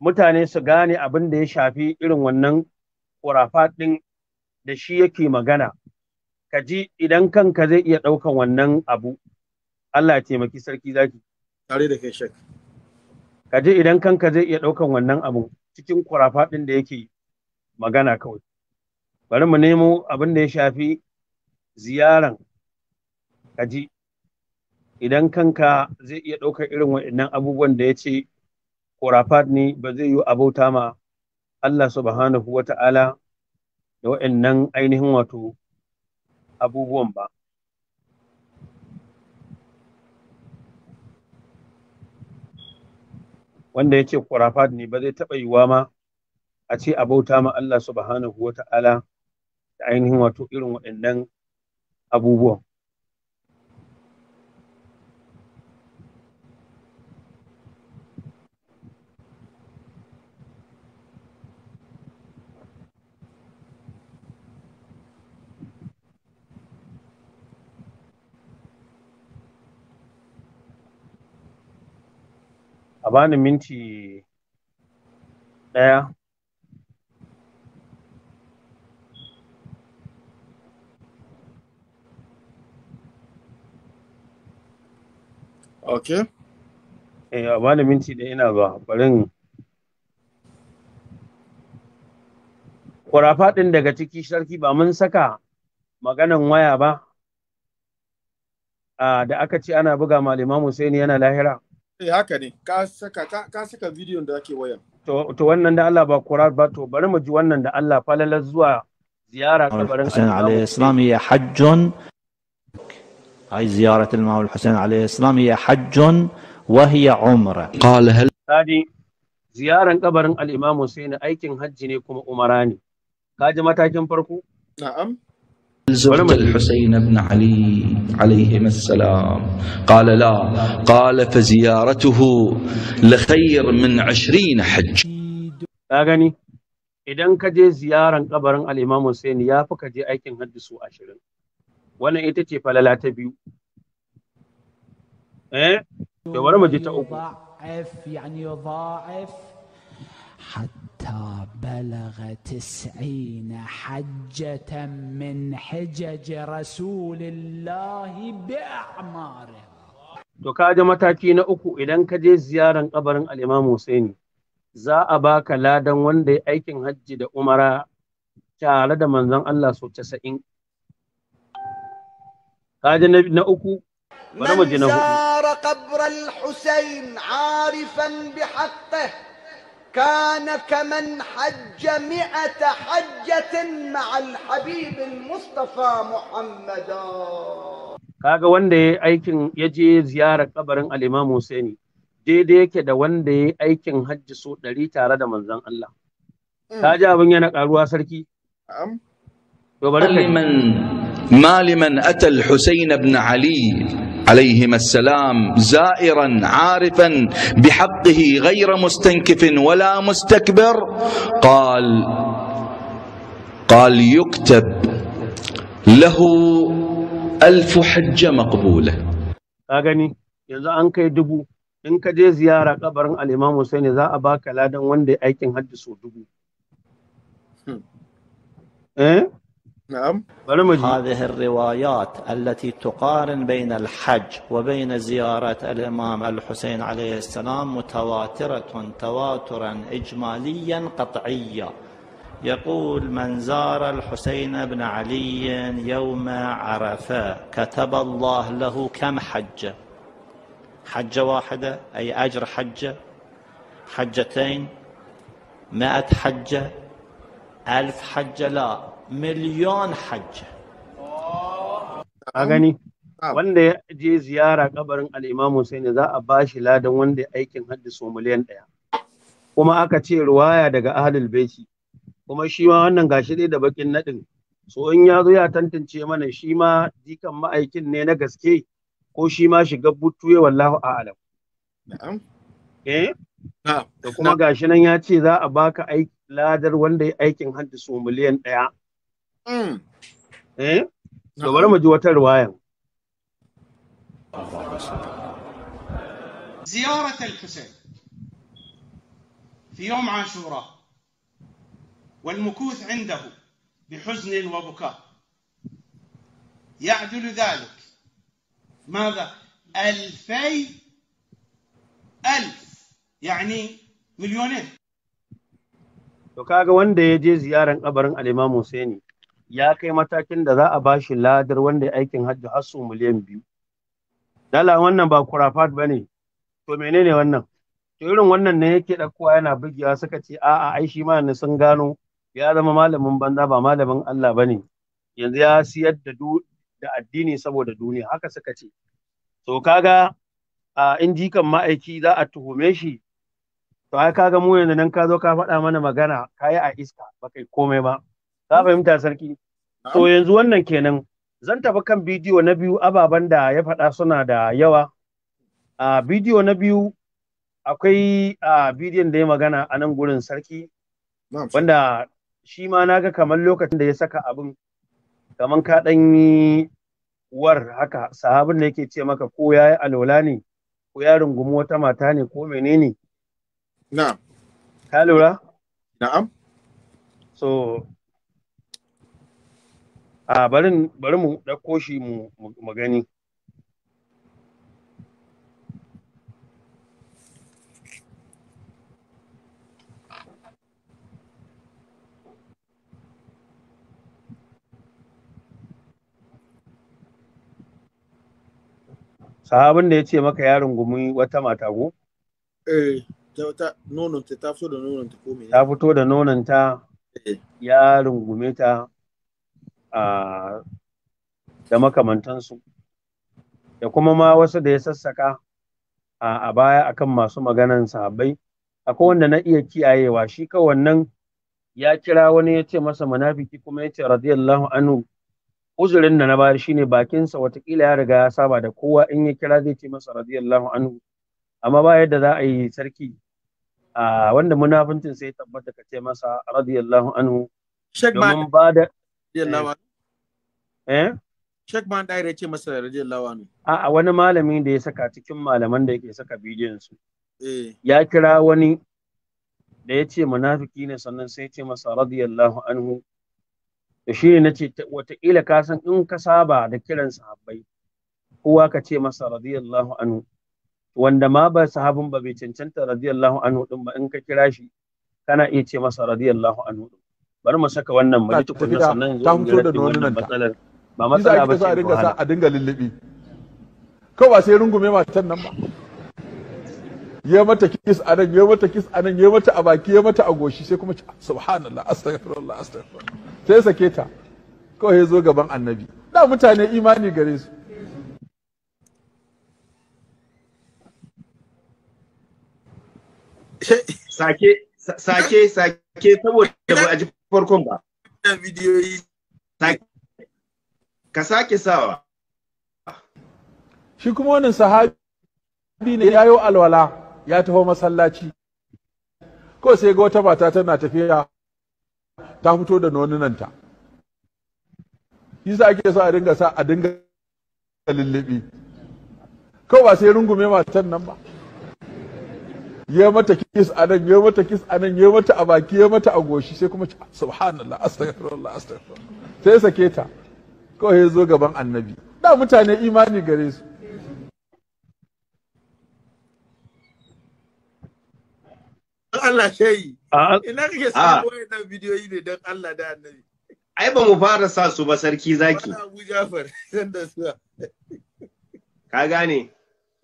Mutane su gane abin da ya shafi irin wannan ƙurafa ɗin da shi yake magana ka ji idan kanka zai iya ɗaukan wannan abu Allah ya taimaki sarki zaki tare da kai shek ka ji idan kanka zai iya ɗaukan wannan abu cikin kurafa ɗin da yake magana kawai bari mu nemo abin da ya shafi ziyaran ka ji idan kanka zai iya ɗaukar irin waɗannan abubuwan da ya ce kurafat ne ba zai yi abauta ma Allah subhanahu wa ta'ala da wa'annan ainihin wato abubuwan ba. Wanda ya ce kurafat ne ba zai taɓa yiwa ma a ce abauta ma Allah subhanahu wa ta'ala da ainihin wato irin waɗannan abubuwan. a bani minti ɗaya ok eh a bani minti ɗaya ina zuwa barin kurafa ɗin daga ciki sarki ba mun saka maganan waya ba ah, da aka ce ana buga ma limamu sai yana lahira Eh haka ne, ka saka, ka, saka bidiyon da ake wayan. To, to wannan da Allah ba kura ba, to bari mu ji wannan da Allah falalar zuwa ziyara kabarin Hussein alaihi salam ya hajjon. Ai ziyaratul Mawul Hussein alaihi salam ya hajjon wa hiya umra. Qala hal Sadi ziyaran kabarin al-Imam Hussein aikin hajji ne kuma umara ne. Ka ji matakin farko? Na'am. زعم الحسين بن علي عليهما السلام قال لا قال فزيارته لخير من عشرين حج أغني إذن كجي زيارة قبر الإمام حسين يا يافا كجي أيكن هدسو عشرين وانا إتتي فلا لا تبيو إيه يضاعف يعني يضاعف حتى بلغ تسعين حجة من حجج رسول الله بأعماره to kaji mataki na uku idan ka je ziyaran kabarin al'imam Husaini za a baka ladan wanda ya aikin hajji da umara tare da manzon Allah so casa'in kaji na uku bari mu ji na hudu كان كمن حج مئة حجة مع الحبيب المصطفى محمدا kaga wanda ya aikin ya je ziyarar kabarin al-Imam Husaini daidai yake da wanda ya aikin hajji so ɗari tare da manzon Allah. Ka ji abin yana ƙaruwa sarki? Na'am. لمن ما لمن أتى الحسين بن علي عليهما السلام زائرا عارفا بحقه غير مستنكف ولا مستكبر قال قال يكتب له ألف حجة مقبولة أغني إذا أنك يدبو إنك جي زيارة قبر الإمام حسين إذا أباك لا دن وندي أيكين حج سو دبو إيه نعم هذه الروايات التي تقارن بين الحج وبين زيارة الإمام الحسين عليه السلام متواترة تواترا إجماليا قطعيا يقول من زار الحسين بن علي يوم عرفة كتب الله له كم حجة حجة واحدة أي أجر حجة حجتين مائة حجة ألف حجة لا miliyan hajji a gani wanda ya je ziyara kabarin al'imam Hussein za a ba shi ladan wanda ya aikin hajji so miliyan ɗaya kuma aka ce ruwaya daga ahlul baiti kuma shi ma wannan gashi dai da bakin naɗin so in ya zo ya tantance mana shi ma jikan ma'aikin ne na gaske ko shi ma shiga butuwe wallahu a'alam na'am eh da kuma gashi nan ya ce za a baka aiki ladar wanda ya aikin hajji so miliyan ɗaya Mm. Eh? To bari mu زيارة الحسين في يوم عاشوراء والمكوث عنده بحزن وبكاء يعدل ذلك ماذا ألفي ألف يعني مليونين وكاغا وندي يجي زيارة قبر الإمام حسيني ya kai matakin da za a ba shi ladar wanda ya aikin hajji har su miliyan biyu. Dala wannan ba kurafat ba ne, to menene wannan? To irin wannan ne yake ɗakuwa yana bugewa suka ce a'a ai shi ma sun gano ya zama malamin banza ba malamin Allah ba ne, yanzu ya siyar da da addini saboda duniya haka suka ce. To kaga a injikan ma'aiki za a tuhume shi, to ai kaga mu yanzu nan ka zo ka faɗa mana magana ka yi a iska ba kai komai ba. ka fahimta sarki to yanzu wannan kenan zan tafi kan bidiyo na biyu ababen da ya faɗa suna da yawa a bidiyo na biyu akwai a bidiyon da ya magana a nan gurin sarki wanda shi ma na ga kamar lokacin da ya saka abin kamar ka ɗan yi war haka sahabin da yake ce maka ko ya yi alola ne ko ya rungumi wata mata ne ko menene na'am ka lura na'am so a bari bari mu ɗauko shi mu mu sahabin da ya ce maka yaron gumi wata mata go? Eh, ta nononta ta fito da nononta ko me? Ta fito da nononta eh. ya rungume ta da makamantansu da kuma ma wasu da ya sassaka a baya akan masu maganan sahabbai akwai wanda na iya kiyayewa shi ka wannan ya kira wani ya ce masa munafiki kuma ya ce radiyallahu anhu uzurin da na shi shine bakinsa watakila ya riga ya saba da kowa in ya kira zai ce masa radiyallahu anhu amma ba yadda za a yi sarki a wanda munafincin sai tabbata ka ce masa radiyallahu anhu domin ba da radiyallahu eh, eh? Sheikh Man Daire ce masa radiyallahu anhu a wani malami da ya saka cikin malaman da yake saka bidiyon su eh. ya kira wani da ya ce munafiki ne sannan sai ya ce masa radiyallahu anhu da shi ne nace wataƙila ka san in ka saba da kiran sahabbai kowa ka ce masa radiyallahu anhu wanda ma ba sahabin ba bai cancanta radiyallahu anhu din ba in ka kira shi kana iya ce masa radiyallahu anhu bari mu saka wannan mu tukunna sannan ta fito da nonunan ta ba matsala ba sai a dinga sa a dinga lullubi kawai ba sai rungume matan nan ba ya mata kis a nan ya mata kis a nan ya mata a baki ya mata a goshi sai kuma subhanallah astaghfirullah astaghfirullah sai sake ta kawai ya zo gaban annabi da mutane imani gare su sake sake sake saboda ba a ji farkon ba ke ka sake sawa shi kuma wannan sahabi ne ya yi alwala ya taho masallaci ko sai ga wata mata tana tafiya ta fito da nonunanta sa ake so a dinga sa a dinga lullubi kawai ba sai rungume matan nan ba ya mata kis a nan ya mata kis a nan ya mata a baki ya mata a goshi sai kuma subhanallah astaghfirullah astaghfirullah sai sake ta kawai ya zo gaban annabi da mutane imani gare su Allah shayi ah, ah. ina kake ah. sa wayannan bidiyoyi ne dan Allah da annabi ai ba mu fara sa su ba sarki zaki Abu Jafar san <laughs> da su ka gane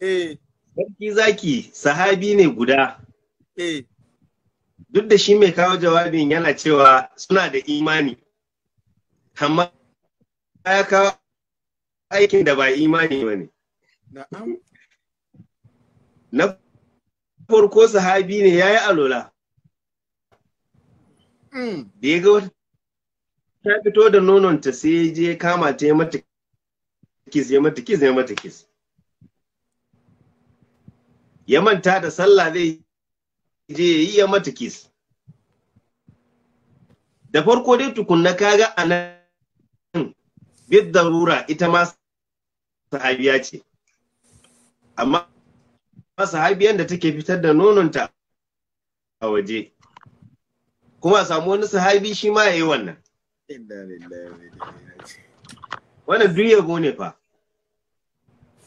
eh Sarki zaki sahabi ne guda. Eh. Duk da shi mai kawo jawabin yana cewa suna da imani, amma ya kawo aikin da ba imani ba ne. Na farko sahabi ne ya yi alola. Hmm. Da ya ga wata ta fito da nononta sai ya je kama ta ya mata kis ya mata kis ya mata kis. ya manta da sallah zai je yi ya mata kis da farko dai tukunna kaga a nan bid darura ita ma sahabiya ce amma sahabiyan da take fitar da nononta a waje kuma samu wani sahabi shi ma ya yi wannan wannan duk yabo ne fa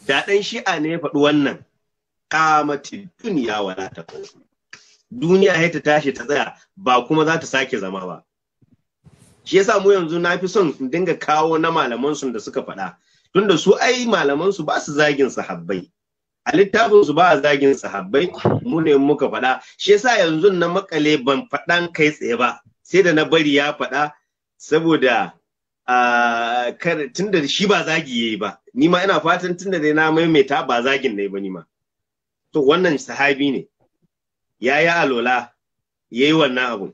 da ɗan shi'a ne ya faɗi wannan kamati duniya wala ta duniya ya ta tashi ta tsaya ba kuma za ta sake zama ba shi yasa mu yanzu na fi son in dinga kawo na malaman su da suka faɗa tunda su ai malaman su ba su zagin sahabbai a littafin su ba a zagin sahabbai mu ne muka faɗa shi yasa yanzu na makale ban faɗan kai tsaye ba sai da na bari ya faɗa saboda tunda shi ba zagi yayi ba ni ma ina fatan tunda dai na maimaita ba zagin ne ba ni ma to wannan sahabi ne ya yi alola ya yi wannan abun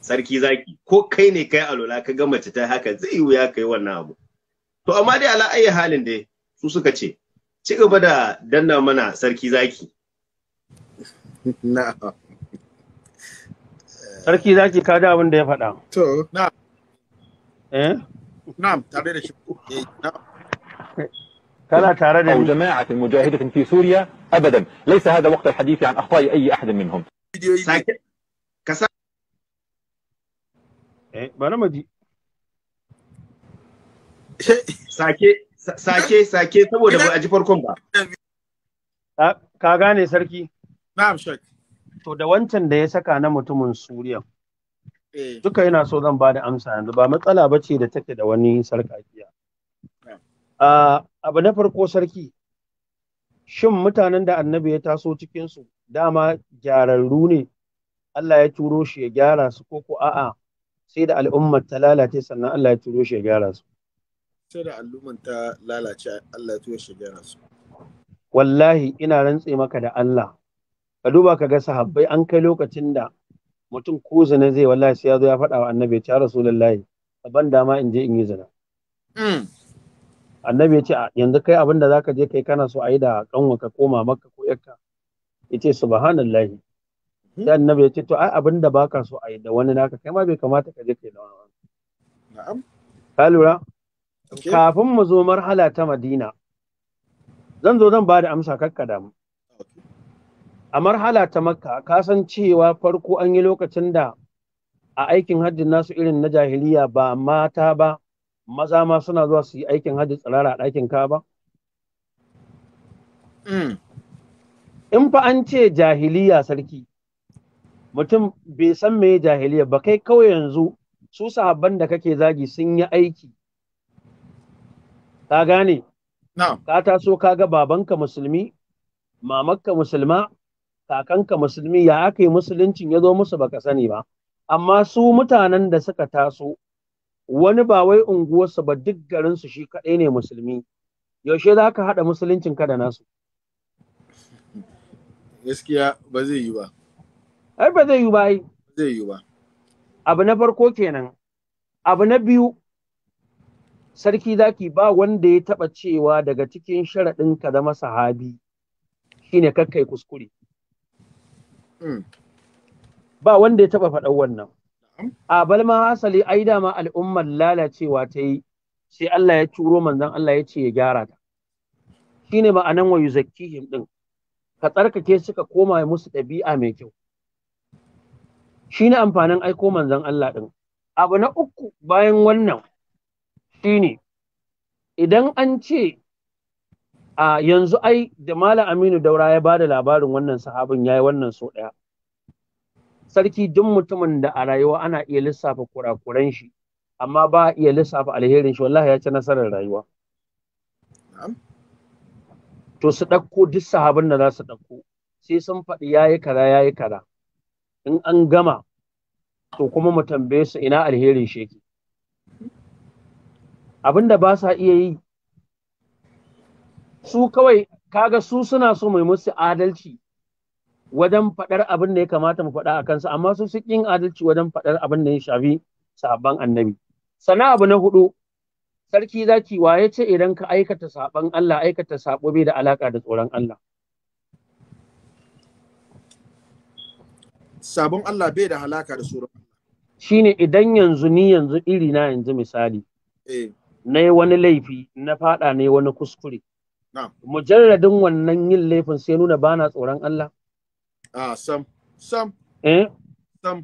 sarki zaki ko kai ne kai alola ka gama ta haka zai wuya ka yi wannan abu to amma dai ala ayi halin dai su suka ce ci gaba da danna mana sarki zaki sarki zaki ka da abin da ya faɗa to na'am eh na'am tare da shi eh, na'am كان تارد أو جماعة مجاهدة في سوريا أبدا ليس هذا وقت الحديث عن أخطاء أي أحد منهم sake sake sake saboda ba a ji farkon ba ka gane sarki na'am shek to da wancan da ya saka na mutumin suriya duka yana so zan ba da amsa yanzu ba matsala ba ce da take da wani sarkakiya abu na farko sarki shin mutanen da annabi ya taso cikinsu dama gyararru ne Allah ya turo shi ya gyara su ko ko a'a sai da al'ummar ta lalace sannan Allah ya turo shi ya gyara su sai da al'ummar ta lalace Allah ya turo shi ya gyara su wallahi ina rantse maka da Allah ka duba ka ga sahabbai an kai lokacin da mutum ko zina zai wallahi sai ya zo ya faɗa wa annabi ya rasu rasulullahi ban dama in je in yi zina hmm. annabi ya ce yanzu kai abin da zaka je kai kana so a yi da kanwaka ko mamaka ko yakka ya ce subhanallahi sai annabi ya ce to ai abin da baka so a yi da wani naka kai ma bai kamata ka je kai da wani na'am ka lura kafin mu zo marhala ta madina zan zo zan ba da amsa kakka damu a marhala ta makka ka san cewa farko an yi lokacin da a aikin hajjin nasu irin na jahiliya ba mata ba maza ma suna zuwa su yi aikin hajji tsirara a ɗakin kaba? Hmm. In fa an ce jahiliya sarki, mutum bai san me jahiliya ba kai kawai yanzu su sahabban da kake zagi sun yi aiki. Ka gane? Ka taso ka ga babanka musulmi, mamakka musulma, kakanka musulmi ya aka yi musuluncin ya zo musu baka sani ba. Amma su mutanen da suka taso wani ba wai unguwarsa ba duk garinsu shi kaɗai ne musulmi yaushe za ka haɗa musuluncin ka da nasu gaskiya ba zai yi ba ai ba zai yi ba ai zai yi ba abu na farko kenan abu na biyu sarki zaki ba wanda ya taɓa cewa daga cikin sharaɗin ka zama sahabi shine kakkai kuskure hmm. ba wanda ya taɓa faɗan wannan a bal ma hasali ai dama al'ummar lalacewa ta yi sai Allah ya turo manzon Allah ya ce ya gyara ta shine ma'anan wa yuzakkihim din ka tsarkake suka koma musu ɗabi'a mai kyau shine amfanin aiko manzon Allah din abu na uku bayan wannan shine idan an ce a yanzu ai da Malam Aminu Daura ya bada labarin wannan sahabin yayi wannan so ɗaya sarki duk mutumin da a rayuwa ana iya lissafa kurakuran shi amma ba a iya lissafa alherin shi wallahi ya ci nasarar rayuwa to su ɗauko duk sahabin da za su ɗauko sai sun faɗi ya yi kaza ya yi kaza in an gama to kuma mu tambaye su ina alherin shi yake abinda ba sa iya yi su kawai kaga su suna so mai musu adalci wajen faɗar abin da ya kamata mu faɗa a kansa amma su su ƙin adalci wajen faɗar abin da ya shafi sabon annabi sana abu na hudu sarki zaki waye ce idan ka aikata sabon Allah aikata sabo bai da alaka da tsoron Allah sabon Allah bai da alaƙa da tsoron Allah shine idan yanzu ni yanzu iri na yanzu misali eh. na yi wani laifi na fada ne wani kuskure Mujalladin wannan yin laifin sai nuna bana tsoron Allah Ah, sam, sam. Eh? Sam.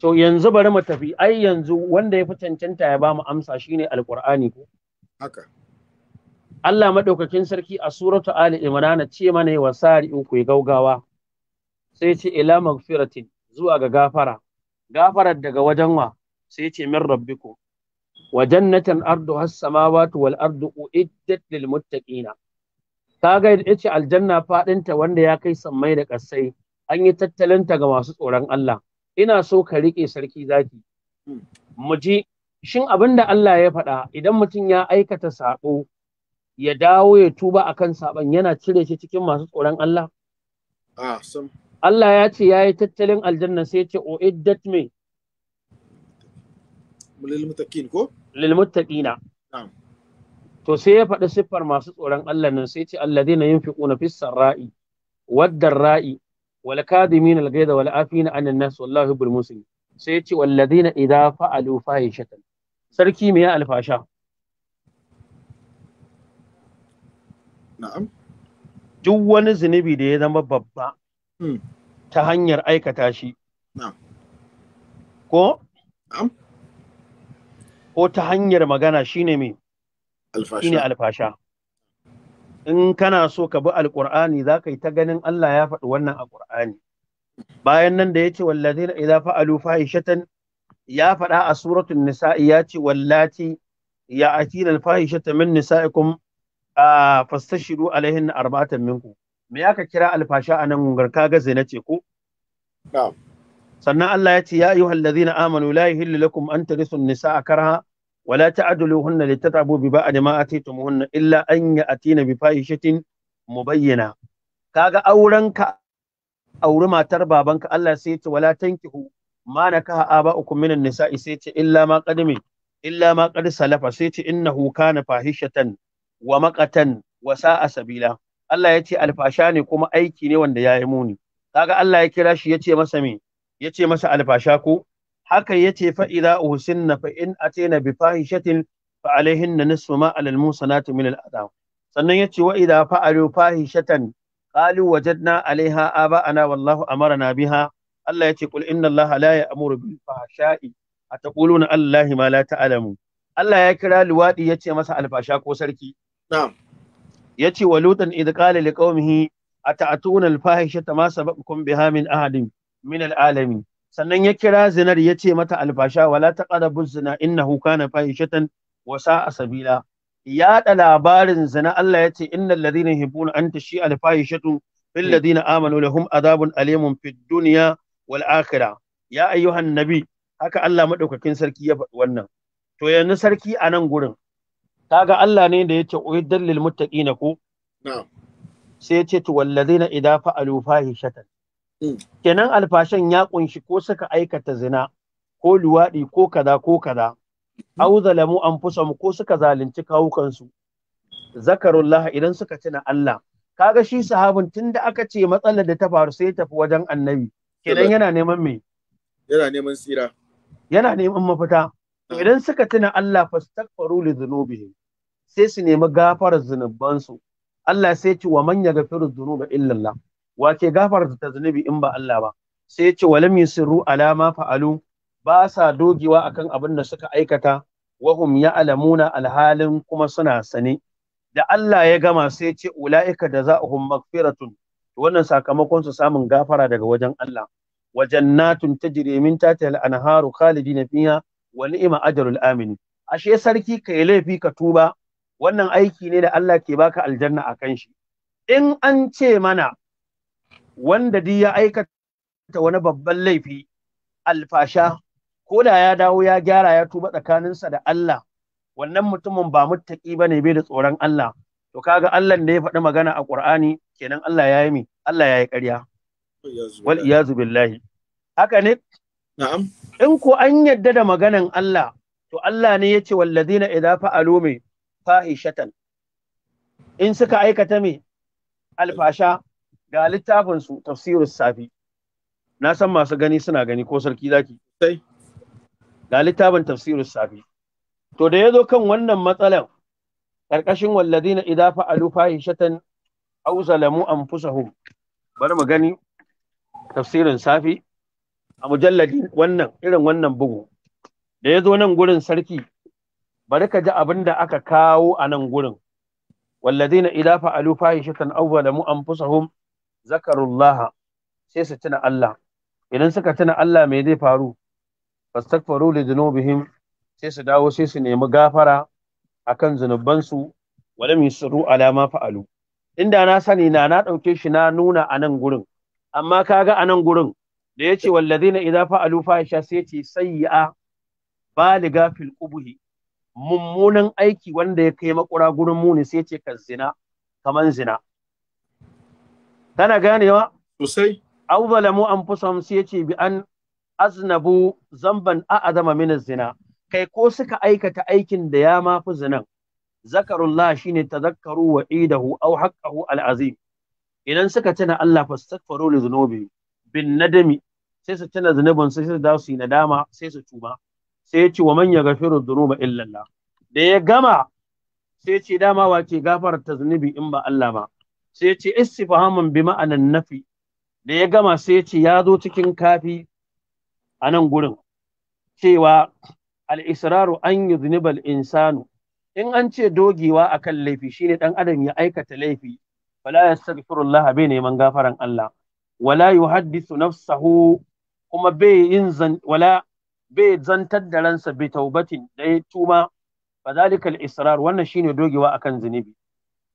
To yanzu bari mu tafi, ai yanzu wanda ya fi cancanta ya ba mu amsa shine Alƙur'ani ko? Haka. Allah maɗaukakin sarki a suratu Ali Imran ce mana wa sari'u ku gaugawa sai ce ila magfiratin zuwa ga gafara gafarar daga wajen wa sai ce min rabbiku wa jannatan ardu has samawati wal ardu uiddat lil muttaqina kaga yace aljanna faɗinta wanda ya kai sammai da ƙasai an yi tattalinta ga masu tsoron Allah ina so ka riƙe sarki zaki mu ji shin abin da Allah ya faɗa idan mutum ya aikata saƙo ya dawo ya tuba akan saban yana cire shi cikin masu tsoron Allah? Ah, Allah ya ce ya yi tattalin aljanna sai ya ce o iddat me? Lilmuttaqina. to sai ya faɗi siffar masu tsoron Allah nan sai ce alladheena yin fis sarra'i fissar ra'i Waddan ra'i, wal kadimin al gaida wal afina 'anil nas wallahi bil muslim sai ya ce walladheena idza fa'alu fahishatan sarki me ya alfasha na'am duk wani zunubi da ya zama babba hmm. ta hanyar aikata shi ko ko ta hanyar magana shine me shine alfasha in kana so ka bi Alƙur'ani za ka yi ta ganin Allah ya faɗi wannan a qur'ani bayan nan da yace wallazina idza fa'alu fahishatan ya faɗa a suratul nisa'i ya ce wallati ya atina alfahishata min nisa'ikum a fastashiru alaihin arba'atan minku me aka kira alfasha nan gungar kaga zina ce ko sannan Allah ya ce ya ayyuhal ladina amanu la yahillu lakum an tarisu nisaa karha wala ta'duluhunna litatabu bi ba'd ma atitumuhunna illa an ya'tina bi fahishatin mubayyana kaga aurenka auri matar babanka Allah sai ce wala tankihu ma nakaha aba'ukum minan nisa'i sai ce illa ma qadimi illa ma qad salafa sai ce innahu kana fahishatan wa maqatan wa sa'a sabila Allah ya ce alfasha ne kuma aiki ne wanda ya yi muni ga Allah ya kira shi yace masa alfasha ko haka yace fa idza usinna fa in atina bi fahishatin fa alaihinna nisfu ma alal musanati min al adam sannan yace wa idza fa'alu fahishatan qalu wajadna alaiha aba'ana wallahu amarna biha Allah yace qul inna Allah la ya'muru bil fahsha'i ataquluna Allah ma la ta'lamu Allah ya kira luwadi yace masa alfasha ko sarki na'am yace wa lutan idza qala liqaumihi ata'atuna al fahishata ma sabaqakum biha min ahadin min al alamin sannan ya kira zinar ya ce mata alfasha wala ta taqrabu zina innahu na fahishatan wasa a sabila yaɗa labarin zina Allah ya ce innal ladina yuhibbuna an tashi al fahishatu fil ladina amanu lahum adabun alimun fid dunya wal akhirah ya ayyuhan nabi haka Allah madaukakin sarki ya faɗi wannan to yanzu sarki a nan gurin kaga Allah ne da yace uiddal lil muttaqina ko na'am sai yace to wal ladina idza fa'alu fahishatan kenan alfashan ya kunshi ko suka aikata zina ko luwaɗi ko kaza ko kaza au zalamu anfusahum ko suka zalunci kawukansu zakarullah idan suka tuna Allah kaga shi sahabin tunda aka ce matsalar da ta faru sai ta tafi wajen annabi kenan yana neman me yana neman tsira yana neman mafita idan suka tuna Allah fastaghfiru li dhunubihim sai su nemi gafarar zunubansu Allah sai ya ce wa man yaghfiru dhunuba illa Allah wace gafarta ta zunubi in ba Allah ba sai yace walam yusirru ala ma fa'alu ba sa dogewa akan abin da suka aikata wahum ya'lamuna alhalin kuma suna sane da Allah ya gama sai yace ulaika da za'uhum magfiratun wannan sakamakon su samun gafara daga wajen Allah wa jannatun tajri min tahtiha al-anharu khalidina fiha wa ni'ma ajrul amin ashe sarki kai laifi ka tuba wannan aiki ne da Allah ke baka aljanna akan shi in an ce mana wanda duk ya aikata wani babban laifi alfasha ko da ya dawo ya gyara ya tuba tsakaninsa da Allah wannan mutumin ba muttaki bane bai da tsoron Allah to kaga Allah ne ya faɗi magana a Qur'ani kenan Allah ya yi mi Allah ya yi ƙarya wal iyazu billahi haka ne na'am in ko an yadda da maganan Allah to Allah ne ya ce wallazina idza fa'alu mai fahishatan in suka aikata mai alfasha ga littafin su tafsirus safi na san masu gani suna gani ko sarki zaki sai ga littafin tafsirus safi to da yazo kan wannan matsalan karkashin walladina idza fa'alu fahishatan aw zalamu anfusahum bari mu gani tafsirin safi a mujalladi wannan irin wannan bugu da ya zo nan gurin sarki bari ka ji abin da aka kawo a nan gurin walladina idza fa'alu fahishatan aw zalamu anfusahum zakarullah sai su tuna Allah idan suka tuna Allah me zai faru fastaghfiru li dhunubihim sai su dawo sai su nemi gafara akan zunubansu min suru ala ma fa'alu inda na sani na na dauke shi na nuna anan gurin amma kaga anan gurin da yace wallazina idza fa'alu fahisha sai yace sayyi'a baliga fil qubhi mummunan aiki wanda ya kai makura gurin muni sai yace kan zina kaman zina kana ganewa sosai an zalamu anfusahum sai yace bi an aznabu zamban adama min zina kai ko suka aikata aikin da ya mafi zinan zakarullah shine tazakkaru wa idahu aw haqqahu alazim idan suka tuna Allah fastaghfiru li dhunubi bin nadami sai su tuna zunubin sai su dawo su yi nadama sai su tuba sai ya ce wa man yaghfiru dhunuba illa Allah da ya gama sai ce dama wace gafarta zunubi in ba Allah ba sai ya ce istifhamun bi ma'anan nafi da ya gama sai ya ce ya zo cikin kafi a nan gurin cewa al-israru an yudhnibal insanu in an ce dogewa akan laifi shine dan adam ya aikata laifi fala yastaghfirullah bai neman gafaran Allah wala yuhaddisu nafsahu kuma bai yin wala bai zantar da ransa bi taubatin da ya tuma fa zalikal israr wannan shine dogewa akan zunubi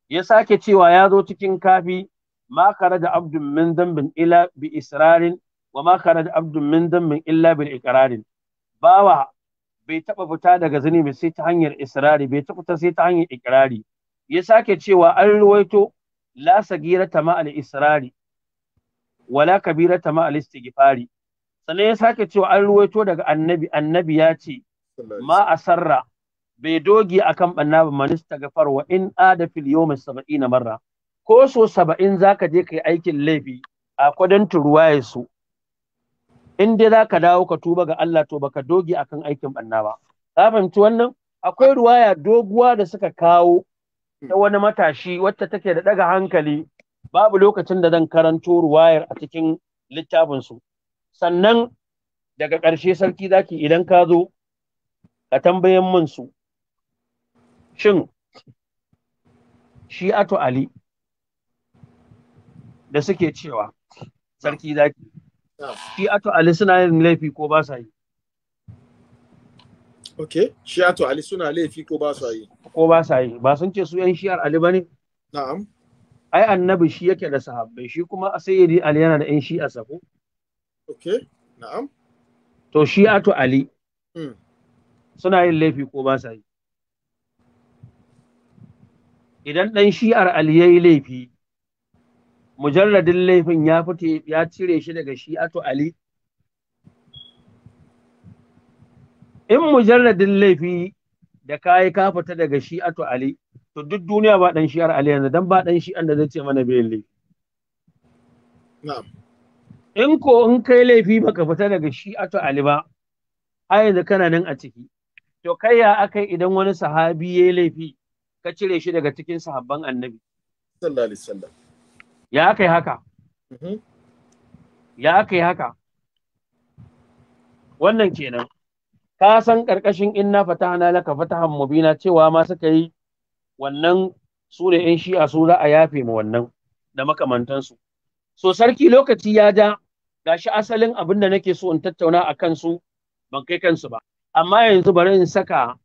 ya sake cewa ya zo cikin kafi ma da abdun min dambin illa bi israrin wa ma da abdun min dambin illa bil iqrarin bawa bai taba fita daga bai sai ta hanyar israri bai taba fita sai ta hanyar iqrari ya sake cewa an ruwaito la sagirata ma al israri wala kabirata ma al istighfari sannan ya sake cewa an ruwaito daga annabi annabi ya ce ma asarra bai doge kan ɓanna ba manista gafar wa in ada fil saba'i na marra ko so saba'in za ka je ka yi aikin laifi a turuwa ya su in dai za ka dawo ka tuba ga Allah to baka doge kan aikin ɓanna ba ka fahimci wannan akwai ruwaya doguwa da suka kawo ta wani matashi wacce take da daga hankali babu lokacin da zan karanto ruwayar a cikin littafinsu? sannan daga ƙarshe sarki zaki idan ka zo ka tambayen min su shin shi'atu ali da suke cewa sarki zaki shi'atu ali suna yin laifi ko ba sa yi ok shi'atu ali suna laifi ko ba sa yi ko ba sa yi ba sun ce su yan shi'ar ali ba ne na'am ai annabi shi yake da sahabbai shi kuma sayyidi ali yana da yan shi'a sako ok na'am to shi'atu ali hmm. suna yin laifi ko ba sa yi idan ɗan shi'ar Ali ya yi laifi mujarradin laifin ya fita ya cire shi daga shi'atu Ali in mujarradin laifi da kayi ka fita daga shi'atu Ali to duk duniya ba ɗan shi'ar Ali yanzu dan ba ɗan shi'an da zai ce mana bai laifi in ko in kai laifi baka fita daga shi'atu Ali ba a yanzu kana nan a ciki to kai ya akai idan wani sahabi ya laifi ka cire shi daga cikin sahabban annabi sallallahu alaihi wasallam ya kai haka mm-hmm. ya kai haka wannan kenan ka san karkashin inna fatahana laka fatahan mubina cewa ma suka yi wannan su ne shi a su za a yafe mu wannan da makamantansu so sarki lokaci ya ja gashi asalin abin da nake so in tattauna a kansu ban kai kansu ba amma yanzu bari in saka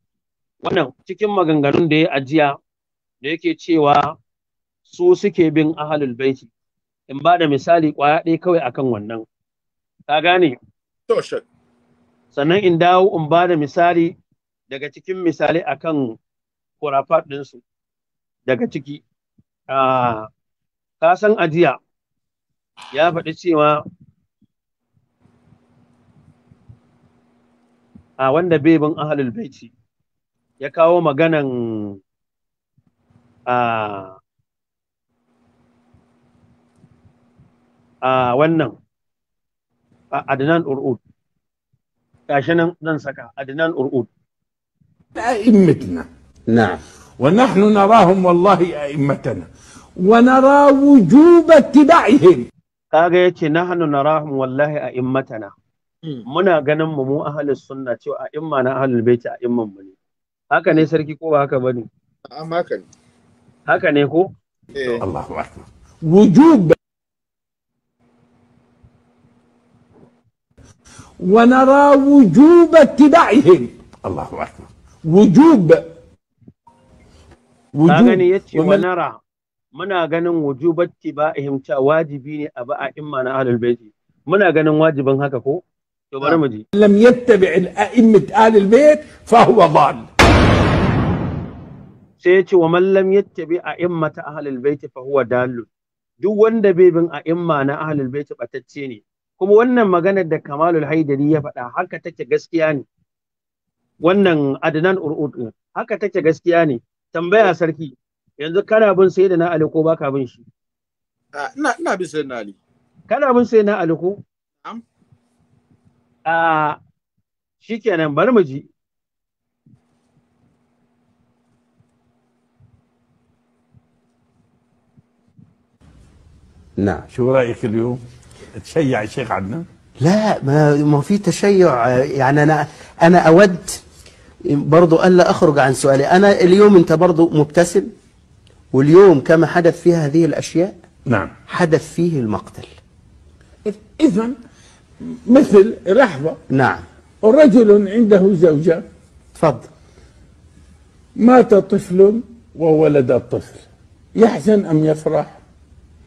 wannan cikin maganganun da ya ajiya da yake cewa su suke bin ahalul baiti in ba da misali kwaya ɗaya kawai akan wannan ka gane to sannan in dawo in ba da misali daga cikin misali akan kurafat ɗinsu daga ciki ka san ajiya ya faɗi cewa a wanda bai bin ahalul baiti ya kawo maganan a a wannan Adnan Ur'ud gashi nan zan saka Adnan Ur'ud na'am wa nahnu narahum wallahi والله wa nara wujub اتباعهم kaga yace nahnu narahum wallahi a muna ganin mu mu ahlus sunna cewa a imma na ahlul baiti a imman mu ne haka ne sarki ko ba haka bane haka ne haka ne ko eh. wujub ونرى وجوب اتباعهم الله اكبر وجوب وجوب يتي muna ganin wujubat tiba'ihim ta wajibi ne a ba'a imma na ahlul baiti muna ganin wajibin haka ko to bari mu ji lam yattabi al a'immat ahlul fa huwa sai ya ce wa mallam bi a immata ahlul baiti fa huwa Dalu? duk wanda bai bin a imma na ahlul baiti batacce ne kuma wannan maganar da Kamalul Haidari ya faɗa haka take gaskiya ne wannan Adnan Ur'ud haka take gaskiya ne tambaya sarki yanzu kana bin sayyidina Ali ko baka bin shi ina ina bin sayyidina Ali kana bin sayyidina Ali ko am a shikenan bari mu ji نعم شو رايك اليوم؟ تشيع الشيخ عدنان؟ لا ما ما في تشيع يعني انا انا اود برضو الا اخرج عن سؤالي انا اليوم انت برضو مبتسم واليوم كما حدث فيها هذه الاشياء نعم حدث فيه المقتل اذا مثل لحظه نعم رجل عنده زوجه تفضل مات طفل وولد طفل يحزن ام يفرح؟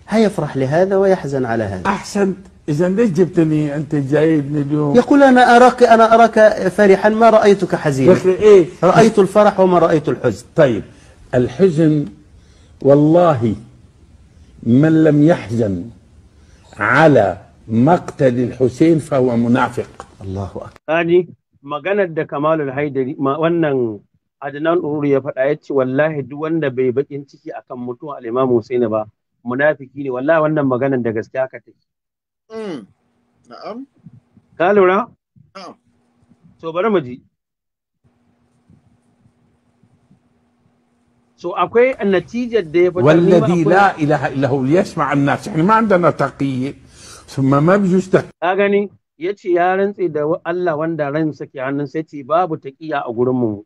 هيفرح لهذا ويحزن على هذا أحسن إذا ليش جبتني أنت جايبني اليوم يقول أنا أراك أنا أراك فرحا ما رأيتك حزينا إيه؟ رأيت الفرح وما رأيت الحزن طيب الحزن والله من لم يحزن على مقتل الحسين فهو منافق الله أكبر أني ما da Kamalul Haidari wannan Adnan Ururu ya faɗa ya ce wallahi duk wanda bai bakin ciki akan mutuwa munafiki ne wallahi wannan maganan da gaskiya ka take mm. na'am ka lura na'am to bari mu ji da ya النتيجه دي والذي لا اله الا هو ليسمع الناس احنا ما عندنا تقيه ثم ما بيجوز اغني yace ya rantse da Allah wanda ransa ke hannun sai ce babu taqiya a gurinmu.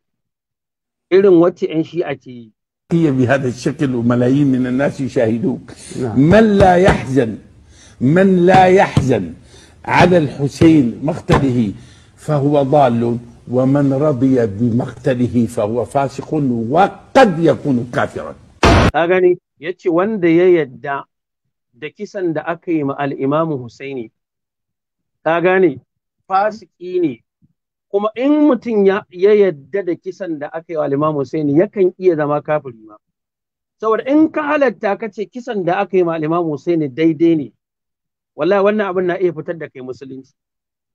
irin wacce yan shi ake yi هي بهذا الشكل وملايين من الناس يشاهدوك نعم. من لا يحزن من لا يحزن على الحسين مقتله فهو ضال ومن رضي بمقتله فهو فاسق وقد يكون كافرا أغني يتي وند يدع دكيسن دا أكيم الإمام حسيني ma فاسقيني kuma in mutum ya yadda da kisan da aka yi wa Imam yakan iya zama kafiri ma saboda in ka halatta ka ce kisan da aka yi wa Imam daidai ne wallah wannan abin na iya fitar da kai musulunci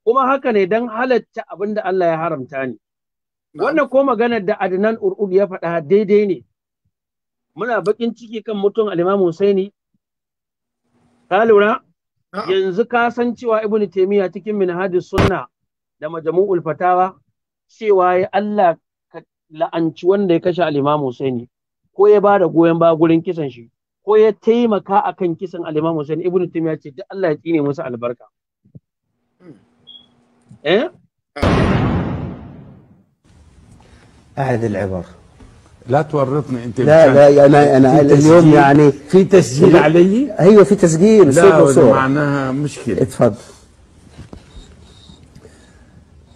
kuma haka ne don halatta abin da Allah ya haramta ne wannan ko maganar da Adnan Ur'ub ya faɗa daidai ne muna bakin ciki kan mutum alimamu Hussein ka lura yanzu ka san cewa Ibn Taymiyyah cikin Minhajus Sunnah da majamu'ul fatawa cewa ya Allah la'anci wanda ya kashe al-Imam Husaini ko ya bada goyen ba gurin kisan shi ko ya taimaka akan kisan al-Imam Husaini Ibn Taymiyyah ce duk Allah ya tsine masa albarka eh أحد العبر لا تورطني انت لا لا انا انا اليوم يعني في تسجيل علي ايوه في تسجيل لا معناها مشكله اتفضل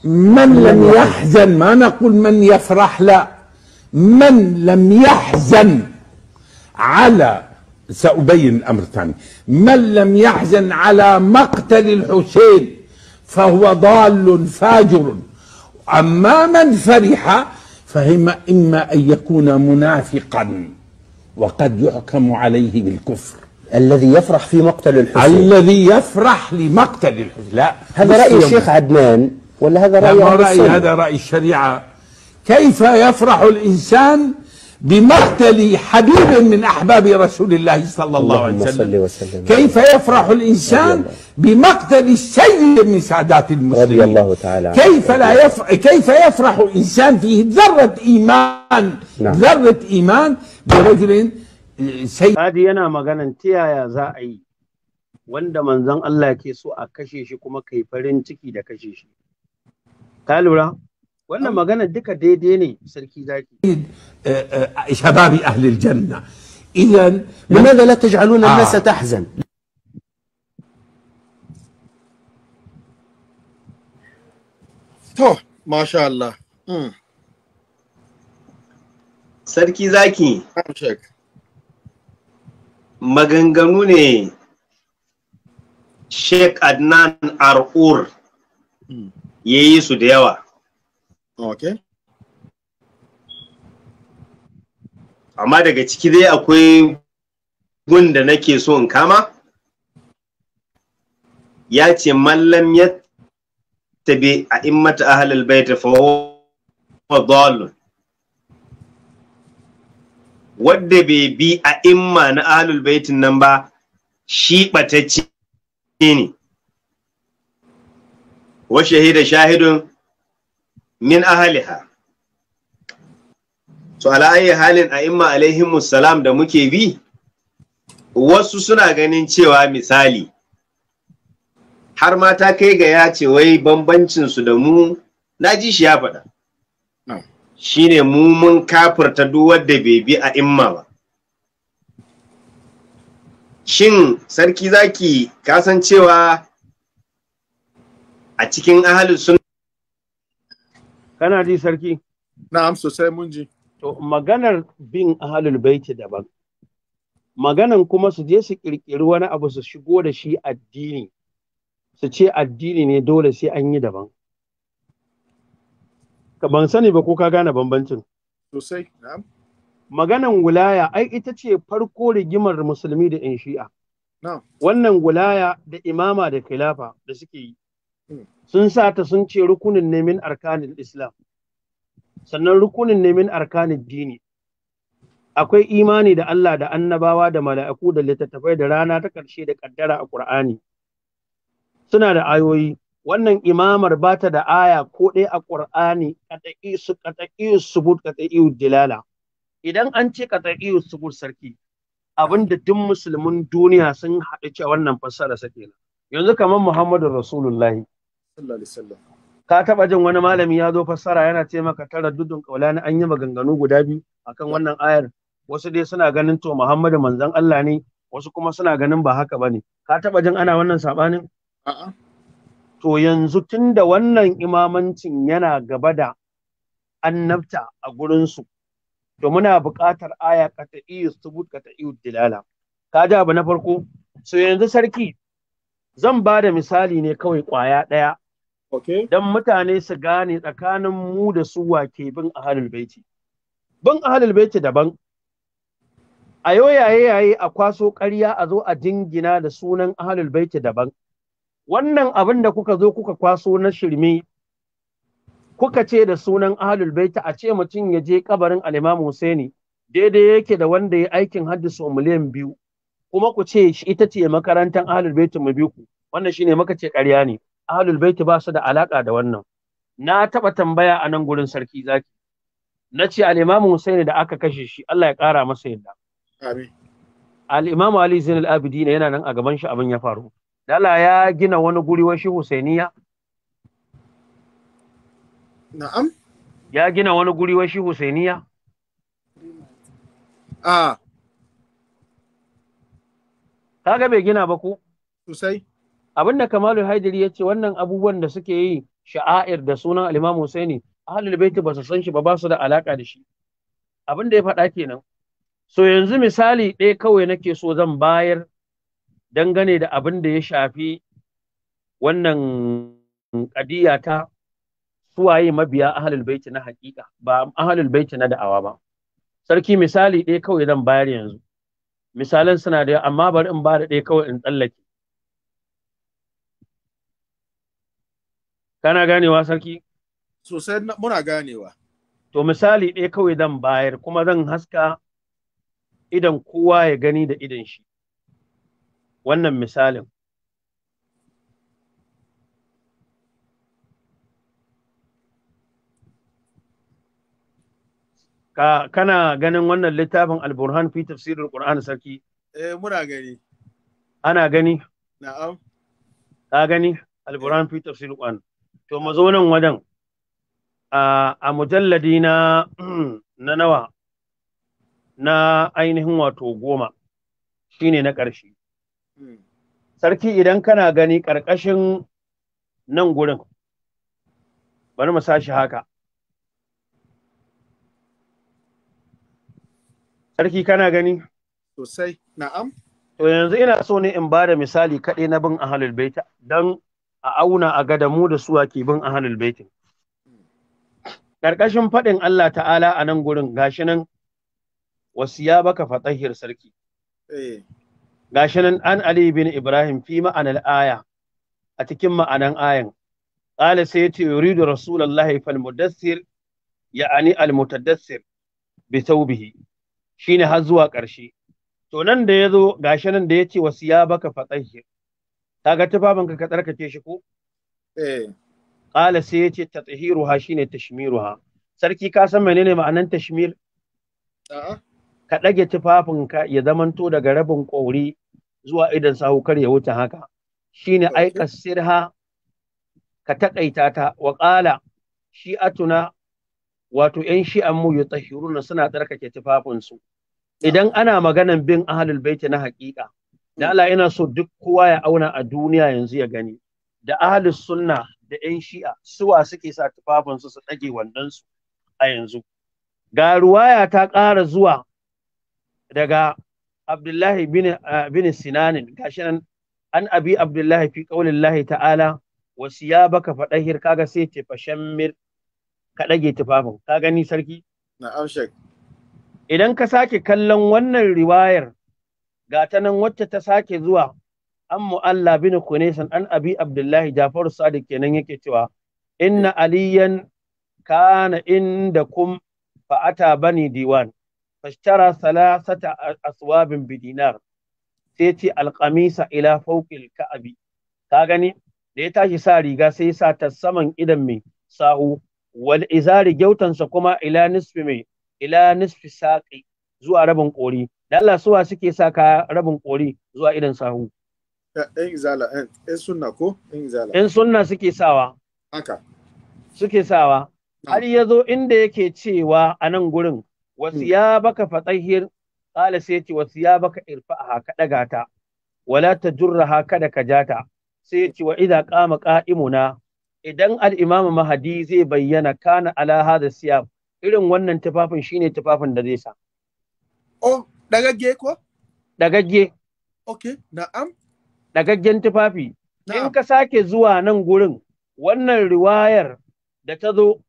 من لم يحزن ما نقول من يفرح لا من لم يحزن على سأبين الأمر ثاني من لم يحزن على مقتل الحسين فهو ضال فاجر أما من فرح فهما إما أن يكون منافقا وقد يحكم عليه بالكفر الذي يفرح في مقتل الحسين الذي يفرح لمقتل الحسين لا هذا رأي الشيخ عدنان ولا هذا رأي ما رأي هذا رأي الشريعة كيف يفرح الإنسان بمقتل حبيب من أحباب رسول الله صلى الله عليه وسلم, وسلم كيف يفرح الإنسان بمقتل سيد من سادات المسلمين الله تعالى كيف لا يفرح كيف يفرح إنسان فيه ذرة إيمان نعم. ذرة إيمان برجل سيد هذه أنا ما مغانا يا زائي wanda manzon Allah ke so a kashe shi kuma kai farin ciki da kashe shi قالوا له وانا ما قلنا الدكة دي ديني سلكي زاكي شبابي اهل الجنة اذا لماذا لا تجعلون الناس آه. تحزن توه ما شاء الله سلكي زاكي امشك ما قنقنوني شيك ادنان ارقور ya yi su da yawa Ok. amma daga ciki dai akwai gun da nake so in kama ya ce mallam ya tabi a immata ta baita fa wadda bai bi a imma na ahalul baitin nan ba shi ɓatacce ne wa shahida shahidun min ahaliha to ala ayi halin a imma alaihimus salam da muke bi wasu suna ganin cewa misali har ma ta kai ga ya ce wai bambancin su da mu na ji shi ya faɗa shine mu mun kafirta duk wanda bai bi a imma ba shin sarki zaki kasancewa a cikin ahalin sun kana ji sarki na'am sosai mun ji to maganar bin ahalul baiti daban maganan kuma su je su kirkiri wani abu su shigo da shi addini su ce addini ne dole sai an yi daban ban sani ba ko ka gane bambancin sosai na'am maganan wilaya ai ita ce farko rigimar musulmi da 'yan shi'a. Wannan wilaya da imama da khilafa da suke yi. sun sa ta sun ce rukunin ne arkanin islam sannan rukunin ne min arkanin dini akwai imani da Allah da annabawa da mala'iku da littattafai da rana ta ƙarshe da ƙaddara a ƙur'ani suna da ayoyi wannan imamar ba ta da aya ko ɗaya a ƙur'ani kata'i su dilala idan an ce kata'i subut sarki abinda duk musulmin duniya sun haɗu cewa wannan fassara sake yanzu kamar Muhammadu Rasulullahi ka taba jin wani malami ya zo fassara yana ce maka tara dudun na an yi maganganu guda biyu akan wannan ayar wasu dai suna ganin to Muhammadu manzon Allah ne wasu kuma suna ganin ba haka bane ka taba jin ana wannan sabanin to yanzu tunda wannan imamancin yana gaba da annabta a gurinsu, su to muna buƙatar aya qat'iyyu subut qat'iyyu dilala ka ji abu na farko so yanzu sarki zan ba da misali ne kawai kwaya ɗaya don mutane su gane tsakanin mu da su wake bin ahalul baiti bin ahalul baiti daban a yau yaye yaye a kwaso karya a zo a jingina da sunan ahalul baiti daban wannan abin da kuka zo kuka kwaso na shirme kuka ce da sunan ahalul baiti a ce mutum ya je kabarin al Husaini daidai yake da wanda ya aikin haddisa miliyan biyu kuma ku ce ita ce makarantar ahalul mu biyu ku wannan shine maka ce ƙarya ne ahlul baiti ba su da alaka da wannan na taba tambaya a nan gurin sarki zaki na ce al-imamu Husaini da aka kashe shi Allah ya kara masa yadda amin al-imamu Ali Zainal Abidin yana nan a gaban shi abin ya faru dala ya gina wani guri wa shi Husainiya na'am ya gina wani guri wa shi Husainiya a ah. kaga bai gina ba ko sosai abin da kamalu haidari ya ce wannan abubuwan da suke yi sha'air da sunan alimam husaini ahlul baiti ba su san shi ba ba su da alaka da shi abin da ya faɗa kenan so yanzu misali ɗaya kawai nake so zan bayar dangane da abin da ya shafi wannan ƙadiyya ta suwaye mabiya ahlul baiti na haƙiƙa ba ahlul baiti na da'awa ba sarki misali ɗaya kawai zan bayar yanzu misalan suna da amma bari in ba da ɗaya kawai in tsallake Kana ganewa sarki? Sosai muna ganewa. To misali ɗaya kawai zan bayar kuma zan haska idan kowa ya gani da idan shi. Wannan misalin. Ka, kana ganin wannan littafin alburhan fi tafsirin Qur'an sarki? Eh muna gani. Ana gani? Na'am. Ka gani? Alburhan fi tafsirin Qur'an. to mu zo nan wajen a mujalladi na <clears throat> na nawa na ainihin wato goma shine na ƙarshe hmm. sarki idan kana gani ƙarƙashin nan gurin bari mu sashi haka sarki kana gani sosai na'am to yanzu ina so ne in ba da misali kaɗai na bin ahalul baita don a auna a gada mu da su ke bin ahlul baitin karkashin faɗin Allah ta'ala a nan gurin gashi nan wasu ya baka fatahiyar sarki eh. gashi nan an Ali bin Ibrahim fi ma'anar aya a cikin ma'anan ayan qala sai yace yuridu rasulullahi fal mudassir ya'ani al mutadassir bi thawbihi shine har zuwa ƙarshe to nan da yazo gashi nan da yace wasu ya baka fatahiyar kaga tufafin ka tsarkake shi ko eh qala sai yace ne shine tashmiruha sarki ka san menene ma'anan tashmir a'a ka dage tufafin ka ya zamanto daga rabin kori zuwa idan sahu kar ya wuce haka shine ai kasirha ka takaita ta wa qala atuna wato yan shi'an mu ya tsahiruna suna tsarkake tufafinsu. idan ana maganan bin ahlul baiti na haƙiƙa da Allah yana so duk kowa ya auna a duniya yanzu ya gani da ahlus sunna da yan shi'a suwa suke sa tufafin su su dage wandan su a yanzu ga ruwaya ta ƙara zuwa daga Abdullahi bin bin Sinanin gashi nan an abi Abdullahi fi qaulillahi ta'ala wasiyabaka fadahir kaga sai ce mir ka dage tufafin ka gani sarki na'am shek idan ka sake kallon wannan riwayar ga ta nan wacce ta sake zuwa an mu'alla bin kunesan an abi abdullahi jafaru sadiq kenan yake cewa inna aliyan kana inda kum ata bani diwan fashtara salasata aswabin bidinar sai ce alƙamisa ila fauƙil ka'abi ka gani da ya tashi sa riga sai ya sa ta saman idan mai sahu wal izari gyautansa kuma ila nisfi mai ila nisfi saƙi zuwa rabin ƙori da Allah suwa suke sa ka rabin kori zuwa idan sahu ɗan izala ɗan sunna ko ɗan izala ɗan sunna suke sawa haka suke sawa har ya zo inda yake cewa a nan gurin wasu ya hmm. baka fatahir ƙala sai ce wasu ya baka irfa'a ka ɗaga ta wala ta haka da ka jata sai ce wa idza qama qa'imuna idan al Mahadi zai bayyana kana ala hada siyab irin wannan tufafin shine tufafin da zai sa oh Dagagge ko? Dagagge. Okay, na'am. Dagaggen tufafi. In ka sake zuwa nan gurin wannan riwayar da ta zo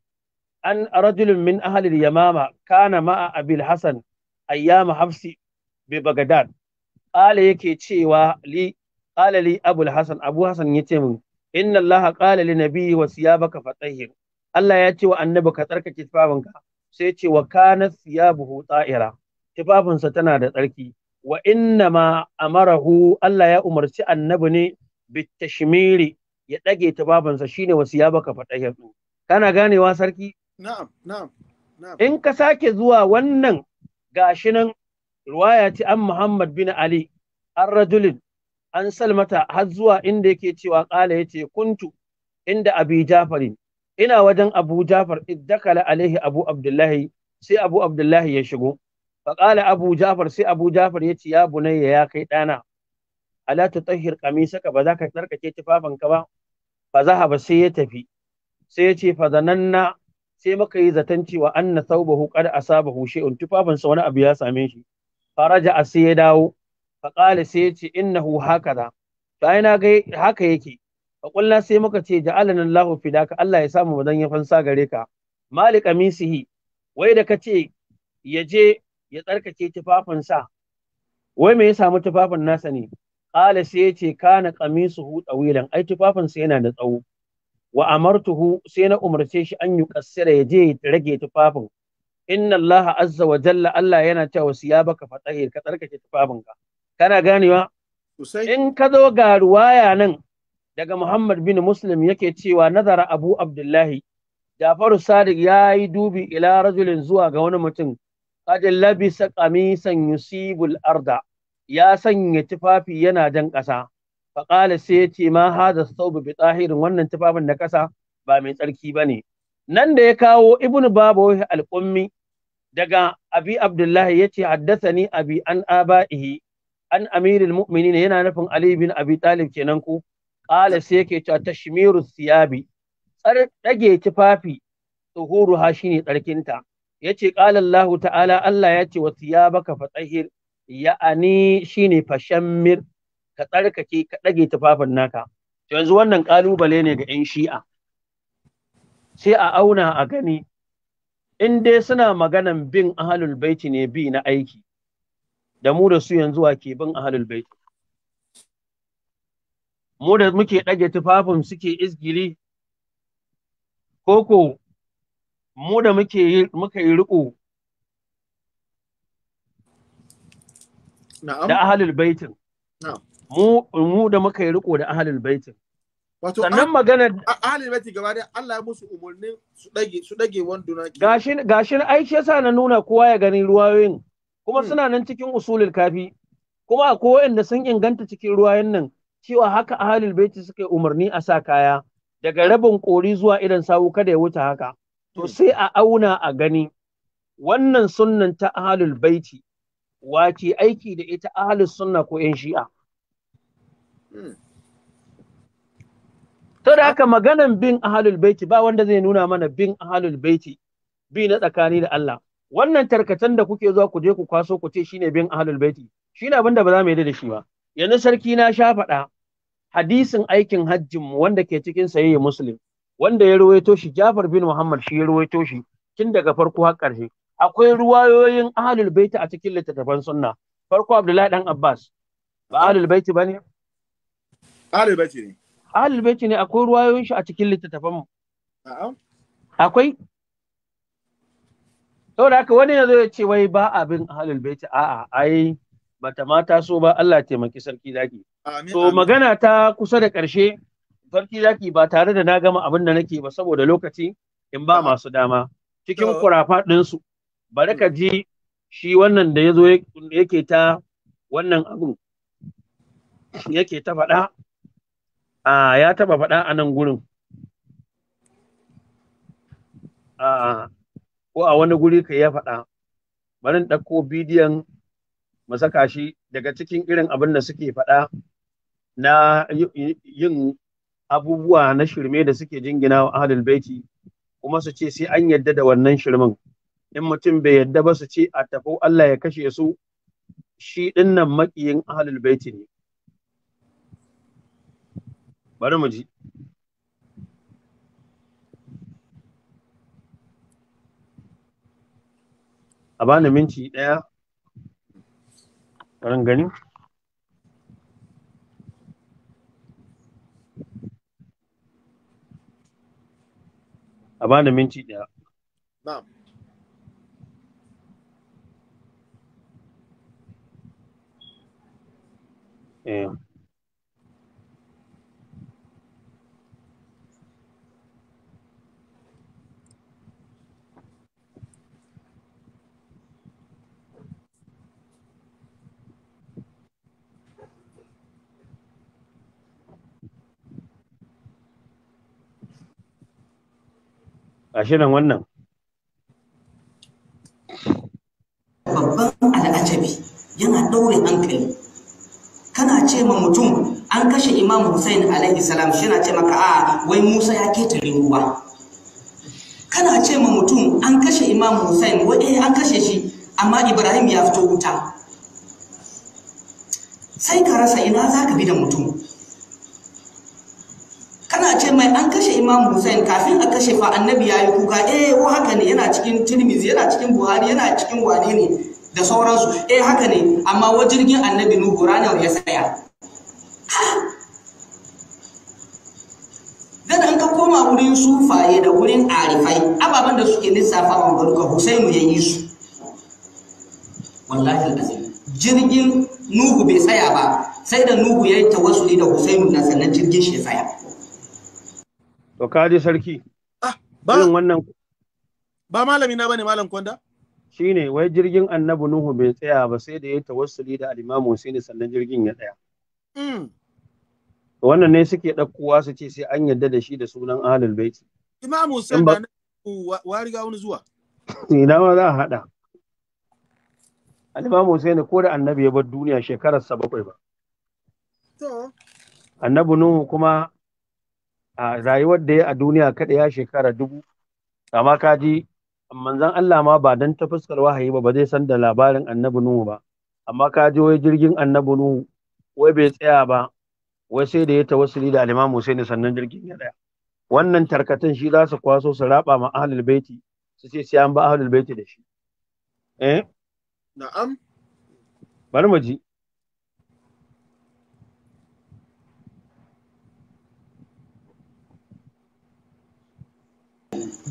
an rajulun min ahalil yamama kana ma'a abil hasan ayyama hafsi bi bagadad qala yake cewa li qala li abul hasan abu hasan yace min inna allaha qala li nabiyyi wa siyabaka fatahhir Allah ya ce wa annabi ka tsarkake tufafinka sai ce wa kana siyabuhu ta'ira tufafinsa tana da tsarki wa inna ma amarahu Allah ya umarci annabi ne bitashmiri ya ɗage tufafinsa shine wasu ya baka faɗa kana ganewa sarki na'am na'am in ka sake zuwa wannan gashi nan ruwaya ce an Muhammad bin Ali an rajulin an salmata har zuwa inda yake cewa ƙala yace kuntu inda Abi ina wajen Abu Jafar iddakala alaihi Abu Abdullahi sai Abu Abdullahi ya shigo faƙala abu jafar sai abu jafar ya ce ya bunayya ya kai ɗana ala ta tahir kamisaka ba za ka tsarkake tufafinka ba fa ba sai ya tafi sai ya ce fa zananna sai muka yi zaton cewa anna thawbahu qad asabahu shay'un tufafin sa wani abu ya same shi faraja sai ya dawo fa qala yace ya ce innahu hakaza to ai na ga haka yake fa sai muka ce ja ja'alana Allahu ka. Allah ya samu bazan ya fansa gare ka Mali amisihi wai da kace ya je ya tsarkake tufafinsa wai me ya samu tufafin nasa ne ƙala sai ya ce kana hu ɗawilan ai tufafinsa yana da tsawo wa amartuhu sai na umarce shi an yi kassira ya je ya rage tufafin inna Allah azza wa jalla Allah yana cewa baka fatahir ka tsarkake tufafinka kana ganewa in ka zo ga ruwaya nan daga Muhammad bin Muslim yake cewa nazara Abu Abdullahi Jafaru Sadiq ya yi dubi ila rajulin zuwa ga wani mutum qad labisa qamisan yusibul arda ya sanya tufafi yana jan ƙasa fa qala sai ya ce ma hadha thawb bi tahirin wannan tufafin na ƙasa ba mai tsarki bane nan da ya kawo ibnu babu al-qummi daga abi abdullahi yace haddathani abi an abaihi an amirul mu'minin yana nufin ali bin abi talib kenan ku qala sai yake cewa tashmiru siyabi tsar dage tufafi tsuhuruha shine tsarkinta yace qala Allah ta'ala Allah yace wa thiyabaka fatsahir, ya'ani shine mir, ka tsarkake ka dage tufafin naka to yanzu wannan ƙalubale ne ga yan shi'a sai a auna a gani in dai suna maganan bin ahalul baiti ne bi na aiki da mu da su yanzu ke bin ahalul baiti mu da muke ɗage tufafin suke izgili koko mu da muke muka yi riko da ahalul baitin mu mu da muka yi riko da ahalul baitin Wato sannan ah, magana ahalul baiti gaba da Allah ya musu umurnin su dage su dage wanduna gashi gashi ai shi yasa na nuna kowa ya gani ruwayoyin kuma hmm. suna nan cikin usulul kafi kuma akwai wanda sun inganta cikin ruwayoyin nan cewa haka ahalul baiti suka yi umarni a sa kaya daga rabin kori zuwa idan sawu kada ya wuce haka to sai a auna a gani wannan sunnan ta ahlul baiti wace aiki da ita ahlus sunna ko yan shi'a to da haka maganan bin ahlul baiti ba wanda zai nuna mana bin ahlul baiti bi na tsakani da Allah wannan tarkatan da kuke zuwa ku je ku kwaso ku ce shine bin ahlul baiti shine abinda da ba za mu yi da shi ba yanzu sarki na sha faɗa hadisin aikin hajjin mu wanda ke cikin sayyi muslim wanda ya ruwaito shi Jafar bin Muhammad shi ya ruwaito shi tun daga farko har ƙarshe akwai ruwayoyin ahlul Bait a cikin littattafan sunna farko Abdullahi dan Abbas ba ahlul Bait bane ahlul Bait ne ahlul Bait ne akwai ruwayoyin shi a cikin littattafan mu a'a akwai saboda haka wani yazo ya ce wai ba abin ahlul Bait a'a ai bata mata so ba Allah taimaki sarki zaki so magana ta kusa da ƙarshe sarki zaki ba tare da na gama abin da nake ba saboda lokaci in ba masu dama cikin kurafa ɗinsu bari ka ji shi wannan da ya zo yake ta wannan abu yake ta faɗa a ya taɓa faɗa a nan gurin a ko a wani guri ka ya faɗa bari in ɗauko bidiyon mu saka shi daga cikin irin abin da suke faɗa na yin abubuwa na shirme da suke jingina wa ahlul baiti kuma su ce sai an yadda da wannan shirmin in mutum bai yadda ba su ce a tafi Allah ya kashe su shi dinnan makiyin ahlul baiti ne bari mu ji a bani minti ɗaya rangani. a bani minti ɗaya. Na'am. Eh. A nan wannan babban al'ajabi yana ɗaure hankali kana ce ma mutum an kashe imam hussein alaihi salam shi na ce maka a wai musa ya ketare ruwa kana ce ma mutum an kashe imam hussein wai eh, an kashe shi amma ibrahim ya fito wuta sai ka rasa ina za ka bi da mutum ce mai an kashe imam hussein kafin a kashe fa annabi ya yi kuka eh ko haka ne yana cikin tirmizi yana cikin buhari yana cikin wane ne da sauransu eh haka ne amma wa jirgin annabi nuhu ranar ya tsaya dan an ka koma wurin sufaye da wurin arifai ababen da suke lissafa wa barka husainu ya yi su wallahi alazim jirgin nuhu bai tsaya ba sai da nuhu ya yi tawassuli da husainu na sannan jirgin shi ya tsaya To ka ji sarki. Ah, ba wannan ba malami na bane malam Kwanda? Shine wai jirgin Annabi Nuhu bai tsaya ba sai da ya tawassuli da alimamu sai ne sannan jirgin ya tsaya. Mm. Wannan ne suke ɗaukowa su ce sai an yadda da shi da sunan Ahlul Baiti. Imamu sai ba wa riga wani zuwa. <laughs> Ina ma za a haɗa. al sai ne ko da Annabi ya bar duniya shekarar sa bakwai ba. To. Annabi Nuhu kuma a rayuwar da ya a duniya kada ya shekara dubu amma ka ji manzon Allah ma ba dan ta fuskar wahayi ba ba zai san da labarin annabi Nuhu ba amma ka ji wai jirgin annabi Nuhu wai bai tsaya ba wai sai da ya tawassuli da al-Imam Hussein sannan jirgin ya tsaya wannan tarkatan shi za su kwaso su raba ma ahlul baiti su ce sai an ba ahlul baiti da shi eh na'am bari mu ji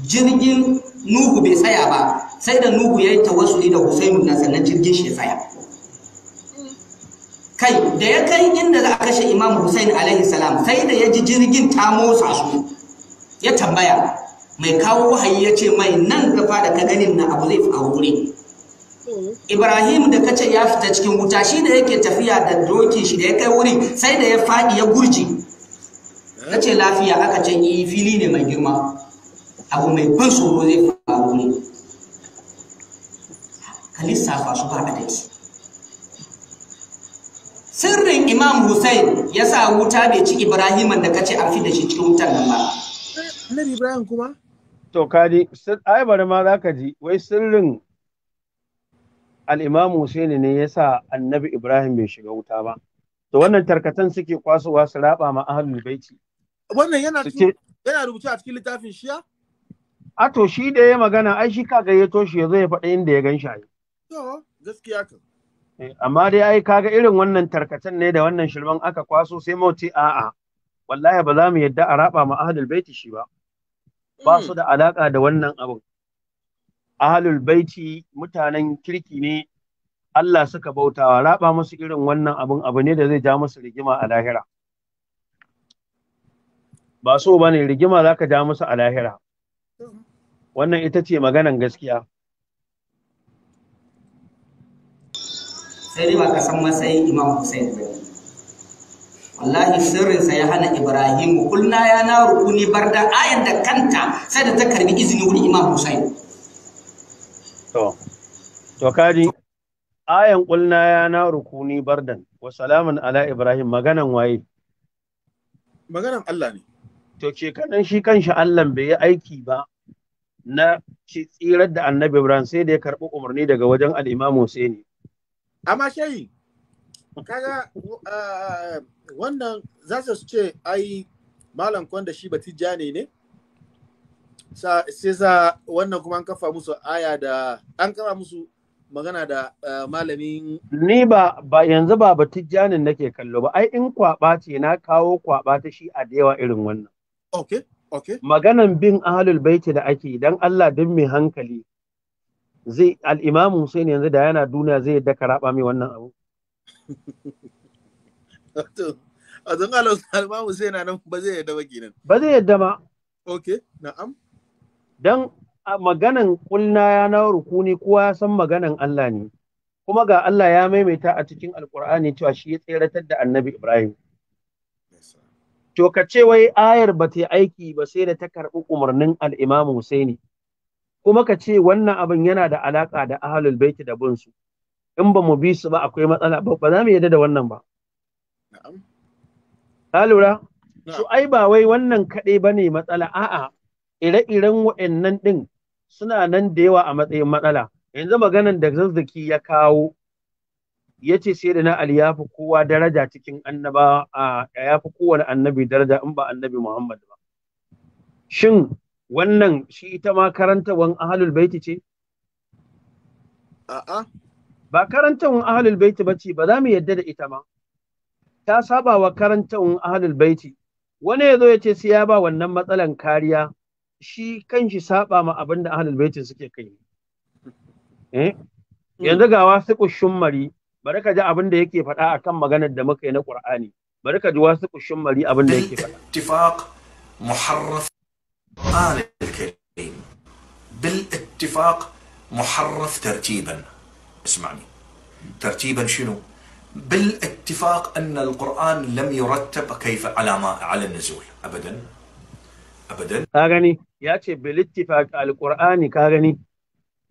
jirgin nuhu bai tsaya ba sai da nuhu ya yi tawassuli da husainu na sannan jirgin shi ya tsaya kai da ya kai inda za a kashe imam husain alaihi salam sai da ya ji jirgin ta motsa su ya tambaya mai kawo wahayi ya ce mai nan gafa da ka ganin na abu zai fi aure ibrahim da kace ya fita cikin wuta shi da yake tafiya da dokin shi da ya kai wuri sai da ya faɗi ya gurji Na ce lafiya aka ce yi eh, fili ne mai girma abu mai ban tsoro zai faru ne Kalisa ba su ba adadi sirrin imam hussein ya sa wuta bai ci ibrahiman da ka an fi da shi cikin wutar nan ba annabi ibrahim kuma to kaji ai bari ma zaka ji wai sirrin al-imam hussein ne ya sa annabi ibrahim bai shiga wuta ba to wannan tarkatan suke kwasowa su raba ma ahlul baiti wannan yana yana rubutu a cikin littafin shiya A to shi da ya magana ai shi ka ya toshi ya zo ya faɗi inda ya gan shi ai. To gaskiya ka. Eh, amma dai ai kaga irin wannan tarkacen ne da wannan shirman aka kwaso sai mauti a'a. Wallahi ba za mu yadda a raba ma ahlul baiti shi ba. Ba su da alaka da wannan abu Ahlul baiti mutanen kirki ne Allah suka bautawa raba musu irin wannan abun abu ne da zai ja musu rigima a lahira. Ba so bane rigima zaka ja musu a lahira. wannan ita ce maganan gaskiya sai dai ba ka san matsayin imam hussein ba wallahi sirrinsa ya hana ibrahim kulna ya na rukuni barda ayan da kanta sai da ta karbi izini wurin imam hussein to to kaji ayan kulna ya na rukuni bardan wa salamun ala ibrahim maganan waye maganan Allah ne to ke kanan shi kanshi Allah bai yi aiki ba na tsirar da annabi Ibrahim sai da ya karɓi umarni daga wajen al'imam Husaini. Amma shayi, kaga uh, wannan za su ce ai malam kwanda shi batijjani ne? ne? Sai sa wannan kuma an kafa musu aya da an kafa musu magana da uh, malamin. Ni ba ba yanzu ba batijjanin nake kallo ba, ai in kwaɓa ce na kawo kwaɓa ta shi a da yawa irin wannan. Okay. maganan bin ahalul baiti da ake dan Allah din mai hankali zai al-imamu yanzu da yana duniya zai yadda ka raba mai wannan abu <laughs> a don Allah al-imamu Hussein nan ba zai yadda ba kenan ba zai yadda ma. okay na'am dan maganan kulna ya na rukuni kowa ya san maganan Allah ne kuma ga Allah ya maimaita a cikin alkur'ani cewa shi ya tseratar da annabi Ibrahim to ka ce wai ayar ba ta aiki ba sai da ta karɓi umarnin al-Imam Husaini kuma ka ce wannan abin yana da alaka da ahlul baiti da bunsu in ba mu bi su ba akwai matsala ba ba za mu yarda da wannan ba Ta lura su ai ba wai wannan kaɗai ba ne matsala a'a ire-iren wa'annan ɗin suna nan da yawa a matsayin matsala yanzu maganar da zazzaki ya kawo ya ce sai da na Ali ya fi kowa daraja cikin annaba a ya fi kowane annabi daraja in ba annabi Muhammad ba. Shin wannan shi ita ma karantawan ahalul baiti ce? A'a. Ba karantawan ahalul baiti ba ce ba za mu yadda da ita ma. Ta saba wa karantawan ahalul baiti. Wani ya zo ya ce sai ya ba wannan matsalan kariya shi kan shi saba ma abin da ahalul suke kai. Eh? Hmm. Yanzu ga wasu ƙushin mari baraka ji abin da yake faɗa akan maganar da muka yi na Qur'ani baraka ji wasu kushin mali abin da yake faɗa ittifaq muharraf qal al karim bil ittifaq muharraf tartiban اسمعني ترتيبا شنو بالاتفاق ان القران لم يرتب كيف على ما على النزول ابدا ابدا كاغني يا تشي بالاتفاق القران كاغني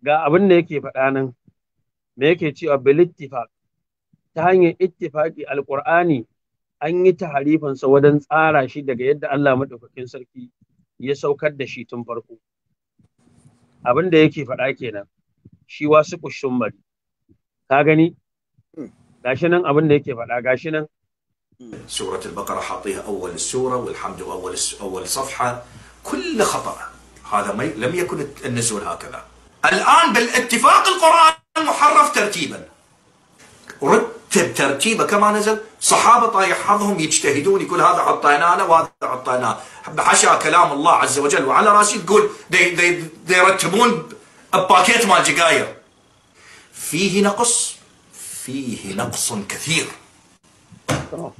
غا ابن da yake faɗa nan me yake cewa بالاتفاق تهاني اتفاقي القرآني أني تحريفا سودان سارا شيدة جيدة الله مدفع كنسركي يسو كد شيطن فرقو أبن ديكي فرأيكينا شواسكو الشمال تاغني لاشنان أبن ديكي فرأيكينا سورة البقرة حاطيها أول السورة والحمد أول أول صفحة كل خطأ هذا مي... لم يكن النزول هكذا الآن بالاتفاق القرآن محرف ترتيبا رد ترتيبه كما نزل صحابه طايح حظهم يجتهدون يقول هذا عطيناه وهذا عطيناه حشى كلام الله عز وجل وعلى راسي تقول يرتبون باكيت مال جقاير فيه نقص فيه نقص كثير هذا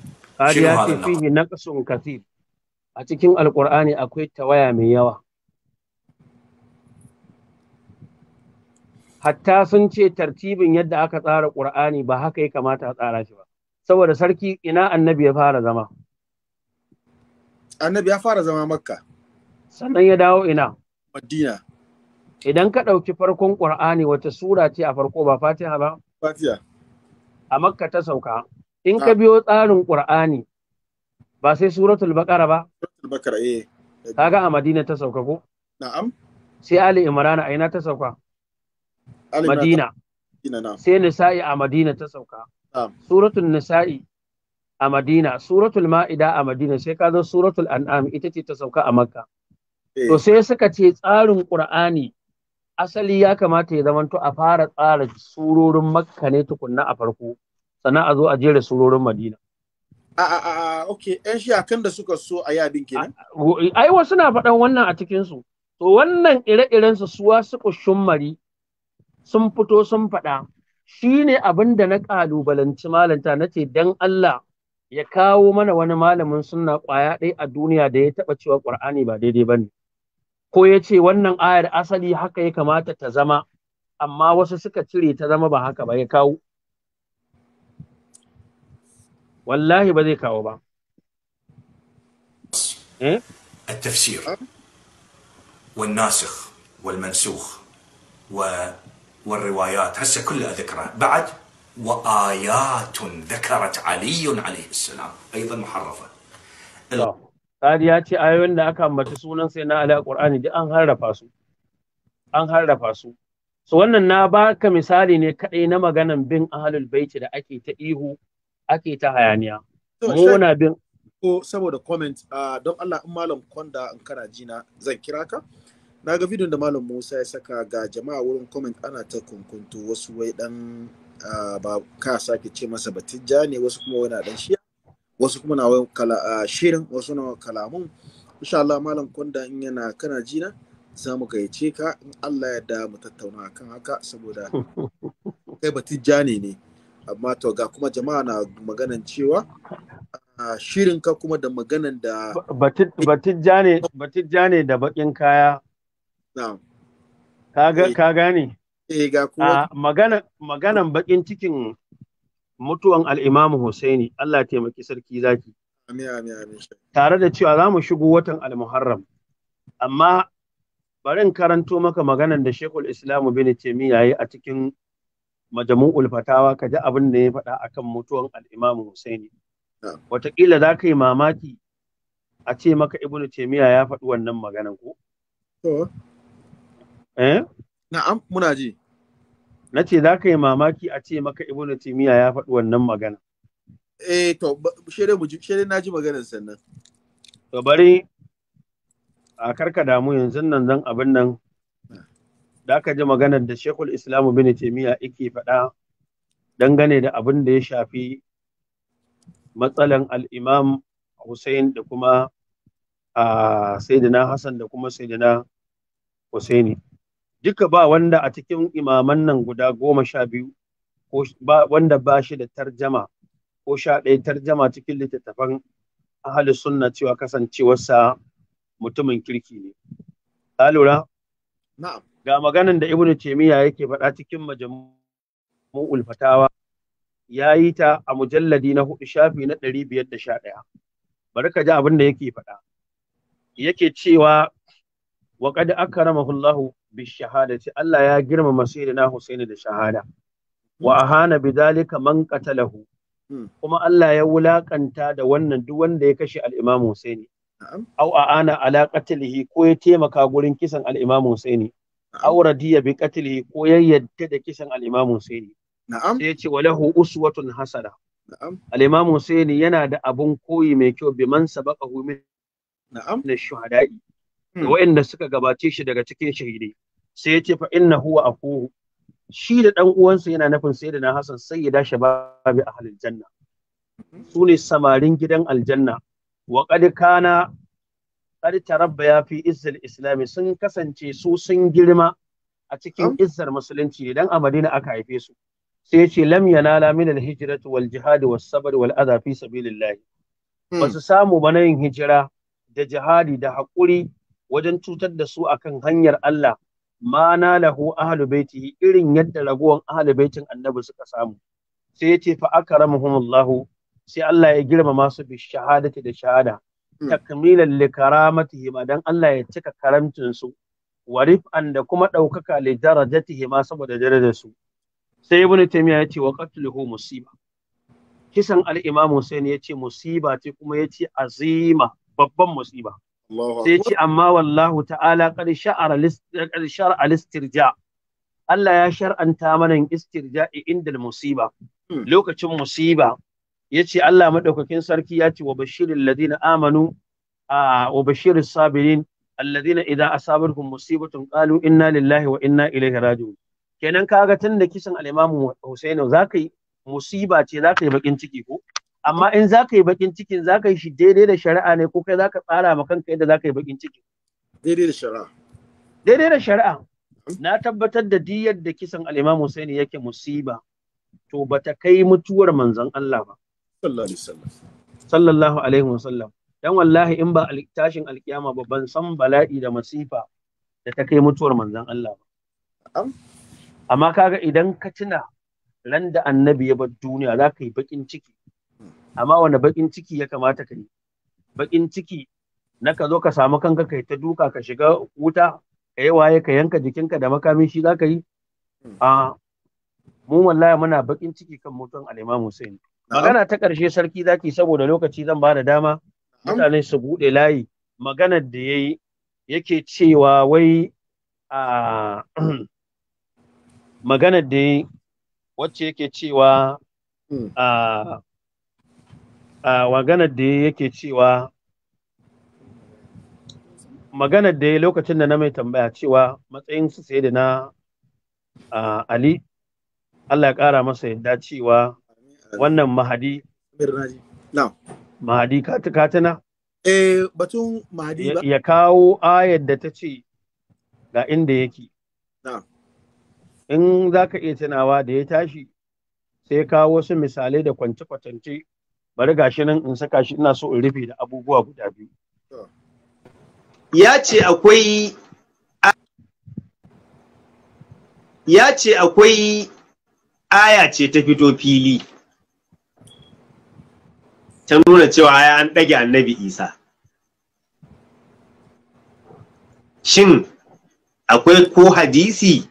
فيه نقص كثير a القران اكو akwai tawaya hatta sun ce tartibin yadda aka tsara ƙur'ani ba haka ya kamata a tsara shi ba saboda sarki ina annabi ya fara zama annabi ya fara zama makka sannan ya dawo ina madina idan ka ɗauki farkon ƙur'ani wata sura ce a farko ba fatiha ba fatiha a makka ta sauka in ka ah. biyo tsarin ƙur'ani ba sai suratul baqara ba suratul baqara eh kaga a madina ta sauka ko na'am sai ali imran a ina ta sauka Madina. Sai Nisa'i a Madina ta sauka. Suratul Nisa'i a Madina, suratul Ma'ida a Madina, sai ka zo suratul An'am ita ce ta sauka a Makka. Eh. To sai suka ce tsarin Qur'ani asali ya kamata ya zamanto a fara tsara surorin Makka ne tukunna a farko, sannan a zo a jera surorin Madina. A a a okay, shi shiyakan da suka so a yabin kenan. Ai wasu na faɗan wannan a cikinsu. To wannan ire-iren su suwa su kushin sun fito sun faɗa shi ne abin da na ƙalubalanci malanta na ce don Allah ya kawo mana wani malamin sunna ƙwaya ɗaya a duniya da ya taɓa cewa ƙwar'ani ba daidai ba ne ko ya ce wannan ayar asali haka ya kamata ta zama amma wasu suka cire ta zama ba haka ba ya kawo wallahi ba zai kawo ba eh التفسير والناسخ والمنسوخ والروايات هسه كلها ذكره بعد وآيات ذكرت علي عليه السلام أيضا محرفة هذه ياتي آيون ده كان متسونا سينا على القرآن دي أنهار رفاسو أنهار رفاسو سو أننا باك مثالي نكأي نما غنم بين أهل البيت ده أكي تأيهو أكي تهيانيا مونا بين Oh, some of the comments, uh, don't Allah, Malam Konda, Ankara Jina, Zakiraka. Uh, na ga da malam musa ya saka ga jama'a wurin comment ana ta kunkunto wasu wai dan ah, ba ka sake ce masa batijja ne wasu kuma wani dan shiya wasu kuma na wai ah, shirin wasu na kalamun insha Allah malam kwanda in yana kana jina za mu gayyace ka in Allah ya da mu tattauna kan haka saboda <laughs> kai batijja ne ne amma to ga kuma jama'a na maganan cewa ah, shirin ka kuma da maganan da batijja ne da bakin kaya Eh. Ka gane? Eh, ah, maganan bakin cikin mutuwan al'imamu husaini Allah taimaki sarki zaki. Tare da cewa za mu shigo watan al-Muharram. Amma barin karanto maka maganan da Shekul Islamu bin Temi ya a cikin majamu'ul fatawa ka ji abin da ya faɗa akan mutuwan al'imamu Hussaini. Wataƙila za ka yi mamaki a ce maka Ibn Taimiyya ya faɗi wannan maganan ko? eh na'am muna ji na ce za ka yi mamaki a ce maka ibnu timiya ya faɗi wannan magana eh to shere na ji maganar sannan to bari a karka damu yanzu nan zan abin nan da aka ji maganar da Shekul Islamu bin Taimiyya yake faɗa dangane da abin da ya shafi matsalan al'imam Hussein da kuma a ah, Sayyidina Hassan da kuma Sayyidina Hussein. duka ba wanda a cikin imaman nan guda goma sha biyu ko wanda ba shi da tarjama ko sha ɗaya tarjama cikin littattafan ahli sunna cewa kasancewarsa mutumin kirki ne. Ka lura? Na'am. Ga maganan da Ibn Taymiyyah yake faɗa cikin majmu'ul fatawa ya yi ta a mujalladi na hudu shafi na ɗari biyar da sha ɗaya. Bari ka ji abin da yake faɗa. Yake cewa wa qad akramahu Allah bi Allah ya girmama sayyidina Husaini da shahada wa ahana bidalika man qatalahu hmm. kuma Allah ya wulakanta da wannan duk wanda ya kashe al-Imam Husaini aw aana ala qatlihi ko ya taimaka gurin kisan al-Imam Husaini aw radiya bi qatlihi ko ya yadda da kisan al-Imam Husaini na'am sai ya ce walahu uswatun hasana na'am al-Imam yana da abun koyi mai kyau bi man sabaqahu min na'am na shuhada'i Hmm. waɗanda suka gabace shi daga cikin shahidai sai ya ce fa inna huwa akuhu shi da dan uwansa yana nufin na Hassan sayyida shababi ahlil janna hmm. su ne samarin gidan aljanna wa qad kana qad tarabbaya fi izzil islami sun kasance su sun girma a cikin hmm. izzar musulunci dan a Madina aka haife su sai ya ce lam yanala min al hijratu wal jihad was sabr wal adha fi sabilillah ba su samu ba na yin hijira da jihadi da haƙuri wajen cutar da su akan hanyar Allah ma na lahu ahlu baitihi irin yadda ragowan ahlu baitin annabi suka samu sai ya ce fa Muhammadu? sai Allah ya girmama su bi shahadati da shahada hmm. takmilan li karamatihi ma dan Allah ya cika karamcin su warif da kuma ɗaukaka li darajatihi ma saboda darajar su sai ibnu taymiya ya ce wa qatluhu musiba kisan al-imam Hussein ya ce musiba ce kuma ya ce azima babban musiba sai ce amma wallahu ta'ala qad sha'ara qad Allah ya shar'anta mana istirja'i inda musiba hmm. lokacin musiba yace Allah madaukakin sarki ya ce wa bashiril ladina amanu wa bashirin sabirin alladina idan asabarkum musibatun qalu inna lillahi wa inna ilaihi raji'un kenan kaga tun da kisan al-Imam Hussein zaka yi musiba ce zaka yi bakin ciki ko amma in za ka yi bakin cikin za ka yi shi daidai da shari'a ne ko kai za ka tsara ma kanka yadda za ka yi bakin ciki daidai da shari'a daidai da shari'a na tabbatar da diyar da kisan Al'imam Husaini yake musiba to bata kai mutuwar manzon Allah ba sallallahu alaihi wasallam sallam. dan wallahi in ba tashin alkiyama ba ban san bala'i da masifa da ta kai mutuwar manzon Allah ba amma kaga idan ka tuna ran da annabi ya bar duniya za ka yi bakin ciki amma wani bakin ciki ya kamata ka yi bakin ciki na ka zo ka samu kanka kai ta duka ka shiga wuta ka yi waye ka yanka jikinka da makamin shi za ka yi hmm. a mu wallahi muna bakin ciki kan mutum al'imam Hussein magana ta karshe sarki zaki saboda lokaci zan ba da dama mutane su buɗe layi magana da ya yi yake cewa wai a <clears throat> magana da ya wacce yake cewa hmm. a Ah, maganar da yake cewa maganar da ya lokacin da na mai tambaya cewa matsayin su sai da na ah, Ali Allah ya ƙara masa yadda cewa wannan mahadi mahadi katina eh batun mahadi ba ya kawo ayar da ta ce ga inda yake in za ka iya tunawa da ya tashi sai kawo wasu misalai da kwance-kwatance bari gashi nan in saka shi ina so in rufe da abubuwa guda biyu ya ce akwai ya ce akwai aya ce ta fito fili ta nuna cewa ya an ɗage annabi isa shin akwai ko hadisi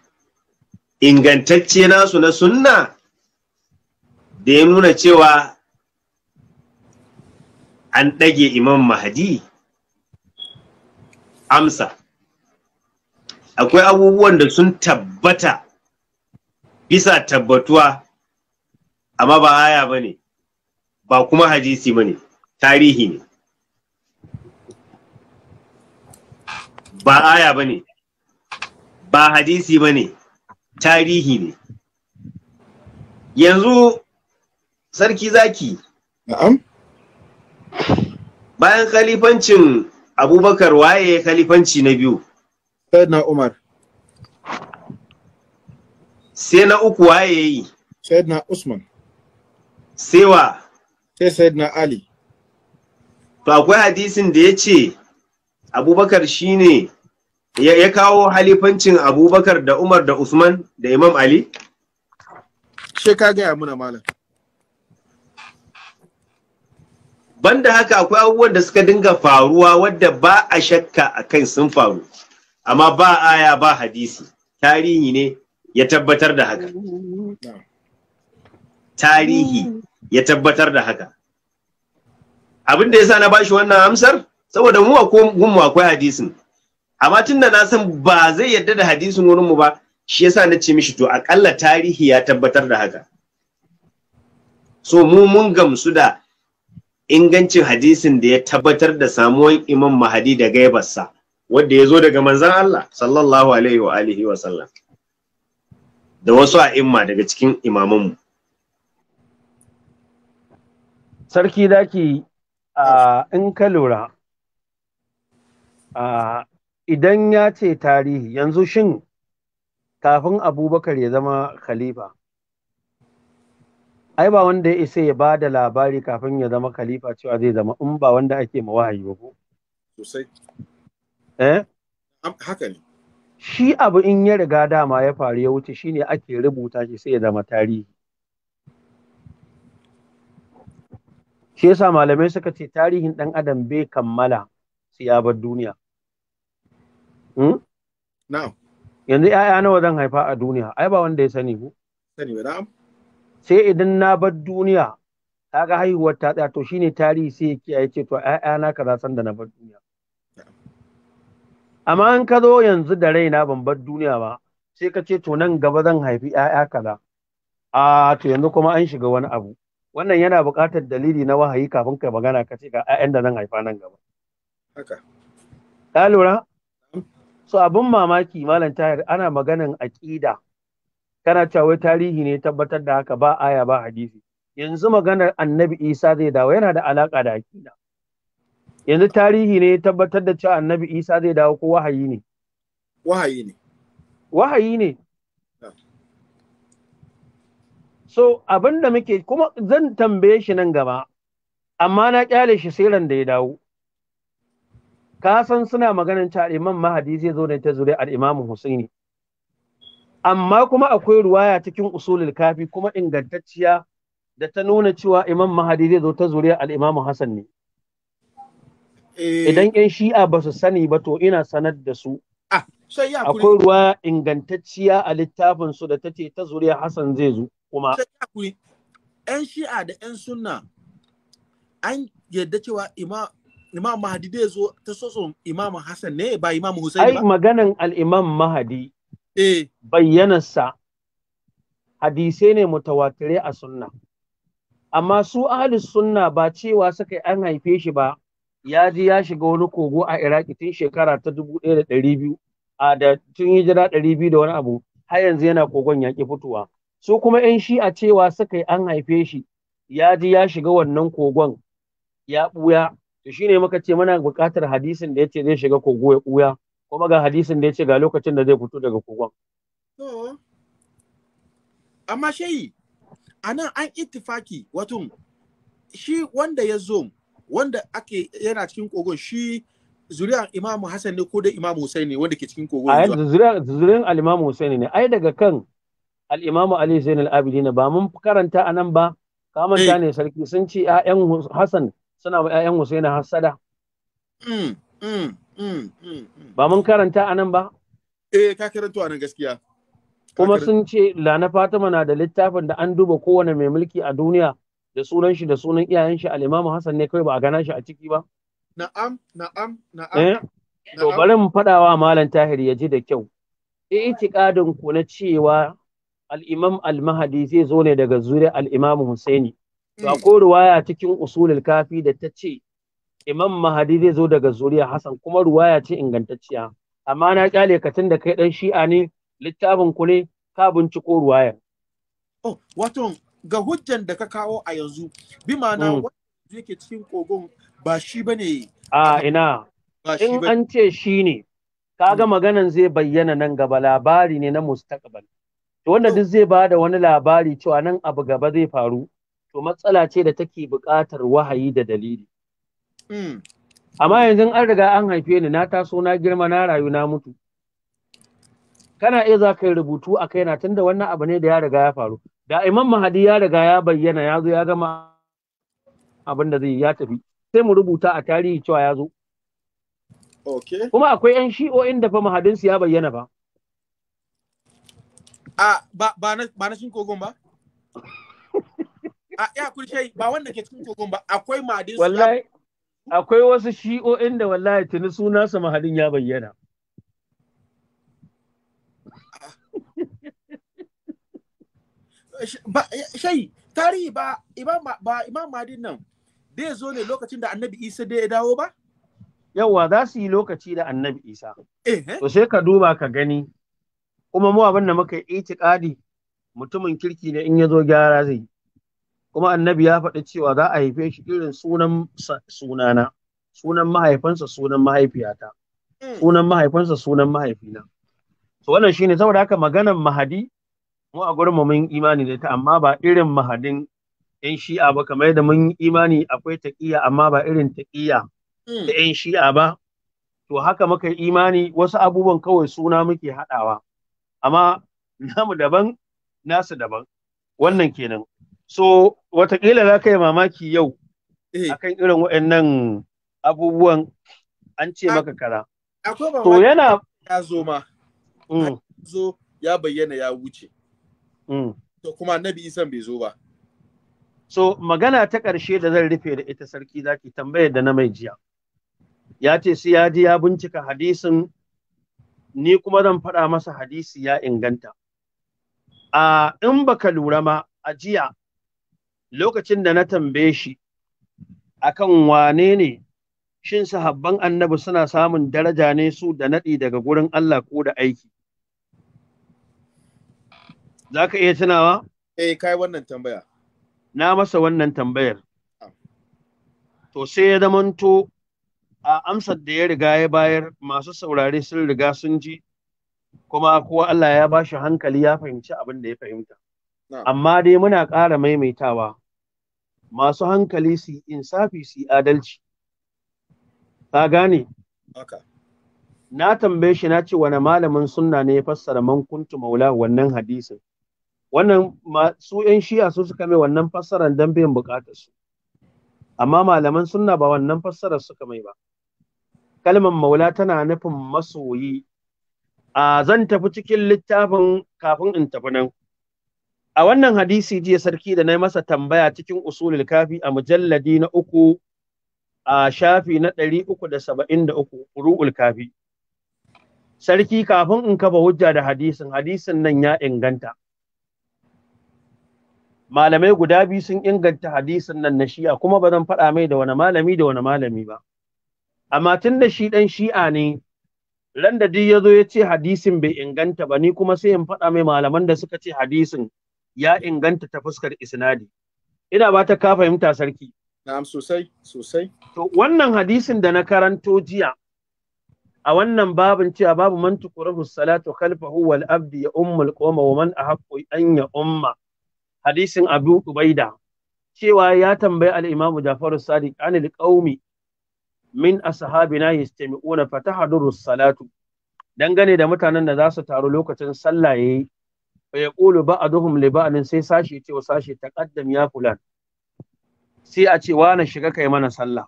ingantacce nasu na sunna da ya nuna cewa an ɗage imam mahadi amsa akwai abubuwan da sun tabbata bisa tabbatuwa amma ba aya ba ne ba kuma hadisi ba ne tarihi ne ba aya ba ne ba hadisi ba ne tarihi ne yanzu sarki zaki bayan khalifancin abubakar waye khalifanci na biyu na umar sai na uku waye yi na usman wa. sai na ali to akwai hadisin da ya ce abubakar shine ya kawo halifancin abubakar da umar da usman da imam ali shekaga ya muna malam banda haka akwai abubuwan da suka dinga faruwa wadda ba a shakka a kai sun faru amma ba aya ba hadisi tarihi ne ya tabbatar da haka tarihi ya tabbatar da haka abin da yasa na bashi wannan amsar saboda mu mu akwai hadisin amma tunda na san ba zai yadda da hadisin wurin mu ba shi yasa na ce mishi to akalla tarihi ya tabbatar da haka so mu mun gamsu da ingancin hadisin da ya tabbatar da samuwan imam mahadi da gaibarsa wadda ya zo daga manzan Allah sallallahu alaihi wa alihi wa sallam da wasu imma daga cikin imamanmu sarki daki in ka lura idan ya ce tarihi yanzu shin kafin abubakar ya zama khalifa ai ba wanda ya isa ya bada labari kafin ya zama khalifa cewa zai zama in ba wanda ake ma wahayi ba ko sosai eh haka ne shi abu in ya riga dama ya faru ya wuce shine ake rubuta shi sai ya zama tarihi shi yasa malamai suka ce tarihin dan adam bai kammala sai ya bar duniya hmm? na'am yanzu 'ya'ya nawa zan haifa a duniya ai ba wanda ya sani ko sani ba na'am sai idan na bar duniya kaga haihuwar ta tsaya to shine tarihi sai ya kiyaye ce to ƴaƴana kaza san da na bar duniya amma in ka zo yanzu da raina ban bar duniya ba sai ka ce to nan gaba zan haifi ƴaƴa kaza a to yanzu kuma an shiga wani abu wannan yana buƙatar dalili na wahayi kafin ka magana ka ce ga ƴaƴan da zan haifa nan gaba haka ka lura so abin mamaki malam tahir ana maganan aƙida kana cewa wai tarihi ne tabbatar da haka ba aya ba hadisi yanzu maganar annabi isa zai dawo yana da alaka da akida yanzu tarihi ne tabbatar da cewa annabi isa zai dawo ko wahayi ne wahayi ne wahayi ne ah. so abin da muke kuma zan tambaye shi nan gaba amma na kyale shi sai ran da ya dawo ka san suna maganin cewa imam mahadi zai zo ne ta al imam husaini amma kuma akwai ruwaya cikin usulul kafi kuma ingantacciya da ta nuna cewa imam mahadi zai zo ta zuriya al-imam hasan ne eh. idan yan shi'a ba su sani ba to ina sanar da su ah, akwai ruwa ingantacciya a littafin su da ta ce ta zuriya hasan zai zo kuma yan shi'a da yan sunna an yadda cewa imam imam mahadi zai zo ta soson imam Hassan ne ba imam Hussein ba ai maganan al-imam mahadi Eh. bayyanarsa hadisai ne mutawatire a sunna amma su ahli sunna ba cewa suka an haife shi ba ya ji ya shiga wani kogo a iraki tun shekara ta dubu ɗaya da ɗari biyu a da tun hijira ɗari biyu da wani abu har yanzu yana kogon yaƙi fitowa su kuma yan shi a cewa suka an haife shi ya ji ya shiga wannan kogon ya ɓuya to shine muka ce muna buƙatar hadisin da ya ce zai shiga kogo ya ɓuya kuma ga hadisin da ya ce ga lokacin da zai fito daga kogon. Amma shayi, a nan an ittifaki wato shi wanda ya zo wanda ake yana cikin kogon shi zuriyar imamu Hassan ne ko da imamu Hussein ne wanda ke cikin kogon. A da zuriyar al'imamu Hussein ne, ai daga kan al'imamu Ali Zain al'abidin ba mun karanta a nan ba, kamar eh. ne sarki sun ce ‘ya'yan Hassan suna ma ‘ya'yan Hussein hassada. Hmm. Mm, mm, mm, ba mun karanta a nan ba? Eh, ka karanta a gaskiya. Kuma sun ce Lana Fatima na da littafin da an duba kowane mai mulki a duniya da sunan shi da sunan iyayen shi Alimamu Hassan ne kawai ba a gana shi a ciki ba? Na'am, na'am, na'am. Eh? To bari mu faɗawa Malam Tahir ya ji da kyau. Itiƙadin ku na cewa al'imam al-mahadi zai zo ne daga zuriyar al'imamu Husaini. Ba ko ruwaya cikin usulul kafi da ta ce Imam Mahadi zai zo daga zuriya Hassan kuma ruwaya ce ingantacciya amma na kyale ka tun da kai dan shi'a ne littafin ku ne ka binciko ruwayar. Oh, wato ga hujjan da ka kawo a yanzu bi ma'ana mm. wanda yake cikin kogon ba shi bane a ina in an ce shi ne kaga hmm. maganan zai bayyana nan gaba labari ne na mustaqbal to wanda duk zai ba da wani labari cewa nan abu gaba zai faru to matsala ce da take buƙatar wahayi da dalili Hmm. amma yanzu an riga an haife ni na taso na girma na rayu na mutu kana iya za ka yi rubutu a kaina tunda wannan abu ne da ya riga ya faru da imam mahadi ya riga ya bayyana ya zo ya gama abin da zai ya tafi sai mu rubuta a tarihi cewa ya zo okay. kuma akwai ƴan shi'o'in da fa mahadinsu ya bayyana ba a ba ba na shin kogon ba <laughs> a ya kurshe ba wanda ke cikin kogon ba akwai mahadinsu wallahi akwai wasu shi'o'in da wallahi tuni suna su mahadin ya bayyana. Shai, tarihi ba imam mahadin nan zai zo ne lokacin da annabi Isa da ya dawo ba? Yawwa za su yi lokaci da annabi Isa. To sai ka duba ka gani, kuma mu abin da muka yi itikadi mutumin kirki ne in ya zo gyara zai yi. kuma annabi ya faɗi cewa za a haife shi irin sunan sunana sunan mahaifansa sunan mahaifiyata hmm. sunan mahaifansa sunan mahaifina to wannan shine saboda haka maganan mahadi mu a gurin mu mun imani da ta amma ba irin mahadin yan shi'a ba kamar yadda mun imani akwai taqiya amma ba irin taqiya hmm. da yan shi'a ba to haka muka imani wasu abubuwan kawai suna muke haɗawa amma namu daban nasu daban wannan kenan So, watakila za ka yi mamaki yau eh. akan irin waɗannan abubuwan an ce maka kara. To yana ya zo ma. Mm. Zo ya bayyana ya wuce. Mm. To kuma nabi Isan bai zo ba. So magana ta ƙarshe da zan rufe da ita sarki zaki tambayar da na mai jiya. Ya ce sai ya ji ya bincika hadisin ni kuma zan faɗa masa hadisi ya inganta. A in baka lura ma a jiya lokacin da na tambaye shi akan wane ne shin sahabban annabi suna samun daraja ne su da naɗi daga gurin Allah ko da aiki za ka iya tunawa? eh kai wannan tambaya na masa wannan tambayar ah. to sai ya zamanto a amsar da ya riga ya bayar masu saurare sun riga sun ji kuma kuwa Allah ya bashi hankali ya fahimci abin da ya fahimta amma dai muna ƙara maimaitawa masu hankali su insafi su adalci ka gane na tambaye shi na ce wani malamin sunna ne ya fassara man kuntu maula wannan hadisin wannan su yan shi'a su suka mai wannan fassarar dan biyan bukatar su amma malaman sunna ba wannan fassarar suka mai ba kalmar maula tana nufin masoyi a zan tafi cikin littafin kafin in tafi nan a wannan hadisi jiya sarki da na masa tambaya cikin usulul kafi a mujalladi na uku a shafi na ɗari uku da saba'in da uku ru'ul kafi sarki kafin in kafa hujja da hadisin hadisin nan ya inganta malamai guda biyu sun inganta hadisin nan na shi'a kuma ba zan faɗa mai da wani malami da wani malami ba amma tun da shi ɗan shi'a ne ran da duk ya zo ya ce hadisin bai inganta ba ni kuma sai in faɗa mai malaman da suka ce hadisin ya inganta ta fuskar isnadi ina ba ta ka fahimta sarki na'am sosai sosai to wannan hadisin da na karanto jiya a wannan babin cewa babu man tukurahu salatu khalfahu wal abdi ya ummul qoma wa man ahaqqu an ya umma hadisin abu ubaida cewa ya tambayi al-imamu jafaru sadiq anil qaumi min ashabina yastami'una fatahadurus salatu dangane da mutanen da za su taru lokacin sallah yayi ya fa ba a li ba'din sai sashi ce wa sashi taqaddam ya fulan sai a ce wani shiga kai mana sallah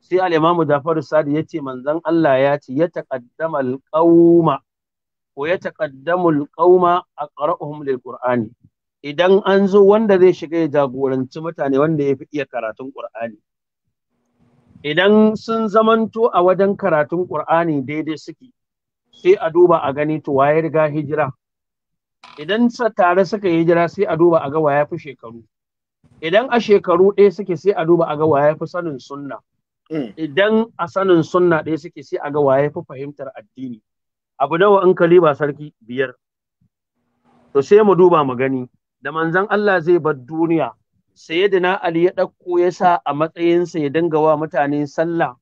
sai Alimamu Jafaru Sadi ce manzan Allah ya ce ya taqaddama alƙawuma qauma ko ya taqaddamu a lil-qur'ani idan an zo wanda zai shiga ya jagoranci mutane wanda ya fi iya karatun Qur'ani idan sun zamanto a wajen karatun Qur'ani daidai suke sai a duba a gani to waye riga hijira idan tare suka yi jira, sai a duba a ga ya fi shekaru idan a shekaru ɗaya suke sai a duba a ga ya fi sanin sunna hmm. idan a sanin sunna ɗaya suke sai a ga ya fi fahimtar addini abu nawa in kaliba sarki biyar to sai mu duba mu gani da manzon Allah zai bar duniya sayyidina Ali ya ɗauko ya sa a matsayinsa ya dinga wa mutane sallah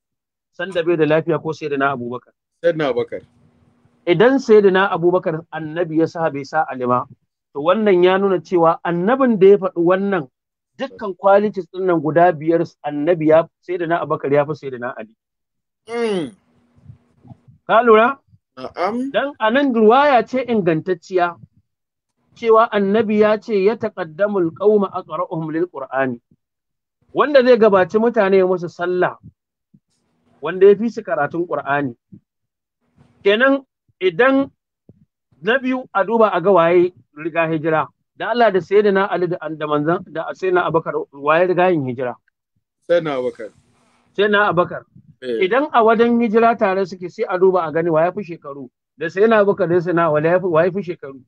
sanda bai da lafiya ko sayyidina Abubakar sayyidina Abubakar idan sayyidina abubakar annabi ya sa bai sa alima to wannan ya nuna cewa annabin da ya faɗi wannan dukkan kwalitis din nan guda biyar annabi ya sayyidina abubakar ya fi sayyidina ali hmm. ka lura dan anan ruwaya ce ingantacciya cewa annabi ya ce ya taqaddamul a aqra'uhum umarnin ƙur'ani, wanda zai gabaci mutane musu sallah wanda ya fi su karatun qur'ani kenan idan na biyu a duba a ga waye riga hijira da Allah da sai na Ali da da manzan da sai na Abakar waye riga yin hijira sai na Abakar sai na Abakar eh. idan a wajen hijira tare suke sai a duba a gani waye fi shekaru da sai na Abakar da sai na waye fi shekaru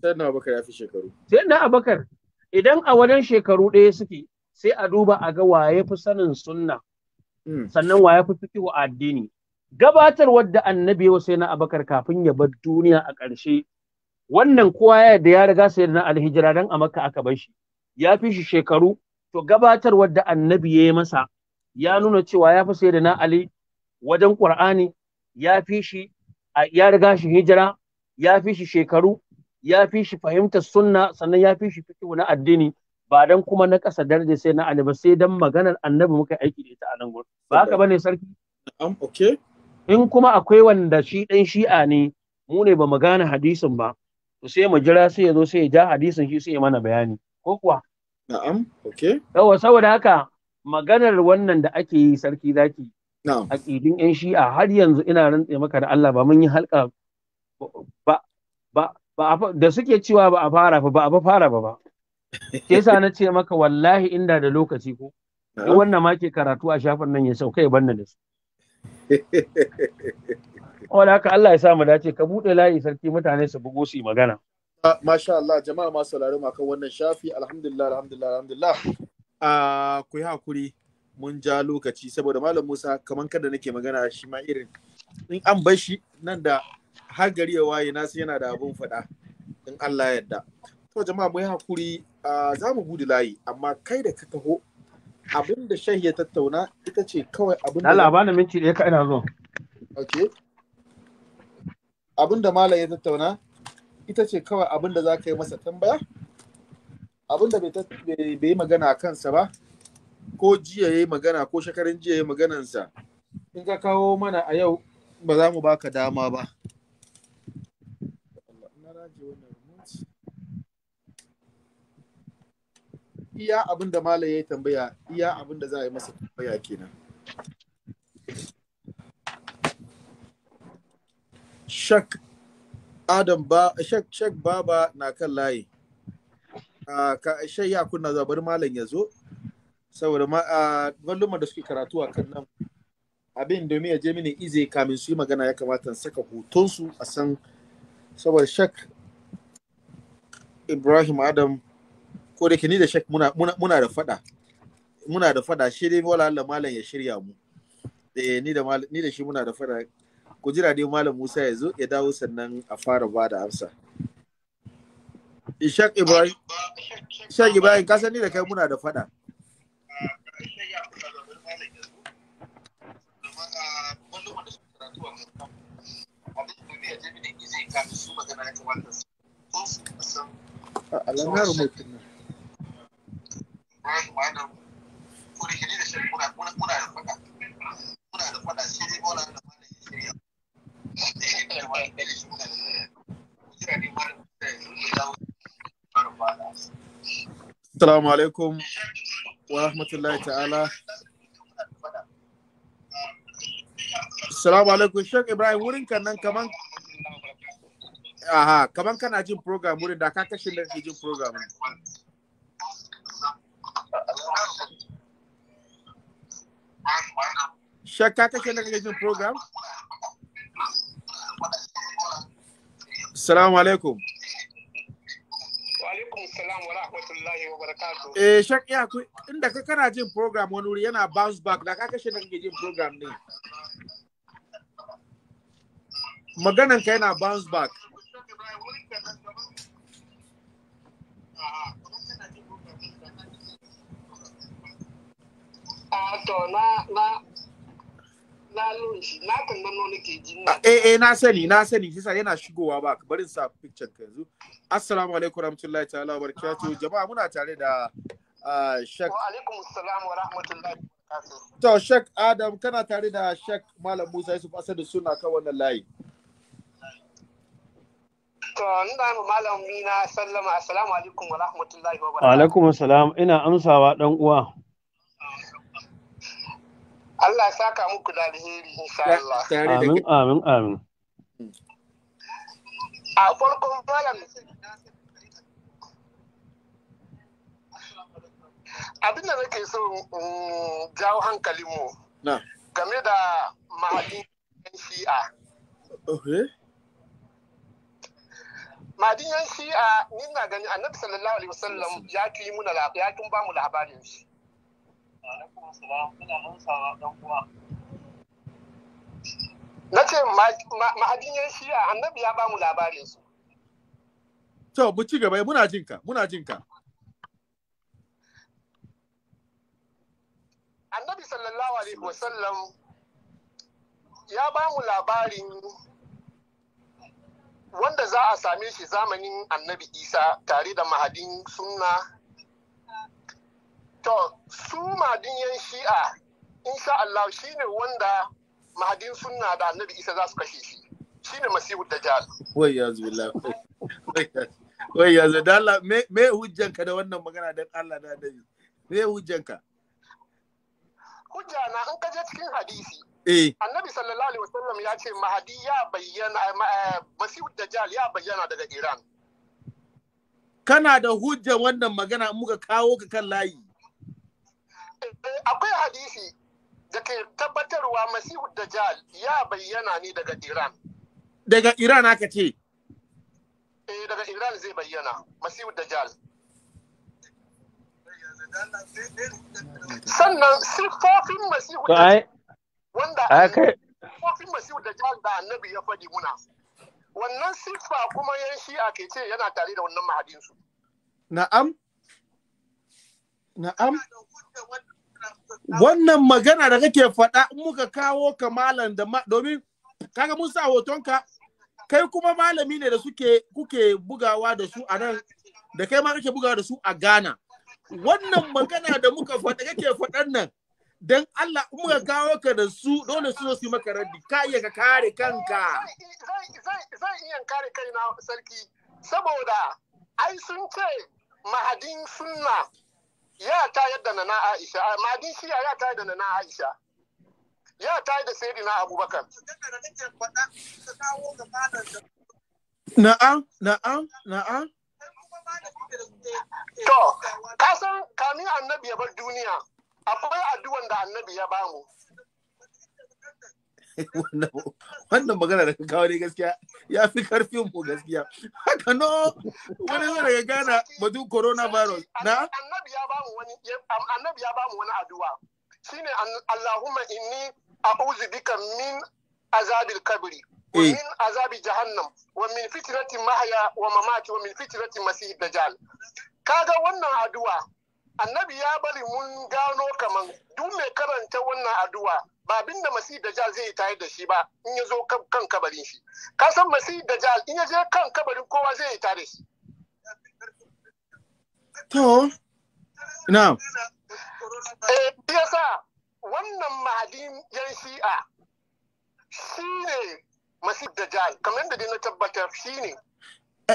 sai na Abakar ya fi shekaru sai na Abakar idan a wajen shekaru ɗaya suke sai a duba a ga waye fi sanin sunna hmm. sannan waye fi fiqhu addini gabatar wadda annabi wa sai na abakar kafin ya bar duniya a ƙarshe wannan kowa ya da ya riga sai na alhijira dan a makka aka bar shi ya fi shi shekaru to gabatar wadda annabi ya yi masa ya nuna cewa ya fi sai na ali wajen qur'ani ya fi shi ya riga shi hijira ya fi shi shekaru ya fi shi fahimtar sunna sannan ya fi shi fikihu na addini ba dan kuma na ƙasa darje sai na ali ba sai dan maganar annabi muka aiki da ita a nan gurin ba haka bane sarki okay in kuma akwai wanda shi ɗan shi'a ne mu ne ba mu gane hadisin ba to sai mu jira sai ya zo sai ya ja hadisin shi sai ya mana bayani ko kuwa na'am okay yawa saboda haka maganar wannan da ake yi sarki zaki na'am aqidin yan shi'a har yanzu ina rantse maka da Allah ba mun yi halka ba ba ba da suke cewa ba a fara ba ba a fara ba ba <laughs> ke sa na ce maka wallahi inda da lokaci ko wannan ma ke karatu a shafin nan ya sauka ya banna da su wani haka Allah ya sa mu dace ka buɗe layi sarki mutane su bugu su magana ah, masha Allah jama'a ma sauraro ma kan wannan shafi alhamdulillah alhamdulillah alhamdulillah a ah, ku yi hakuri mun ja lokaci saboda malam Musa kamar kada nake magana shi ma irin in an bar shi nan da har gari ya waye na san yana da abun faɗa in Allah yarda to jama'a mu yi hakuri ah, za mu buɗe layi amma kai da ka taho abin da shah ya tattauna ita ce kawai abin da labana minti da ya ka ina zo okay abin da malam ya tattauna ita ce kawai abin da za ka yi masa tambaya abin da bai yi magana a kansa ba ko jiya ya yi magana ko shekarun jiya ya yi maganansa in ka kawo mana a yau ba za mu baka dama ba iya abin da malam ya tambaya iya abin da za a yi masa tambaya kenan shak adam ba shak shak baba na kan layi a ah, ka shai ya kunna zabar malam ya zo saboda ma ah, walluma da suke karatu a kan nan abin domin ya je mini ize kamin su magana ya kamata saka hoton su a san saboda shak ibrahim adam ko da ni da shek muna, muna, muna da fada muna da fada shi dai wala Allah malam ya shirya mu eh ni da ni da shi muna da fada ku jira dai malam Musa ya zo ya dawo sannan a fara ba da amsa Ishaq eh, Ibrahim Ishaq Ibrahim ka ni da kai muna da fada Allah na rubuta muna da da da da alaikum wa rahmatullahi ta'ala Assalamu alaikum Sheikh Ibrahim wurin kan nan kaman Aha, kaman kana jin program wurin da ka kashe nan Shakka kake na gajin program? Salamu alaikum. Wa alaikum salam wa rahmatullahi wa barakatuh. Eh shak ya ku inda ka kana jin program wani wuri yana bounce back da ka kashe na kake jin program ne. Maganan ka yana bounce back. to na na na lunji na kan nan nake jin eh eh na sani na sani shi yana shigowa ba barin sa picture ka yanzu assalamu alaikum warahmatullahi ta'ala barakatuh jama'a muna tare da ah, shek wa alaikum assalam wa rahmatullahi to shek adam kana tare da shek malam musa yusuf asadu suna ka wannan layi To, ina ma malam Mina sallama, assalamu alaikum wa rahmatullahi wa barakatuh. Alaikum assalam, ina amsawa dan uwa. Allah saka muku da alheri insha Allah. Amin amin amin. A farkon malam abin da nake so jawo mu. Na. game da Ma'adin yan shi'a. Ma'adin yan shi'a ni na gani annabi sallallahu alaihi wasallam ya tuyi muna ya tun ba mu labarin shi. Alaikum salam, ina amsawa dan uwa. Na ce mahadin shi'a annabi ya ba mu labarin su. To, mu ci gaba, muna jinka, muna jinka. Annabi sallallahu alaihi wasallam ya ba mu labarin wanda za a same shi zamanin annabi Isa tare da mahadin sunna To, su mahadin yan shi'a, insha Allah shi ne wanda mahadin sunna da annabi Isa za su kashe shi. Shi ne Masihu jihar. Wai ya zuwa Wai ya da Allah, me hujjanka da wannan magana don Allah da dabi? Me hujjanka? Hujja na in kaje cikin hadisi. Eh. Annabi sallallahu alaihi wasallam ya ce mahadi ya bayyana eh, eh, Masihu Dajjal ya bayyana daga Iran. Kana da hujja wannan magana muka kawo ka kan layi. akwai hadisi da ke tabbatarwa masihu dajjal ya bayyana ne daga iran daga iran aka ce eh daga iran zai bayyana masihu dajjal sannan siffofin masihu dajjal wanda siffofin masihu dajjal da annabi ya faɗi muna wannan siffa kuma yan shi'a ke ce yana tare da wannan mahadinsu na'am Na'am. Wannan magana da kake faɗa in muka kawo ka malam da domin kaga mun sa hotonka kai kuma malami ne da suke kuke bugawa da su a nan da kai ma kake bugawa da su a Ghana. Wannan magana da muka faɗa kake faɗan nan dan Allah in muka kawo ka da su dole su su maka raddi ka iya ka kare kanka. Zan iya kare kaina sarki saboda ai sun ce mahadin sunna ya yadda na na Aisha madisiya ya yadda da na Aisha ya tayar da sayyidina Abubakar na'am na'am na'am to kasan kamin annabi ya bar duniya akwai addu'an da annabi ya bamu <laughs> wannan magana da kawo ne gaskiya ya fi karfin mu gaskiya haka no wani zai daga gana batu coronavirus na annabi ya ba mu wani annabi ya ba mu wani addu'a shine Allahumma inni a'udhu bika min azabil kabri wa eh. min azabi jahannam wa min fitnati mahya wa mamati wa min fitnati masih dajjal kaga wannan addu'a annabi ya bari mun gano kaman duk mai karanta wannan addu'a ba abin da masih jal zai tayar da shi ba in ya zo kan kabarin shi ka san masih jal in ya je kan kabarin kowa zai yi tare shi to na eh yasa wannan mahadin yan shi'a shi ne masih jal kamar da na tabbatar shi ne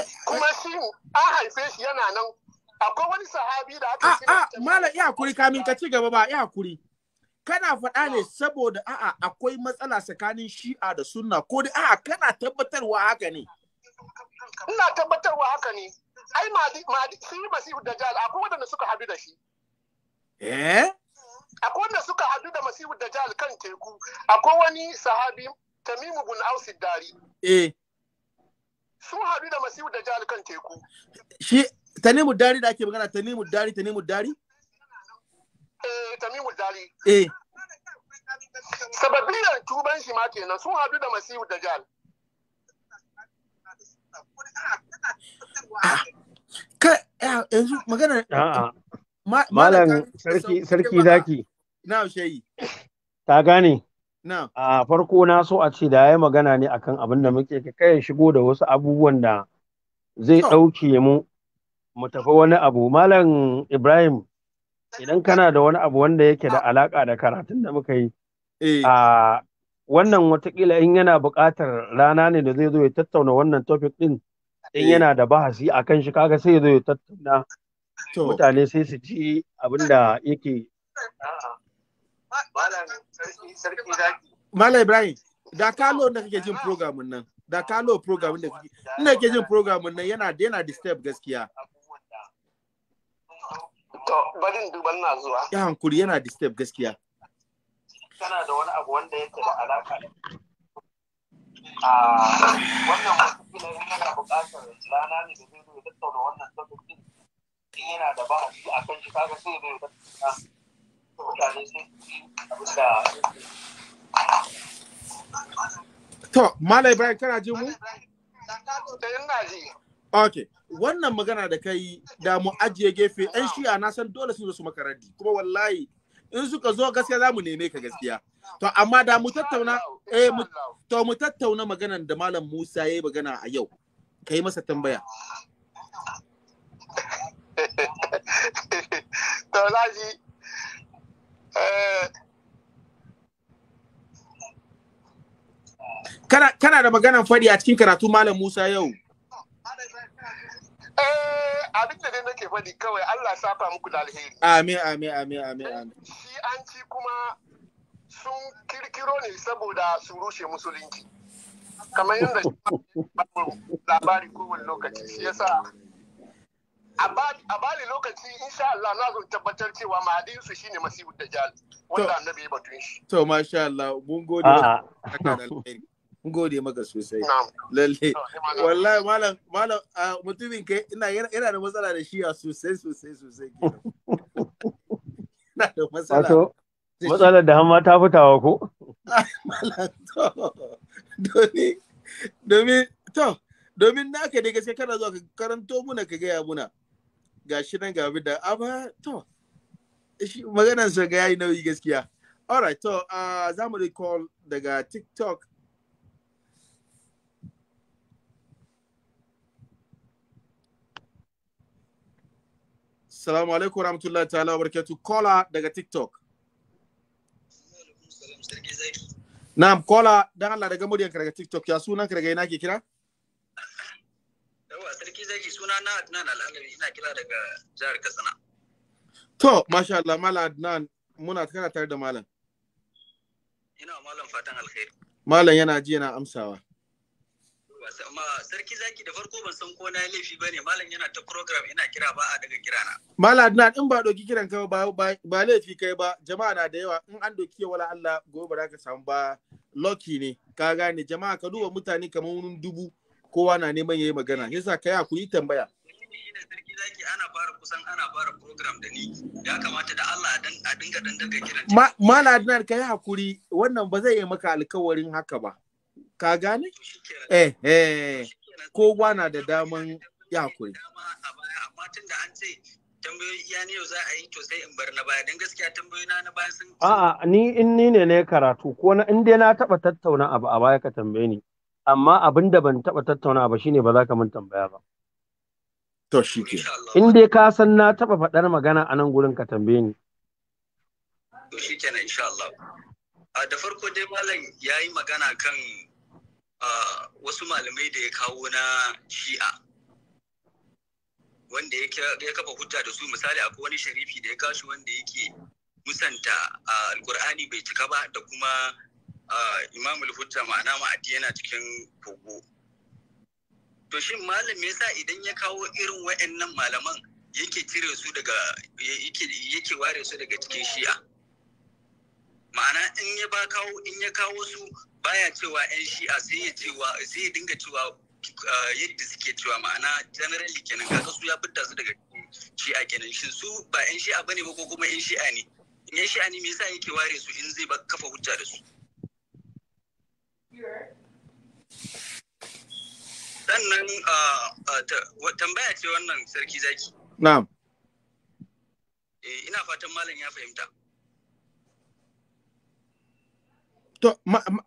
eh, eh. kuma shi an haife shi yana nan akwai wani sahabi da aka ah, ce ah, mala kuri kamin ka ci gaba ba ya kuri kana faɗa ne ah. saboda a'a akwai matsala tsakanin shi'a da sunna ko da a'a kana tabbatarwa haka ne ina tabbatarwa haka ne ai madi madi sun yi masihu dajjal akwai wanda suka hadu da shi eh akwai wanda suka hadu da masihu dajjal kan teku akwai wani sahabi tamimu bin ausid dari eh sun hadu da masihu dajjal kan teku shi tanimu dari da ake magana tanimu dari tanimu dari eh tanimu dari eh sababbin tuban shi ma kenan sun hadu da masihu da jal ka yanzu magana malam sarki sarki zaki na shayi ta gane a farko na so a ce da ya magana ne akan abin da muke kai shigo da wasu abubuwan da zai ɗauke mu mu tafi wani abu malam ibrahim idan kana da wani abu wanda yake da alaka da karatun da muka yi eh. a wannan watakila in yana buƙatar rana ne da zai zo ya tattauna wannan topic din in eh. yana da bahasi a kan shi kaga sai ya zo ya tattauna mutane sai su ci abin da yake Malam Ibrahim, da kalo da kake jin programin nan, da kalo programin da kake, ina ke jin programin nan yana yana disturb gaskiya. To, barin duban na zuwa. Ya hankuri yana disturb gaskiya. Tana da wani abu wanda yake da alaka ah, wannan wasu yana buƙatar rana ne da zai zo ya tattauna wannan sabbin yana da ba a shi a kan shi kaga sai zai tattauna da To, Malai kana jin mu? Okay, wannan magana da kai da mu ajiye gefe ɗan shi'a na san dole su su maka kuma wallahi in suka zo gaskiya za mu neme ka gaskiya. To amma da mu tattauna eh to mu tattauna maganan da Malam Musa yi magana a yau. yi masa tambaya. <laughs> to laji eh, kana kana da maganan fadi a cikin karatu Malam Musa yau. Eh, abin da dai nake faɗi kawai Allah safa muku da alheri. Amin, amin, amin, amin, amin. Shi an ci kuma sun kirkiro ne saboda su rushe musulunci. Kamar yadda shi labari kowane lokaci, shi yasa a bali lokaci insha Allah na zo tabbatar cewa mahadinsu shine Masihu Dajjal wanda annabi ya batun shi. To masha Allah mun gode. gode maka sosai lalle wallahi malam malam mutumin kai ina yana da matsala da shiya sosai sosai sosai ina <laughs> da matsala wato matsalar da hamma ta fitawa ko <laughs> domin domin to domin na ka dai gaske kana zuwa ka karanto muna ka gaya muna gashi nan ga da Aba to maganar sa ga yayi nauyi gaskiya right to uh, za mu recall daga tiktok Salamu alaikum rahmatullahi ta'ala barakatu Kola daga TikTok. Na'am, Kola dan Allah daga muryanka daga TikTok ya sunan ka daga ina ke kira? Yawa sarki zaki suna na Adnan Al'alabi ina kira daga jihar Katsina. To, masha Allah Malam Adnan muna kana tare da malam. Ina malam fatan alkhairi. Malam yana ji yana amsawa. sarki zaki da farko ban san ko na laifi ba ne malam yana ta program ina kira ba a daga kira na. Malam ina in ba doki kiran ka ba ba laifi kai ba jama'a na da yawa in an doki wala Allah gobe ba za ka samu ba lucky ne ka gane jama'a ka duba mutane kamar wurin dubu kowa na neman yayi magana yasa kai a kuyi tambaya. sarki zaki ana fara kusan ana fara program da ni ya kamata da Allah a dinga dandaga kiran. Malam Adnan kai hakuri wannan ba zai yi maka alkawarin haka ba. ka gane eh eh kowa na da daman ya hakuri A'a ni in ni ne ne karatu ko na in dai na taɓa tattauna abu a baya ka tambaye ni amma abin da ban taɓa tattauna abu shine ba za ka min tambaya ba. To shi ke. In dai ka san na taɓa faɗar magana a nan gurin ka tambaye ni. To shi kenan insha Allah. Ah, da farko dai malam ya yi magana kan wasu malamai da ya kawo na shi'a wanda ya kafa hujja da su misali akwai wani sharifi da ya kashi wanda yake musanta alkur'ani bai cika ba da kuma imamul hujja ma'ana ma'adi yana cikin kogo to shi malam yasa idan ya kawo irin wa'annan malaman yake cire su daga yake ware su daga cikin shi'a ma'ana in in ya kawo su baya cewa yan shi'a sai ya cewa sai ya dinga cewa eh, yadda suke cewa ma'ana generally kenan kaga su ya fitta su daga shi'a kenan shin su ba yan shi'a bane ba ko kuma yan shi'a ne in yan shi'a ne me yasa yake ware su in zai kafa hujja da su sannan eh, eh, tambaya ce wannan sarki zaki na'am ina fatan malam ya fahimta To,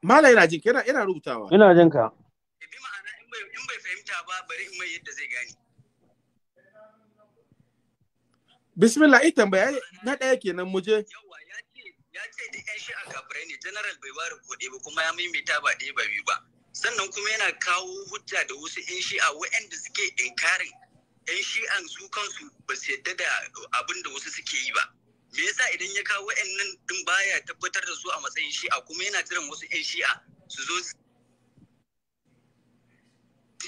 mala yana jin yana yana rubutawa. Ina jin ka. Eh, bi ma'ana in bai in bai fahimta ba bari in mai yadda zai gane. Bismillah ai tambaya na ɗaya kenan mu je. Yawa ya ce ya ce da ƴan shi'a kafirai ne general bai ware kuɗi ba kuma ya maimaita ba ɗaya ba biyu ba. Sannan kuma yana kawo hujja da wasu shi a waɗanda suke inkarin ƴan shi'an su kansu ba su yadda da abin da wasu suke yi ba. me yasa idan ya kawo wa'annan din baya tabbatar da su a matsayin shi'a kuma yana jiran wasu 'yan shi'a su zo su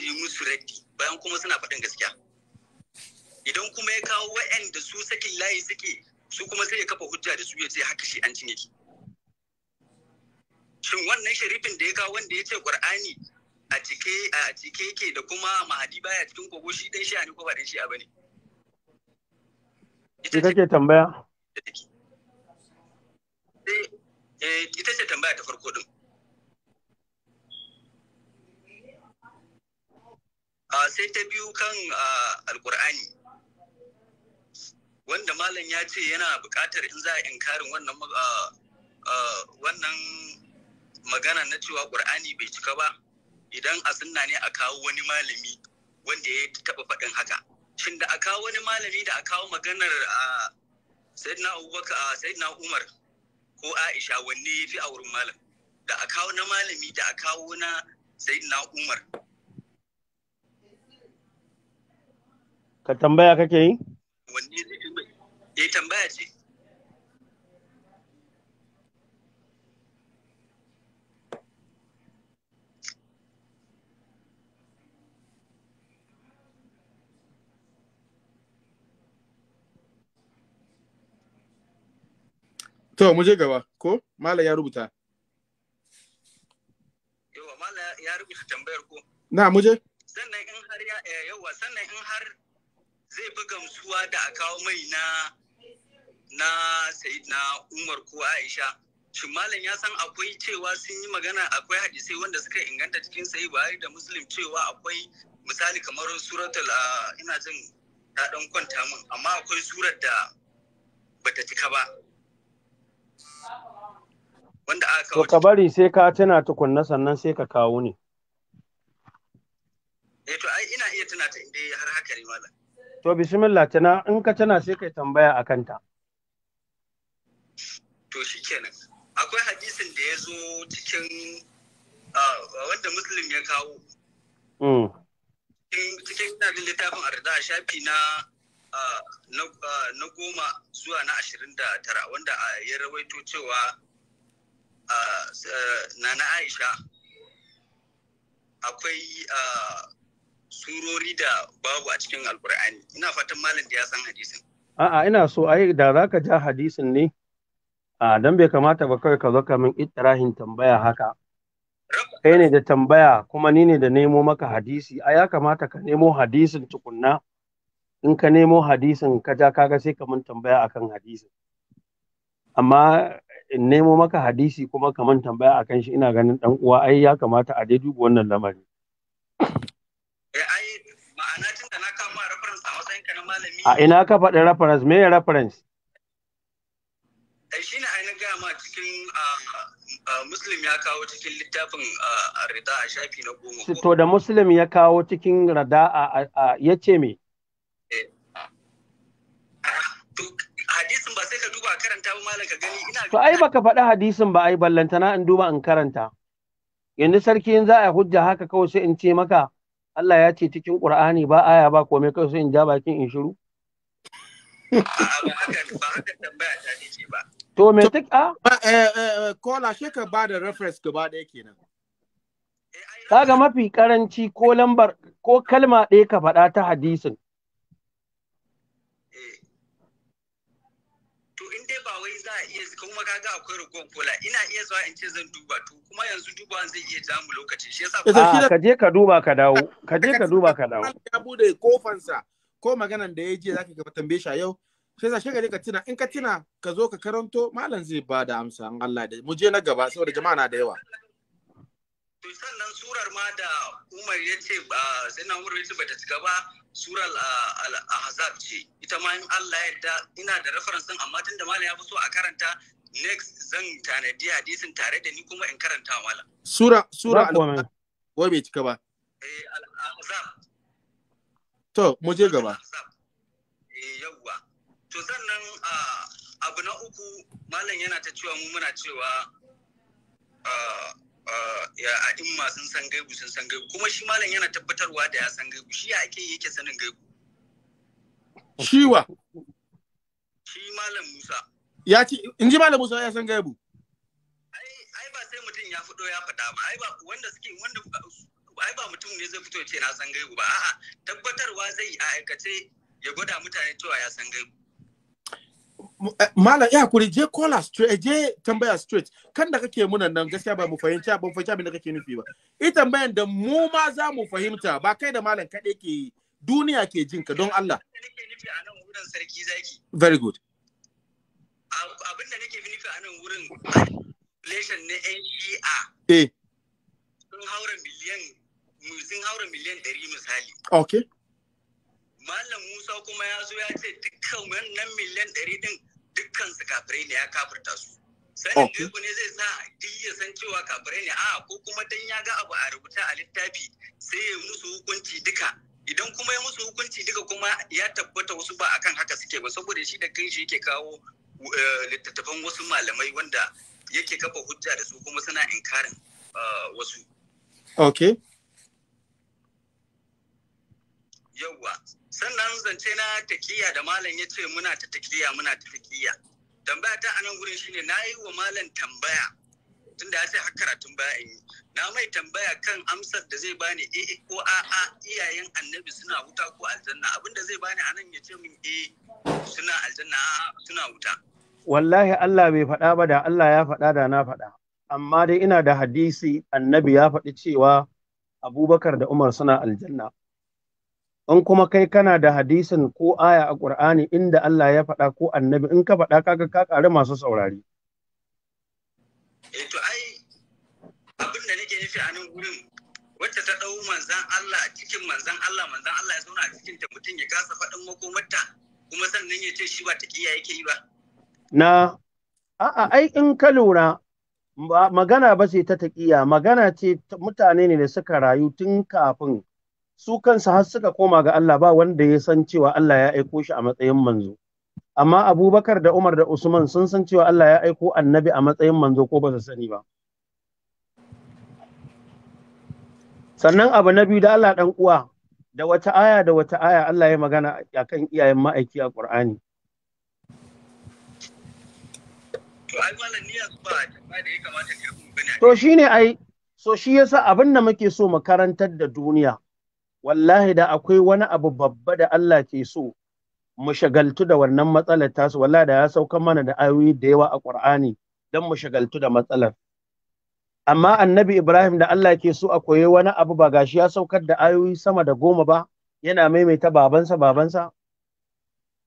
yi musu raddi bayan kuma suna faɗin gaskiya idan kuma ya kawo wa'anda su sakin layi suke su kuma sai ya kafa hujja da su ya ce haka shi an cinye ki shin wannan sharifin da ya kawo wanda ya ce qur'ani a cike a cike yake da kuma mahadi baya cikin kogo shi dan shi'a ne ko ba dan shi'a bane ita ce tambaya da take sai ita ce tambaya ta farko din ah, sai ta biyu kan ah, alkur'ani wanda malam ya ce yana buƙatar in za a inkarin wannan ah, wannan magana na cewa ƙur'ani bai cika ba idan a sunna ne a kawo wani malami wanda ya taɓa faɗin haka shin da a kawo wani malami da a kawo maganar sayyidina abubakar ah, sayyidina umar ko aisha wanne ya fi a wurin malam da a kawo na malami da a kawo na sayyidina umar ka tambaya kake yi wanne ya eh, tambaya ce To, mu je gaba, ko? Mala ya rubuta. Yawa, Mala ya rubuta tambayar ko? Na, mu Sannan in har ya, eh, yawa, sannan in har zai fi gamsuwa da a kawo mai na na na Umar ko Aisha. Shin Malam ya san akwai cewa sun yi magana akwai hadisai wanda suka inganta cikin sayi Buhari da Muslim cewa akwai misali kamar suratul ah, ina jin ta kwanta min amma akwai surar da bata cika ba. wanda aka kawo. To ka bari sai ka tuna tukunna sannan sai ka kawo ne. Eh to ai ina iya tuna ta inda har haka ne malam. To bismillah tana in ka tana sai kai tambaya akan ta. To shikenan. Akwai hadisin da ya zo cikin ah, wanda Muslim ya kawo. Mm. Cikin ina da littafin arda shafi na ah, ah, na goma zuwa na ashirin da tara wanda ya rawaito cewa nana aisha akwai surori da babu a cikin alkur'ani ina fatan malam da ya san hadisin a'a ina so ai da za ka ja hadisin ne a dan bai kamata ba kawai ka zo ka min ittirahin tambaya haka kai ne da tambaya kuma ni ne da nemo maka hadisi a ya kamata ka nemo hadisin tukunna in ka nemo hadisin ka ja kaga sai ka min tambaya akan hadisin amma in nemo maka hadisi kuma kaman tambaya akan shi ina ganin dan uwa ai ya kamata a dai duba wannan lamari eh, da na kama a a ina ka faɗi reference me ya reference eh, shi ne ainihin gaya ma cikin muslim ya kawo cikin littafin rida a shafi na goma to da muslim ya kawo cikin rada a yace me hadisin ba sai ka duba karanta ba malam ka gani ina to ai baka faɗi hadisin ba ai ballantana in duba in karanta yanzu sarki in za a hujja haka kawai sai in ce maka Allah ya ce cikin Qur'ani ba aya ba komai kawai sai in ja bakin in shiru ta to me take ah? a eh, eh, kola she ka ba da reference gaba ɗaya kenan eh, kaga mafi karanci ko lambar ko kalma ɗaya ka faɗa ta hadisin kuma kaga akwai rigon kola ina iya zuwa in ce zan duba to kuma yanzu duba zai iya ja mu lokaci shi yasa eh, ah, ka je ka duba ka dawo ka je ka duba ka dawo ya bude kofansa ko maganan da ya zaka ga tambaye shi a yau sai sa shekare ka tuna in ka tuna ka zo ka karanto malam zai ba da amsa an Allah da mu je na gaba saboda jama'a na da yawa to sannan surar ma da Umar ya ce ba sai na Umar yace ba ta cika ba surar ah, al ce ita ma in Allah yarda ina da reference amma amma da malam ya fi so a karanta next zan tanadi hadisin tare da ni kuma in karanta malam sura sura al-ahzab wai cika ba eh al to mu je gaba eh yawwa to sannan ah, abu na uku malam yana ta cewa mu muna cewa ah, Eh, ya a'imma sun san gaibu sun san gaibu kuma shi malam yana tabbatarwa da ya san gaibu shi ya ake yake sanin gaibu shiwa shi malam Musa ya ci, in ji malam Musa ya san gaibu ai ba sai mutum ya fito ya fada ba ai ba wanda suke wanda ai ba mutum ne zai fito ya ce na san gaibu ba a'a tabbatarwa zai a aikace ya gwada mutane cewa ya san gaibu Eh, malam ya kuri je kola straight eh, je tambaya straight kan da kake muna nan gaskiya ba mu fahimci ba fahimci abin da kake nufi ba. Ita tambayan da mu ma za mu fahimta ba kai da malam kaɗai ke duniya ke jin ka don Allah. Very good. Abin da nake nufi a nan wurin population na yan e Eh. Sun haura miliyan sun haura miliyan dari misali. Okay. Malam Musa kuma ya zo ya ce dukkan wannan miliyan ɗari ɗin dukkan su kafirai ne ya kafirta su. Sanin da oh. ne zai sa duk ya san cewa kafirai ne a ko kuma dan ya ga abu a rubuta a littafi sai ya musu hukunci duka. Idan kuma ya musu hukunci duka kuma ya tabbata wasu ba akan haka suke ba saboda shi da shi yake kawo eh, littattafan wasu malamai wanda yake kafa hujja da su kuma suna inkarin ah, wasu. Okay. Yawwa, sannan zance na takiya da malam ya ce muna ta takiya muna ta takiya tambaya ta anan gurin shine na yi wa malam tambaya tunda ya sai har karatun baya yi na mai tambaya kan amsar da zai bani eh ko a'a iyayen annabi suna wuta ko aljanna abinda zai bani anan ya ce min eh suna aljanna suna wuta wallahi Allah bai faɗa ba da Allah ya faɗa da na faɗa amma dai ina da hadisi annabi ya faɗi cewa Abubakar da Umar suna aljanna in kuma kai kana da hadisin ko aya a ƙur'ani inda Allah ya faɗa ko annabi in ka faɗa kaga ka ƙari masu saurari. Eto eh, to ai abin da nake nufi a nan gurin wacce ta ɗau manzan Allah a cikin manzan Allah manzan Allah ya zauna a cikin ta mutum ya kasa faɗin makomarta kuma sannan ya ce shi ba ta kiyaye yake yi ba. Na a'a ai in ka lura magana ba sai ta taƙiya magana ce mutane ne da suka rayu tun kafin su kansu har suka koma ga Allah ba wanda ya san cewa Allah ya aiko shi a matsayin manzo amma Abubakar da Umar da Usman sun san cewa Allah ya aiko annabi a matsayin manzo ko ba su sani ba sannan abu na biyu da Allah dan uwa da wata aya da wata aya Allah ya magana akan iyayen ma'aiki a Qur'ani To shi ne ai, so shi yasa abin da muke so makarantar da duniya, wallahi da akwai wani abu babba da Allah ke so mu shagaltu da wannan matsalar tasu wallahi da ya sauka mana da ayoyi da yawa a Qur'ani dan mu shagaltu da matsalar amma annabi Ibrahim da Allah ke so a koyi wani abu ba gashi ya saukar da ayoyi sama da goma ba yana maimaita babansa babansa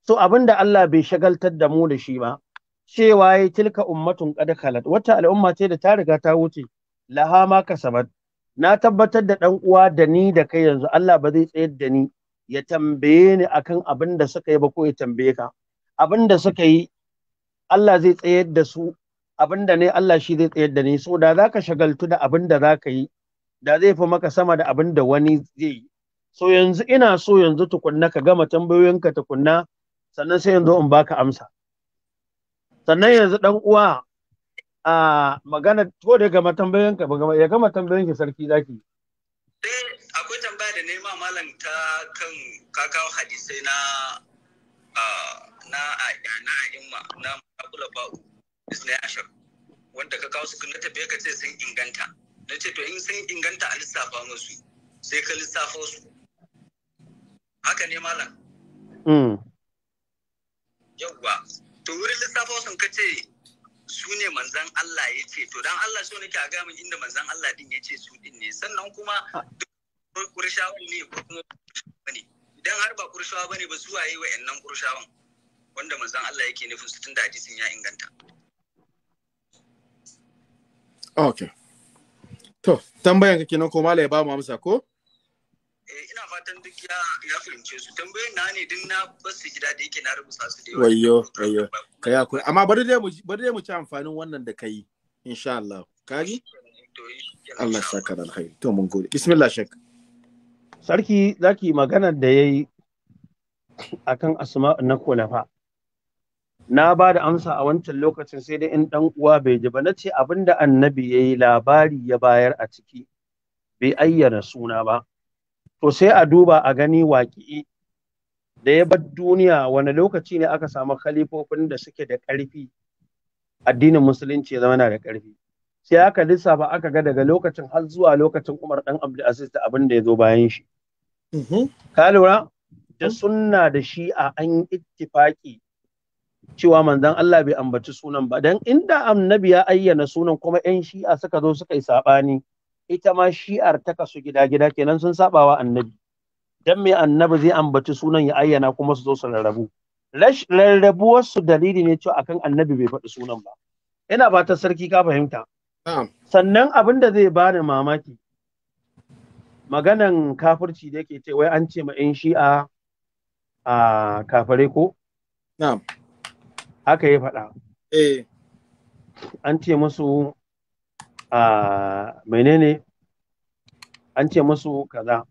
so abinda Allah bai shagaltar da mu da shi ba cewa ya tilka ummatun qad khalat wata al'umma ce da ta riga ta wuce laha ma kasabat na tabbatar da ɗan uwa da ni da kai yanzu Allah ba zai tsayar da ni ya tambaye ni akan abin da suka yi ba ko ya tambaye ka abin da suka yi Allah zai tsayar da su abin da ne Allah shi zai tsayar da ni so da zaka shagaltu da abin da zaka yi da zai fi maka sama da abin da wani zai yi so yanzu ina so yanzu tukunna ka gama tambayoyinka tukunna sannan sai yanzu in baka amsa sannan yanzu dan uwa a magana ko da gama tambayoyin ka ya gama tambayoyin ki sarki zaki eh akwai tambaya da nema malam ta kan kakawo hadisai na na na imma na abula ba'u isna ashar wanda ka kawo su na tafiye ka ce sun inganta na ce to in sun inganta a lissafa musu sai ka lissafa su haka ne malam mm. yauwa to wurin lissafa sun ka ce su ne manzan Allah ya ce to dan Allah so nake a min inda manzan Allah din ya ce su din ne sannan kuma duk kurshawan ne ko kuma bane idan har ba kurshawa bane ba su waye wa'annan kurshawan wanda manzan Allah yake nufin su da hadisin ya inganta okay to tambayan ka kenan ko mallai ya ba mu amsa ko Eh, ina fatan duk ya fahimce su tambayoyin na ne din na basu gida da yake na rubuta su da yawa wayyo wayyo kai akwai amma bari dai mu bari dai mu ci amfanin wannan da kai insha Allah Kaji? Allah saka da alkhairi to mun gode bismillah shek sarki zaki maganar da yayi akan asma na kulafa na ba da amsa a wancan lokacin sai dai in dan uwa bai ji ba nace abinda annabi yayi labari ya bayar a ciki bai ayyana suna ba to sai a duba a gani waƙi da ya bar duniya wani lokaci ne aka samu khalifofin da suke da ƙarfi addinin musulunci ya zama na da ƙarfi sai aka lissafa aka ga daga lokacin har zuwa lokacin Umar dan Abdulaziz da abin da ya zo bayan shi mm-hmm. ka lura da mm-hmm. sunna da shi a an ittifaki cewa manzon Allah bai ambaci sunan ba dan inda annabi ya ayyana sunan kuma yan shi'a suka zo suka yi sabani ita ma shi'ar ta kasu gida-gida kenan sun wa annabi Don me annabi zai ambaci sunan ya ayyana kuma su zo su rarrabu rarrabuwar wasu dalili ne cewa akan annabi bai faɗi sunan ba ina ba ta sarki ka fahimta sannan abin da zai bani mamaki maganan kafirci da yake ce wai an ce ma in shi'a a kafare ko haka ya faɗa eh. an ce musu a menene an ce musu kaza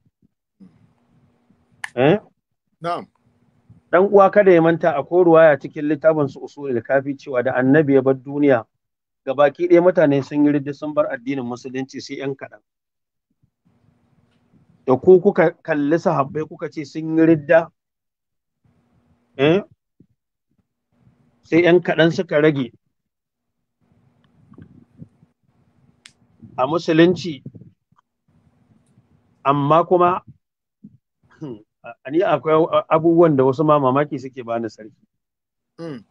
eh na'am dan uwa kada ya manta a ruwaya cikin littafin su usulul kafi cewa da annabi ya bar duniya gabaki ɗaya mutane sun yi ridda sun bar addinin musulunci sai yan kaɗan da ku kuka kalli sahabbai kuka ce sun yi ridda eh sai yan kaɗan suka rage a musulunci amma kuma ni akwai abubuwan da wasu ma mamaki suke bani sarki hmm.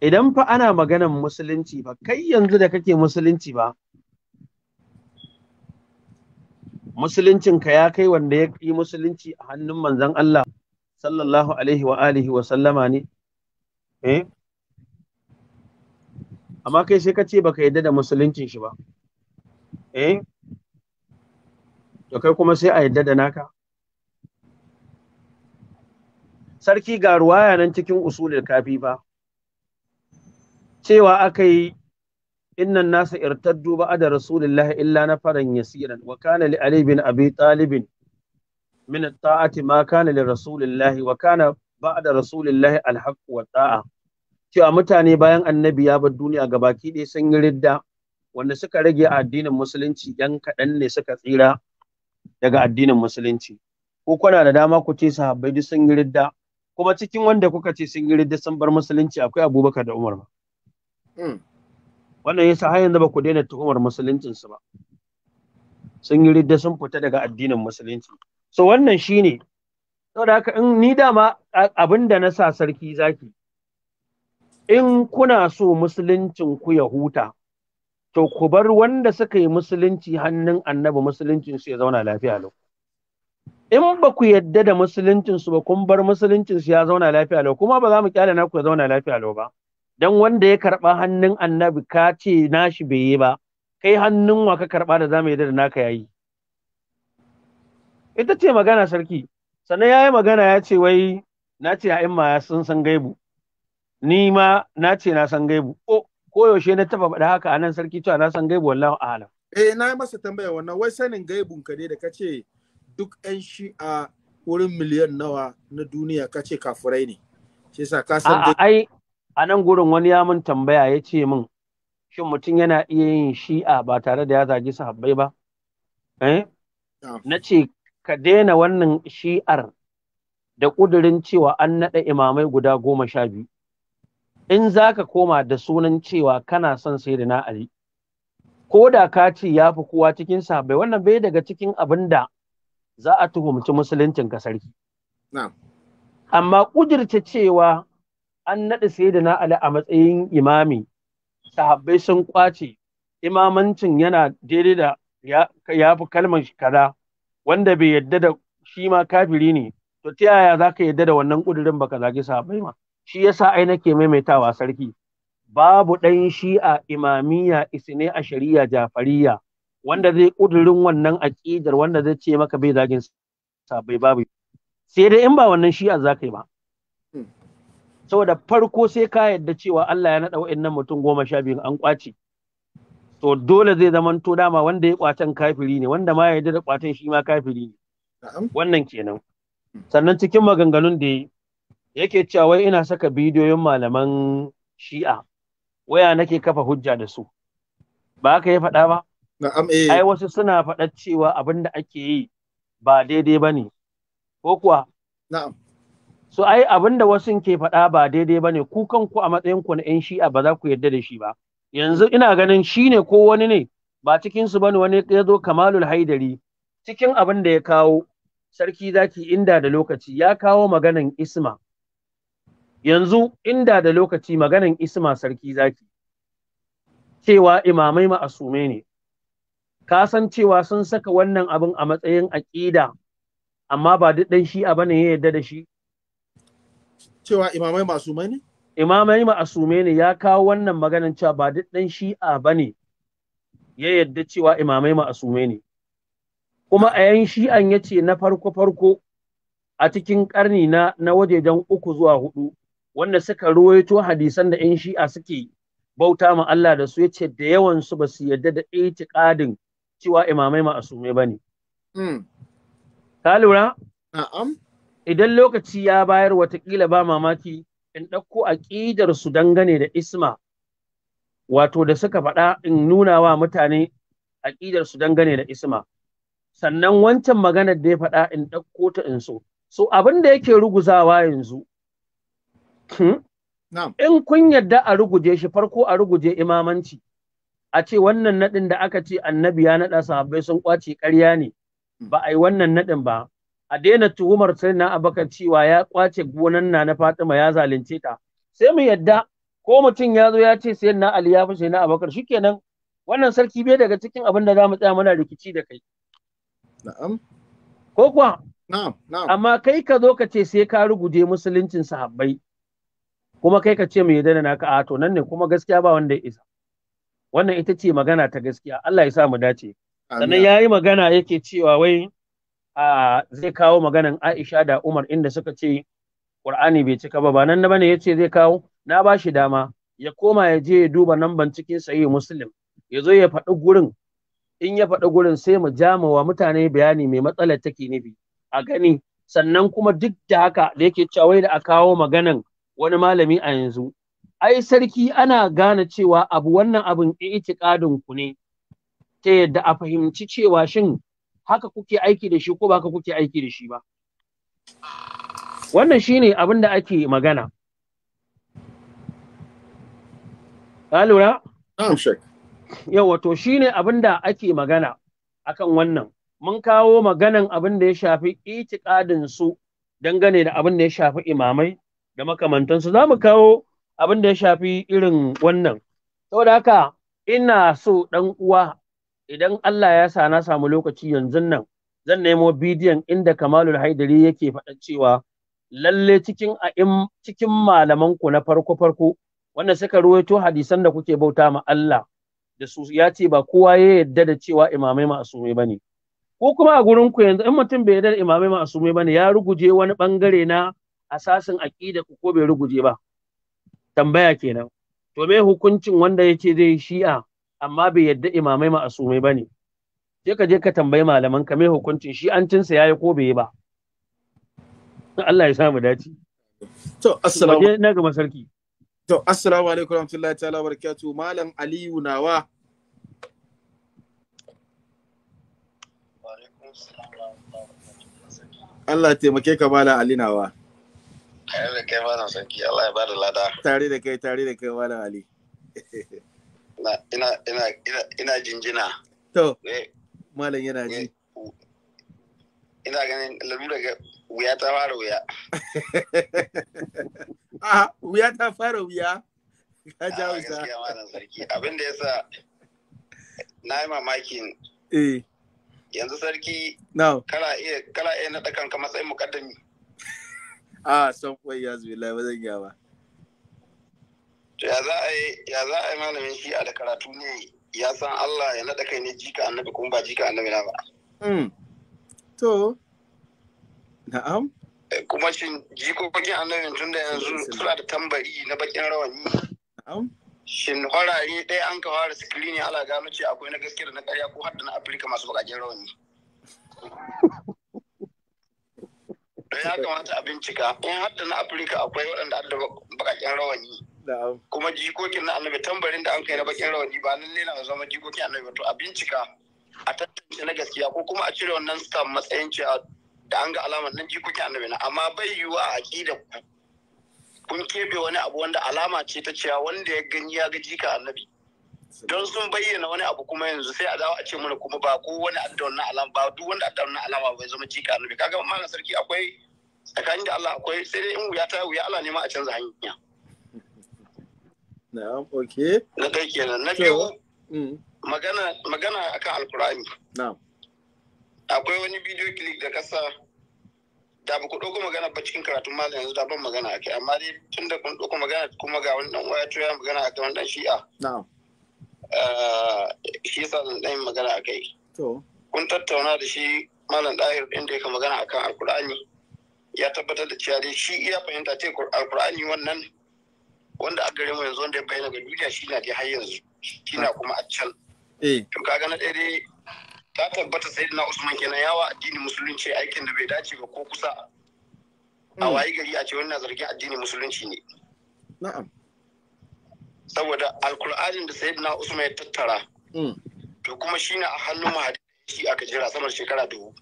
idan fa ana maganan musulunci ba kai yanzu da kake musulunci ba musuluncinka ya kai wanda ya yi musulunci a hannun manzon Allah sallallahu alaihi wa alihi wa sallama ne eh amma kai sai ka ce baka yadda da musuluncin shi ba eh to kai kuma sai a yadda da naka sarki ga ruwaya nan cikin usulil kafi ba. cewa aka yi innan nasa irtaddu da rasulillahi illa na faran yasiran wa kana li ali bin abi talibin kana الطاعة ما كان wa kana وكان بعد رسول الله الحق ta'a cewa mutane bayan annabi ya bar duniya gabaki ɗaya sun yi ridda wanda suka rage a addinin musulunci yan kaɗan ne suka tsira daga addinin musulunci ko kuna da dama ku ce sahabbai duk sun ridda kuma cikin wanda kuka ce sun ridda sun bar musulunci akwai abubakar da umar ba. Hmm. wannan yasa har yanzu ba ku daina tuhumar musuluncinsu ba sun yi ridda sun fita daga addinin musulunci so wannan shine saboda haka in ni dama abin da na sa sarki zaki in kuna so musuluncin ku ya huta to ku bar wanda suka yi musulunci hannun annabi musuluncin su ya zauna lafiya lau in ba ku yadda da musuluncin su ba kun bar musuluncin su ya zauna lafiya lau kuma ba za mu kyale naku ya zauna lafiya lau ba dan wanda ya karba hannun annabi ka ce nashi bai yi ba kai hannun wa ka karba da zamu yadda da naka yayi ita ce magana sarki sannan yayi magana ya ce wai na ce ya sun san gaibu ni ma na ce na san gaibu oh koyaushe na taba faɗa haka a nan sarki cewa na san gaibu wallahu alam. Eh na masa tambaya wannan wai sanin gaibun ka ne da ka ce duk 'yan shi'a wurin miliyan nawa na duniya ka ce kafurai ne. Shi yasa ka san ai a nan gurin wani ya mun tambaya ya ce min shin mutum yana iya yin shi'a ba tare da ya zagi sahabbai ba? Eh? Ah. Na ce ka daina wannan shi'ar da ƙudurin cewa an naɗa imamai guda goma sha biyu. in za ka koma da sunan cewa kana son sai na Ali, ko da ka ce ya fi kowa cikin sabai wannan bai daga cikin abin da za a tuhumci musuluncin ka sarki. Amma ƙudirce cewa an naɗa sai na Ali a matsayin imami, sahabbai sun ƙwace, imamancin yana daidai da ya fi kalmar kaza wanda bai yadda da shi ma kafiri ne, to ta yaya za ka yadda da wannan ƙudurin baka zage sahabbai ma? shi yasa ai nake maimaitawa sarki babu ɗan shi'a imamiya isne a shari'a jafariya wanda zai ƙudurin wannan aƙidar wanda zai ce maka bai zagin sabai babu sai dai in ba wannan shi'a za ka yi ba hmm. saboda farko sai ka yadda cewa Allah ya naɗa wa'annan mutum goma sha biyu an ƙwace to dole zai zaman to dama wanda ya ƙwacen kafiri ne wanda ma ya yadda da ƙwacen shi ma kafiri ne wannan kenan hmm. sannan cikin maganganun da ya yi yake cewa wai ina saka bidiyoyin malaman shi'a waya nake kafa hujja da su ba haka ya faɗa ba eh. ai wasu suna faɗa cewa abin da ake yi ba daidai bane ko kuwa na'am so ai abin wasu ke faɗa ba daidai bane ku kanku a matsayin ku na yan shi'a ba za ku yarda da shi ba yanzu ina ganin shi ne ko wani ne ba cikin su bane wani ya zo kamalul haidari cikin abin da ya kawo sarki zaki inda da lokaci ya kawo maganan isma yanzu inda da lokaci maganin isma sarki zaki cewa imamai ma'asume ne ka san cewa sun saka wannan abin a matsayin aƙida amma ba duk dan shi'a bane ya yarda da shi cewa imamai ma'asumai ne imamai ma'asume ne ya kawo wannan maganin cewa ba duk dan shi'a bane ya yarda cewa imamai ma'asume ne kuma a yan shi'an ya ce na farko farko a cikin ƙarni na na wajejen uku zuwa hudu wanda suka ruwaito hadisan da 'yan shi'a suke bauta ma Allah da su yace da yawan su ba su yarda da itiqadin cewa imamai ma'asumai ne. Hmm. ka lura na'am idan lokaci ya bayar watakila ba mamaki in ɗauko aƙidar su dangane da isma wato da suka faɗa in nuna wa mutane aƙidar su dangane da isma sannan wancan maganar da ya faɗa in ɗauko ta in so so abin da yake ruguzawa yanzu Hmm? in kun yadda a ruguje shi farko a ruguje imamanci a ce wannan naɗin da aka ce annabi ya naɗa sahabbai sun ƙwace ƙarya ne hmm. ba a yi wannan naɗin ba a daina tuhumar sai na abakar cewa ya ƙwace gonan na na fatima ya zalunce ta sai mu yadda ko mutum ya zo ya ce sai na ali ya fi sai na abakar shikenan wannan sarki bai daga cikin abin da za mu tsaya mana rikici da kai na'am ko kuwa amma kai ka zo ka ce sai ka ruguje musuluncin sahabbai kuma kai ka ce mai yadda na ka to nan ne kuma gaskiya ba wanda ya isa wannan ita ce magana ta gaskiya Allah ya sa mu dace sannan ya yi magana yake cewa wai a zai kawo maganan Aisha da Umar inda suka ce Qur'ani bai cika ba ba nan na bane yace zai kawo na ba shi dama ya koma ya je ya duba namban cikin sahih Muslim ya zo ya faɗi gurin in ya faɗi gurin sai mu jama wa mutane bayani mai matsalar take nufi a gani sannan kuma duk da haka da yake cewa wai da a kawo maganan wani malami a yanzu ai sarki ana gane cewa abu wannan abin i'tiqadin ku ne ta yadda a fahimci cewa shin haka kuke aiki da shi ko ba haka kuke aiki da shi ba wannan shine abin da ake magana ka lura na'am shek yawa to shine abin da ake magana akan wannan mun kawo maganan abin da ya shafi itikadin su dangane da abin da ya shafi imamai da makamantansu za mu kawo abin da ya shafi irin wannan saboda haka ina so ɗan uwa idan Allah ya sa na samu lokaci yanzu nan zan nemo bidiyon inda Kamalul Haidari yake faɗan cewa lalle cikin in cikin malaman ku na farko farko wanda suka ruwaito hadisan da kuke bauta ma Allah da su ya ce ba kowa ya yarda da cewa imamai ma'asumai ne. ko kuma a gurin ku yanzu in mutum bai yarda da imamai ma'asumai ne. ya ruguje wani bangare na asasin aƙida ku ko bai ruguje ba tambaya kenan to me hukuncin wanda ya ce zai shi'a amma bai yadda imamai ma'asumai ba ne sai ka je ka tambayi malaman ka me hukuncin shi'ancinsa ya yi ko bai yi ba Allah ya mu dace to assalamu na gama sarki to assalamu alaikum warahmatullahi ta'ala barakatuh malam aliyu nawa Allah taimake ka bala alinawa. Tare da kai malam sarki Allah ya bada lada. Tare da kai tare da kai malam Ali. ina jinjina. To. Malam yana ji. Ina ganin lalura ga wuya ta fara wuya. a <laughs> ah, wuya ta fara wuya. Ka ja ah, wuta. Gaskiya malam sarki. Abin da yasa na yi mamakin. Eh. Yanzu sarki. Kana iya kana iya naɗa kanka matsayin mukaddami. Ah, a san kwai ya zuwa lai zan yi ba ya za a yi a malamin shi a da karatu ne ya san Allah ya naɗa kai ne jika annabi kuma ba jika annabi na ba hmm. to na'am eh, kuma shi jikokin annabi tun da yanzu suna da tambari na bakin rawani shin horare ɗaya an ka fara screening ala gano ce akwai na gaske da na ƙarya ko hadda na afirka masu bakakin rawani <laughs> to ya kamata a bincika in hadda na afirka akwai waɗanda an da bakakken rawani kuma jikokin na annabi tambarin da an kai na bakin rawani ba nan na zama jikokin annabi to a bincika a tantance na gaskiya ko kuma a cire wannan stamp matsayin cewa da an ga alamar nan jikokin annabi na amma bai yiwuwa a aƙida kun keɓe wani abu wanda alama ce ta cewa wanda ya gani ya ga jika annabi don sun bayyana wani abu kuma yanzu sai a dawo a ce mana kuma ba ko wani adda wannan alama ba duk wanda adda wannan alama bai zama jika annabi kaga malam sarki akwai tsakanin da Allah akwai sai dai in wuya ta wuya Allah ne ma a canza hanya na'am okay na kai kenan na biyu mm. magana magana akan alkurani na'am akwai wani bidiyo clip da kasa da ba ku ɗauko magana ba cikin karatun malam yanzu da ban magana akai amma dai tun da kun ɗauko magana kuma ga wani ɗan waya to ya magana akan wani ɗan shi'a na'am eh, shi yasa zan ɗan magana akai to kun tattauna da shi malam ɗahir ɗin da ka magana akan alkurani ya tabbatar da cewa shi iya fahimta ta alkur'ani wannan wanda a gare mu yanzu wanda ya bayyana ga duniya shi na dai har yanzu shi na kuma a can eh. to kaga na dai ta tabbata sai na usman kenan yawa addinin musulunci aikin da bai dace ba ko kusa a hmm. waye gari a ce wannan zargin addinin musulunci ne na'am saboda alkur'anin da na usman ya tattara hmm. to kuma shi na a hannun mahadi aka jira samar shekara dubu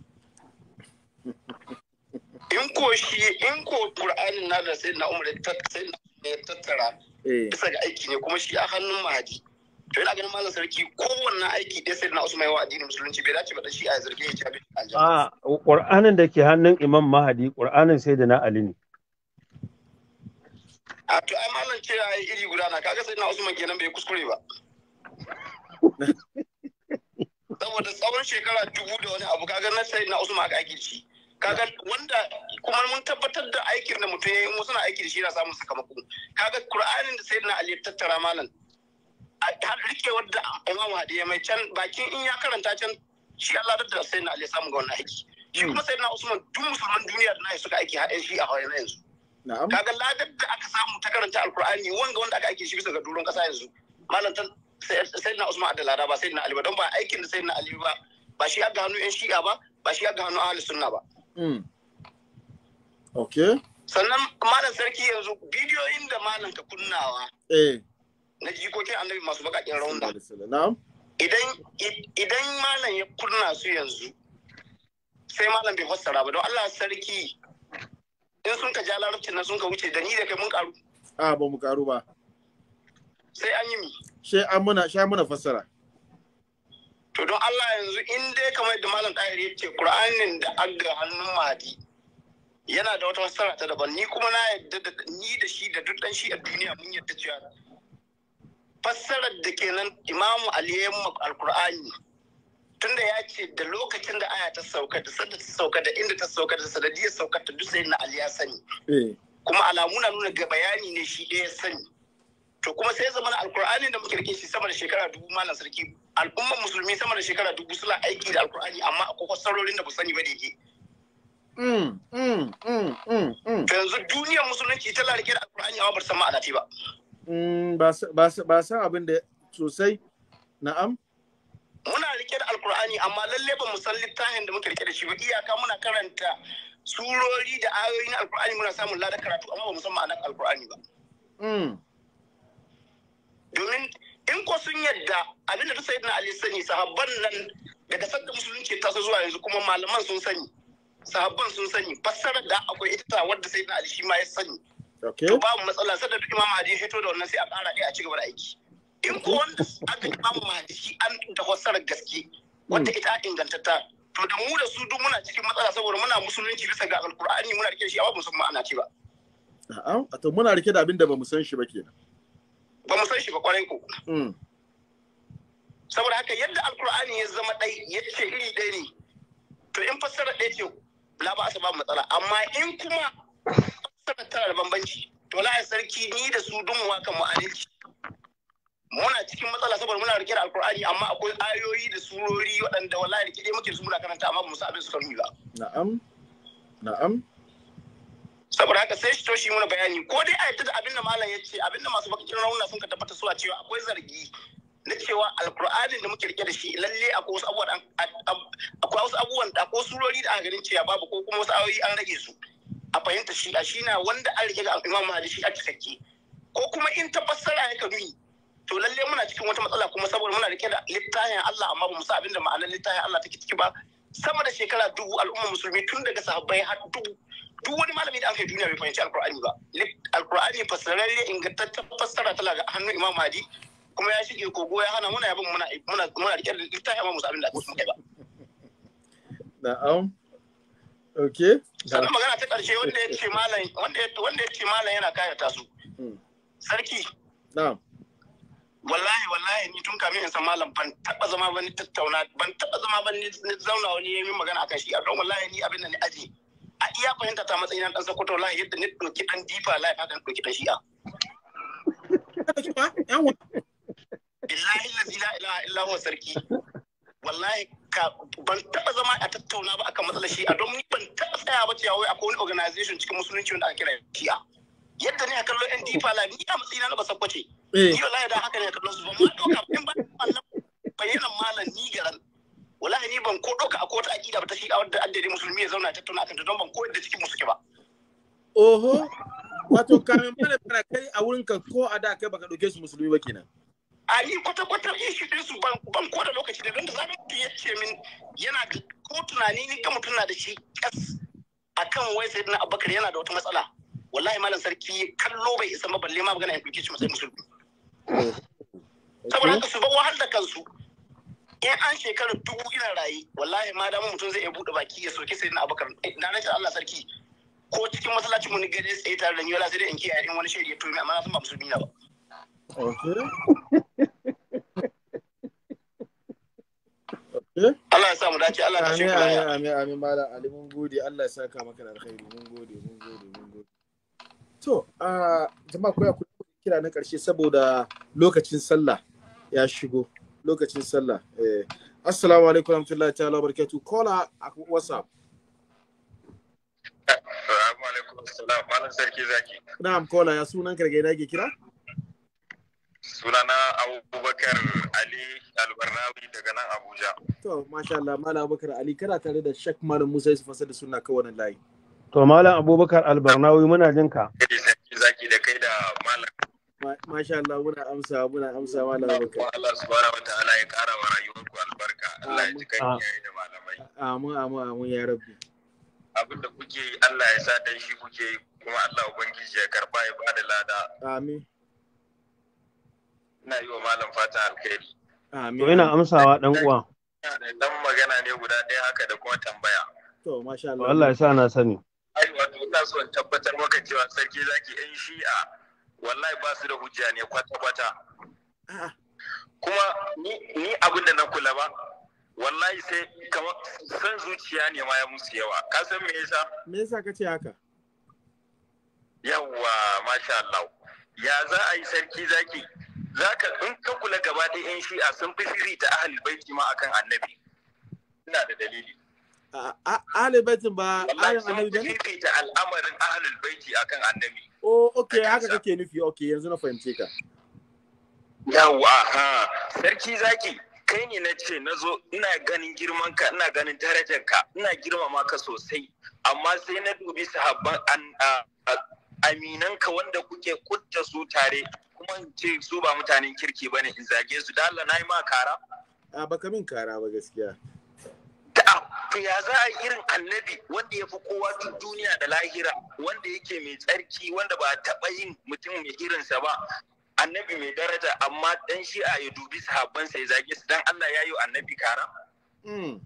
in ko shi in ko qur'anin na da sai na umar sai na tattara eh. bisa ga aiki ne kuma shi a hannun mahadi to yana ganin malam sarki kowanne aiki dai sai na usman yawa addinin musulunci bai dace ba dan shi a zarge ya ci aljanna a ah, qur'anin da ke hannun imam mahadi qur'anin sai da na ali ne a to ai malam ce ai iri guda na kaga sai na usman kenan bai kuskure ba <laughs> saboda tsawon shekara dubu da wani abu kaga na sai na usman aka aiki shi kaga wanda kuma mun tabbatar da aikin da mutum ya yi suna aiki da shi na samun sakamako kaga qur'anin da sayyidina ali ya tattara malam har rike wanda imam hadi mai can bakin in ya karanta can shi Allah da sayyidina ali ya samu ga wannan aiki shi hmm. kuma sayyidina usman duk musulman duniya da nayi suka aiki har shi a hawaye yanzu kaga ladar da aka samu ta karanta alqur'ani wanga wanda aka aiki shi bisa ga duron kasa yanzu malam sayyidina usman adalada ba sayyidina ali ba don ba aikin da sayyidina ali ba ba shi ya ga hannu yan shi'a ba ba shi ya ga hannu ahli sunna ba Mm. Okay. Sannan malam sarki yanzu bidiyoyin da malam ka kunnawa. Eh. Na jikokin annabi masu bakakin raunda. Na'am. Idan idan malam ya kunna su yanzu sai malam bai fassara ba don Allah sarki in sun ka ja larabcin nan sun ka wuce da ni da kai mun karu. A ah, ba mu karu ba. Sai an yi mi. Sai an muna sai an muna fassara. to don Allah yanzu in dai kamar da malam ɗahir ya ce Kur'anin da aga hannun mahadi yana da wata fassara ta daban ni kuma na yadda da ni da shi da duk ɗan shi a duniya mun yadda cewa fassarar da kenan imamu ali ya alkur'ani tunda ya ce da lokacin da aya ta sauka da sanda ta sauka da inda ta sauka da sanadiyar sauka ta duk sai na ali ya sani eh. kuma alamu na nuna ga bayani ne shi ɗaya sani to kuma sai zama alkur'ani da muke rike shi sama da shekara dubu malam sarki al'ummar musulmi sama da shekara dubu suna aiki da alkur'ani amma akwai sarorin da ba sani ba da yake mm, mm, mm, yanzu duniyar musulunci ta larike da alkur'ani amma ba san ma'ana ce ba ba san abin da sosai na'am muna rike da alkur'ani amma lalle ba mu san littafin da muke rike da shi ba iyaka muna karanta surori da ayoyi na alkur'ani muna samun ladar karatu amma ba mu san ma'anar alkur'ani ba domin in ko sun yadda abin da sayyidina ali sani sahabban nan daga sanda musulunci ta zuwa yanzu kuma malaman sun sani sahabban sun sani fassarar da akwai ita wadda sayyidina ali shi ma ya sani to babu matsala sanda duk imam hadi fito da wannan sai a ƙara ɗaya a cigaba da aiki in ko wanda aka imam hadi shi an da fassarar gaske wanda hmm. ita ingantatta to da mu da su duk muna cikin matsala saboda muna musulunci bisa ga alkur'ani muna rike shi amma ba san ma'ana ce ba a'a to muna rike da abin da ba mu san shi ba kenan ba mu san shi ba kwarai ko hmm. saboda haka yadda alkur'ani ya zama ɗai ya ce iri ɗaya ne to in fassara ɗaya ce la ba su ba matsala amma in kuma fassara tana da bambanci to la sarki ni da su dumuwa kan mu'adalci muna cikin matsala saboda muna rike da alkur'ani amma akwai ayoyi da surori waɗanda wallahi rike muke su muna karanta amma musu abin su kan ba na'am na'am saboda haka sai shi to shi muna bayani ko dai a yadda da abin da malam ya ce abin da masu bakin rauna sun ka tabbata suwa cewa akwai zargi na cewa alkur'anin da muke rike da shi lalle akwai wasu abubuwan akwai wasu akwai surori da an ganin cewa babu ko kuma wasu ayoyi an rage su a fahimta shi a shi na wanda an rike ga imam mahadi shi ake sake ko kuma in ta fassara ya nuni to lalle muna cikin wata matsala kuma saboda muna rike da littafin Allah amma ba mu san abinda ma'anar littafin Allah take ciki ba sama da shekara dubu al'umma musulmi tun daga sahabbai har dubu duk wani malami da aka yi duniya bai fahimci alkur'ani ba alkur'ani fassararre ingantaccen fassara tana ga hannun imam mahadi kuma ya shige ko goya hana muna yabin muna muna muna rike littafi amma musu abin da musu kai ba na'am okay sannan magana ta karshe wanda ya ce malam wanda ya wanda ya ce malam yana kayata su hmm. sarki na'am wallahi wallahi ni tun kamin in san malam ban taba zama ban tattauna ban taba zama ban zauna wani yayi min magana akan shi a don wallahi ni abin da ni aji a iya fahimta ta matsayin dan sokoto wallahi yadda ni doki dan difa life haka doki dan shi'a billahi la ilaha illa huwa sarki wallahi ban taba zama a tattauna ba akan matsalar a don ni ban taba tsaya ba cewa wai akwai wani organization cikin musulunci wanda aka kira shi'a yadda ne a kallon yan la ni a matsayina na basakwa ce eh. ni wallahi da haka ne a kallon su ba ma doka in ba wannan bayanan malam ni garan wallahi ni ban ko doka a kota aƙida ba ta shi a wadda addini musulmi ya zauna tattauna akan ta don ban koyar da cikin musu ke ba oho wato kamin fara kai a wurin ka ko a da kai baka ɗauke su musulmi ba kenan a yi kwata-kwata ishi din su ban ko da lokaci da don da zaɓin da ya ce min yana da ko tunani ni ga mutum na da shi kas kan wai sai na abakar yana da wata matsala wallahi malam sarki kallo bai isa ma balle ma magana ya ɗauke shi matsayin musulmi saboda haka su ba wahal da kansu in an shekarar dubu ina raye wallahi ma damar mutum zai iya buɗe baki ya soke sai eh, na abakar na nace Allah sarki ko cikin masallacin mu ni gari tsaye tare da ni wala sai dai in kiyaye in wani shari'a to amma na san ba musulmi na ba Allah ya sa mu dace Allah ya shi kula. Amin amin Amin, malam Ali mun gode Allah ya saka maka da alkhairi mun gode mun gode mun gode. To a jama'a koya ku kira na karshe saboda lokacin sallah ya shigo lokacin sallah. Eh. Assalamu alaikum warahmatullahi ta'ala barakatuh. Kola a WhatsApp. Assalamu alaikum assalam malam sarki zaki. Na'am kola ya sunan karge na ke kira? sunana abubakar ali albarnawi daga nan abuja to masha Allah malam abubakar ali kana tare da shek malam musa yusuf fasa da suna kawai layi to malam abubakar albarnawi muna jin ka zaki da kai da malam masha Allah muna amsa muna amsa malam abubakar Allah subhanahu wataala ya kara wa rayuwarku albarka Allah ya ji kan iyaye da malamai amin amin amin ya rabbi abin da kuke yi Allah ya sa dan shi kuke yi kuma Allah ubangiji ya karba ya bada lada amin ina yi wa malam fatan alkhairi to ina amsawa dan uwa dan magana ne guda ɗaya haka da kuma tambaya to masha Allah Allah ya sa na sani ai wato ina so in tabbatar maka cewa sarki zaki ɗan shi'a wallahi ba su da hujja ne kwata kwata kuma ni abin da na kula ba wallahi sai kamar san zuciya ne ma ya musu yawa ka san me yasa me yasa ka ce haka yawa masha Allah ya za a yi sarki zaki zaka in ka kula gaba ɗaya yan shi'a sun fi ta ahlul baiti ma akan annabi ina da dalili ahlul baiti ba ahlul annabi bane ta al'amarin ahlul baiti akan annabi oh okay haka kake nufi okay yanzu na fahimce ka yawa ha sarki zaki kai ne na ce na zo ina ganin girman ka ina ganin darajar ka ina girmama ka sosai amma sai na dubi sahabban aminanka wanda kuke kutta su tare kuma in ce su ba mutanen kirki bane in zage su da Allah na yi ma kara a baka min kara ba gaskiya to ya za a irin annabi wanda ya fi kowa duk duniya da lahira wanda yake mai tsarki wanda ba taba yin mutum mai irinsa ba annabi mai daraja amma dan shi'a ya dubi sahabbansa ya zage su dan Allah ya yi annabi kara hmm.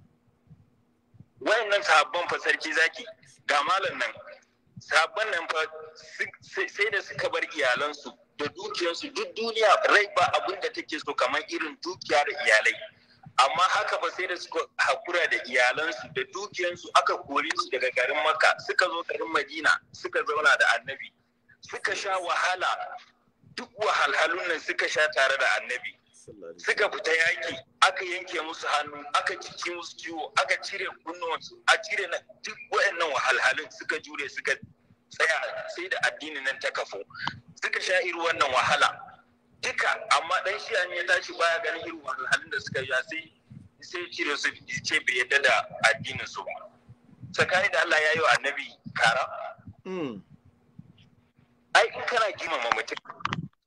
wayannan sahabban fa sarki zaki ga malam nan sabon nan fa sai da suka bar iyalansu da dukiyarsu duk duniya rai ba abin da take so kamar irin dukiya da iyalai amma haka ba sai da suka hakura da iyalansu da dukiyarsu aka kore su daga garin makka suka zo garin madina suka zauna da annabi suka sha wahala duk wahalhalun nan suka sha tare da annabi suka fita yaƙi aka yanke musu hannu aka ciki musu ciwo aka cire kunnuwansu a cire na duk waɗannan wahalhalun suka jure suka tsaya sai da addini nan ta kafo, suka sha irin wannan wahala duka amma dan shi an ya tashi baya ganin irin wahalhalun da suka ya sai sai cire su ce bai yadda da addinin su ba tsakanin da Allah ya yi wa annabi kara hmm. ai in kana girmama mutum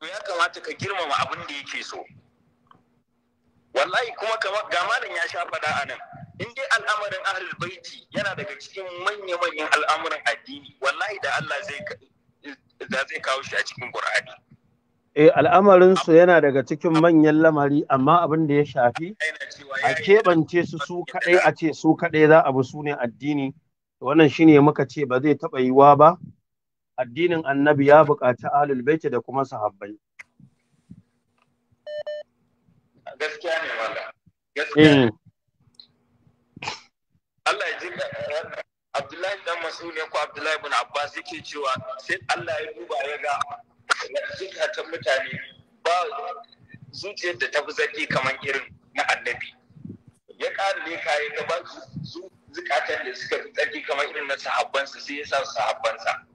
to ya kamata ka girmama abin da yake so wallahi kuma ga ya sha faɗa a nan in dai al'amarin ahlul baiti yana daga cikin manya-manyan al'amuran addini wallahi da Allah zai zai kawo shi a cikin Qur'ani eh al'amarin su yana daga cikin manyan lamari amma abin da ya shafi a keɓance su su kaɗai a ce su kaɗai za a bi su ne addini wannan shine muka ce ba zai taɓa yiwa ba addinin annabi ya buƙaci ahlul baiti da kuma sahabbai gaskiya ne wala gaskiya eh. Allah ya ji Abdullahi dan Mas'ud ne ko Abdullahi bin Abbas yake cewa sai Allah ya duba ya ga ta mutane ba zuciyar da ta fi zaki kamar irin na annabi ya ƙara ne kayan gaba zukatan da suka fi tsaki kamar irin na sahabbansa sai ya sa sahabbansa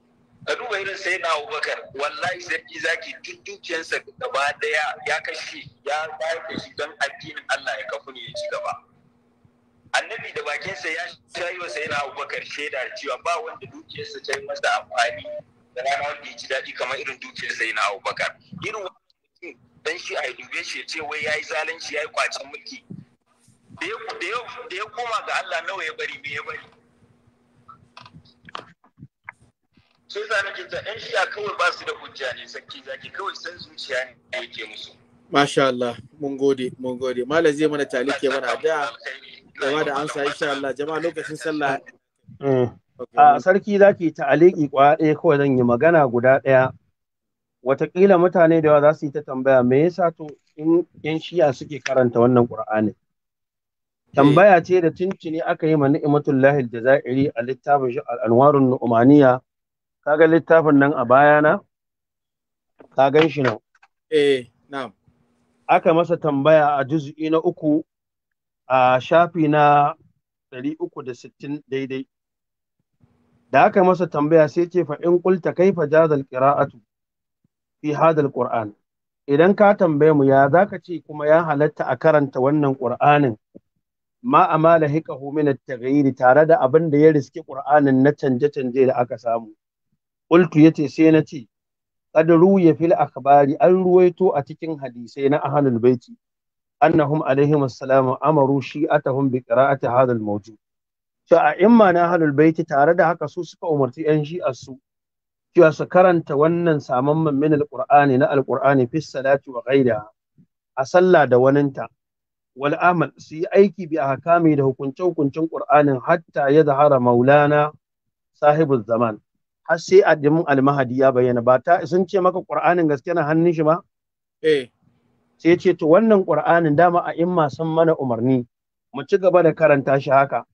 ka duba irin sai abubakar wallahi sarki zaki duk dukiyansa gaba daya ya kashe ya bayar da shi don addinin Allah ya kafu ne ya ci gaba annabi da bakinsa ya shayi wa sai abubakar shaida cewa ba wanda dukiyarsa ta yi masa amfani da rana wanda ya ci daɗi kamar irin dukiyar sai na abubakar irin wannan dan shi a yi dube shi ya ce wai ya yi zalunci ya yi kwacin mulki da ya koma ga Allah nawa ya bari me ya bari sai yasa nake ta ɗan shi'a kawai ba su da hujja ne sakki zaki kawai san zuciya ne yake musu Masha Allah, mun gode, mun gode. Malam zai mana talike mana da gaba da ansa insha Allah jama'a lokacin sallah. Mm. A sarki zaki ta aliki kwa ɗaya kawai zan yi magana guda ɗaya. Wataƙila mutane da yawa za su yi ta tambaya me yasa to in yan shiya suke karanta wannan Qur'ani. Tambaya ce da tuntuni aka yi ma ni'matul lahil jazairi a littafin al-anwarun nu'maniya kaga littafin nan a bayana ka gan shi nan eh na'am aka masa tambaya a juz'i na uku a shafi na 360 daidai da aka masa tambaya sai ce fa in qulta kaifa jazal qira'atu fi hadal qur'an idan ka tambaye mu ya zaka ce kuma ya halatta a karanta wannan qur'anin ma amala hikahu min at-taghyir tare da abin da ya riske qur'anin na canje-canje da aka samu qultu yace sai na ce qad ya fil akhbari an ruwaito a cikin hadisai na ahlul baiti annahum alaihim assalamu amaru shi'atahum bi qira'ati hadha al mawjud a imma na ahlul baiti tare da haka su suka umarci yan shi'a su su karanta wannan saman min alqur'ani na alqur'ani fi salati wa ghairiha a sallah da waninta wal amal su yi aiki bi ahkami da hukunce hukuncen qur'anin hatta ya zahara maulana sahibul zaman har sai addimin almahadi ya bayyana ba ta sun ce maka qur'anin gaske na hannun shi ba eh sai ce to wannan qur'anin dama a imma san mana umarni mu ci gaba da karanta shi haka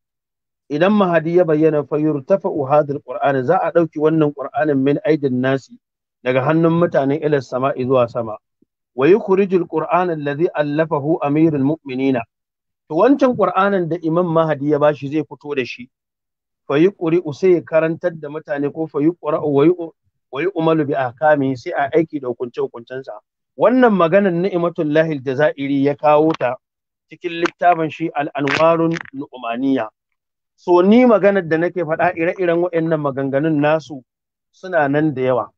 idan mahadi ya bayyana fa tafa hadal qur'ani za a dauki wannan qur'anin min aidin nasi daga hannun mutanen ila sama zuwa sama wa yukhrijul qur'ana allazi allafahu amirul mu'minina to wancan qur'anin da imam mahadi ya bashi zai fito da shi fa ƙuri'u sai ya karantar da mutane ko fa yuqra'u wa umalu bi akami sai a aiki da hukunce hukuncensa wannan maganar ni'matul lahil Za'iri ya kawo ta cikin littafin shi al-anwarun nu'maniya so ni maganar da nake faɗa ire-iren waɗannan maganganun nasu suna nan da yawa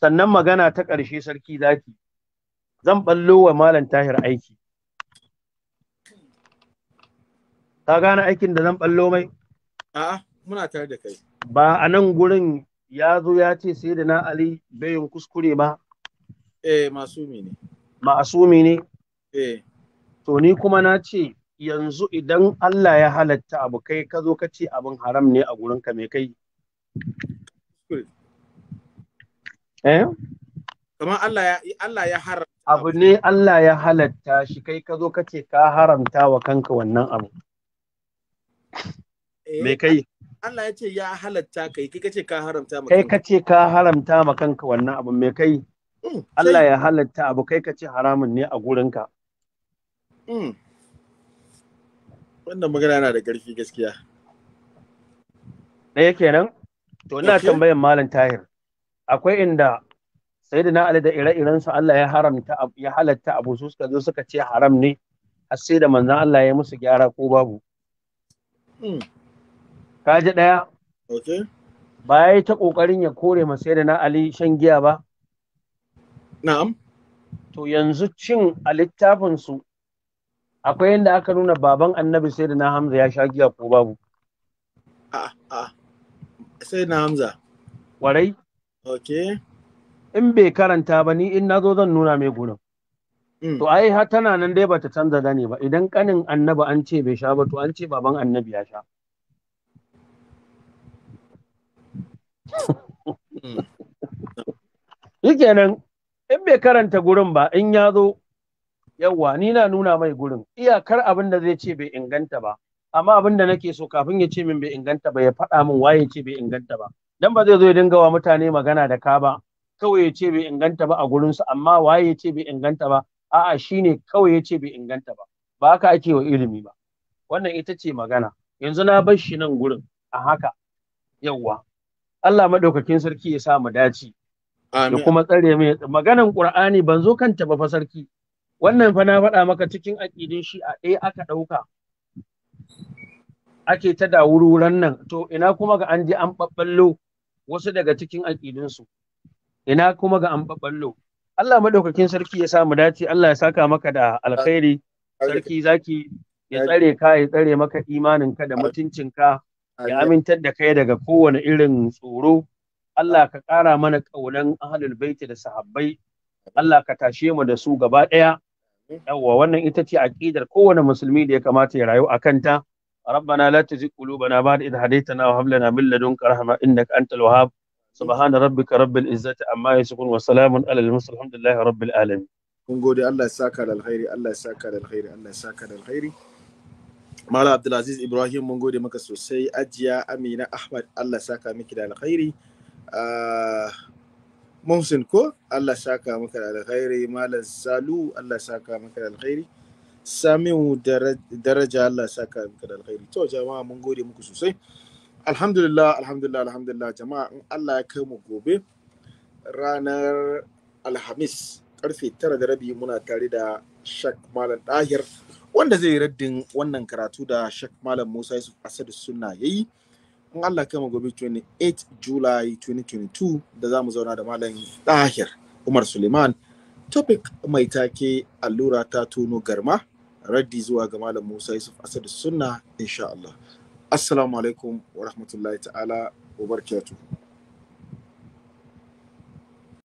sannan magana ta ƙarshe sarki zaki zan ballo wa malam tahir aiki ka gane aikin da zan ballo mai A'a, muna tare da kai. Ba a nan gurin ya zo ya ce sai da na Ali bayin kuskure ba? Eh, masumi ne. Ma'asumi ne? Eh. To ni kuma na ce yanzu idan Allah ya halatta abu kai ka zo ka ce abin haram ne a gurinka mai kai. Eh? Kamar Allah ya Allah ya har. Abu ne Allah ya halatta shi kai ka zo ka ce ka haramta wa kanka wannan abu. Eh, me kai Allah ya ce ya halatta kai kai kace ka haramta ma kai kace ka haramta ma kanka wannan abu me kai mm, Allah ya halatta abu kai kace haramun ne a gurinka mm. wannan magana na da ƙarfi gaskiya ɗaya kenan to ina tambayan malam tahir akwai inda sayyidina ali da ire-irensu Allah ya haramta ya halatta abu su suka zo suka ce haram ne har sai da manzon Allah ya musu gyara ko babu mm. kaji ɗaya ba ya yi ta ƙoƙarin ya kore masai da na Ali shan giya ba? Na'am. To yanzu cin a littafinsu akwai yadda aka nuna baban annabi sai da na Hamza ya sha giya ko babu? A'a, sai na Hamza. Warai? Ok. In bai karanta ba ni in nazo zan nuna mai gunan. Mm. To ai har tana nan dai bata canza gane ba idan kanin annabi an ce bai sha ba to an ce baban annabi ya sha. Hmm. Shikenan in bai karanta gurin ba in ya zo yawwa ni na nuna mai gurin iyakar abin da zai ce bai inganta ba amma abin da nake so kafin ya ce min bai inganta ba ya faɗa min waye ce bai inganta ba dan ba zai zo ya dinga wa mutane magana da ka ba kawai ya ce bai inganta ba a gurinsu amma waye ya ce bai inganta ba a'a shi ne kawai ya ce bai inganta ba ba haka ake wa ilimi ba wannan ita ce magana yanzu na bar shi nan gurin a haka yawwa Allah madaukakin sarki ya sa mu dace da kuma tsare mai maganan Qur'ani ban zo kanta ba fa sarki wannan fa na faɗa maka cikin aƙidin shi a ɗaya eh, aka ɗauka ake ta da wururan nan to ina kuma ga an je an babballo wasu daga cikin aƙidinsu ina kuma ga an babballo Allah madaukakin sarki ya sa mu dace Allah ya saka maka da alkhairi sarki zaki ya tsare ka ya tsare maka imaninka da mutuncinka ya amintar da kai daga kowane irin tsoro Allah ka ƙara mana ƙaunan ahlul baiti da sahabbai Allah ka tashe mu da su gaba ɗaya yawwa wannan ita ce aqidar kowane musulmi da ya kamata ya rayu akan ta ربنا لا تزغ قلوبنا بعد إذ هديتنا وهب لنا من لدنك رحمة إنك أنت الوهاب سبحان ربك رب العزة عما يصفون وسلام على المرسلين الحمد لله رب العالمين kun gode Allah ya saka da alkhairi Allah ya saka da alkhairi Allah da Malam Abdulaziz Ibrahim mun gode maka sosai ajiya Amina Ahmad Allah saka miki da alkhairi. Ah, Muhsin ko Allah saka maka da alkhairi Malam Salu Allah saka maka da alkhairi. Samiu daraja Allah saka maka da alkhairi. To jama'a mun gode muku sosai. Alhamdulillah alhamdulillah alhamdulillah jama'a in Allah ya kai mu gobe ranar Alhamis karfe tara da rabi muna tare da Shak Malam Dahir. wanda zai raddin wannan karatu da Sheikh Malam Musa Yusuf suna Sunna yayi in Allah kai mu gobe 28 July 2022 da zamu zauna da Malam Dahir Umar Suleiman topic mai take allura ta tono garma raddi zuwa ga Malam Musa Yusuf Asad Sunna insha Allah assalamu alaikum wa rahmatullahi ta'ala wa barakatuh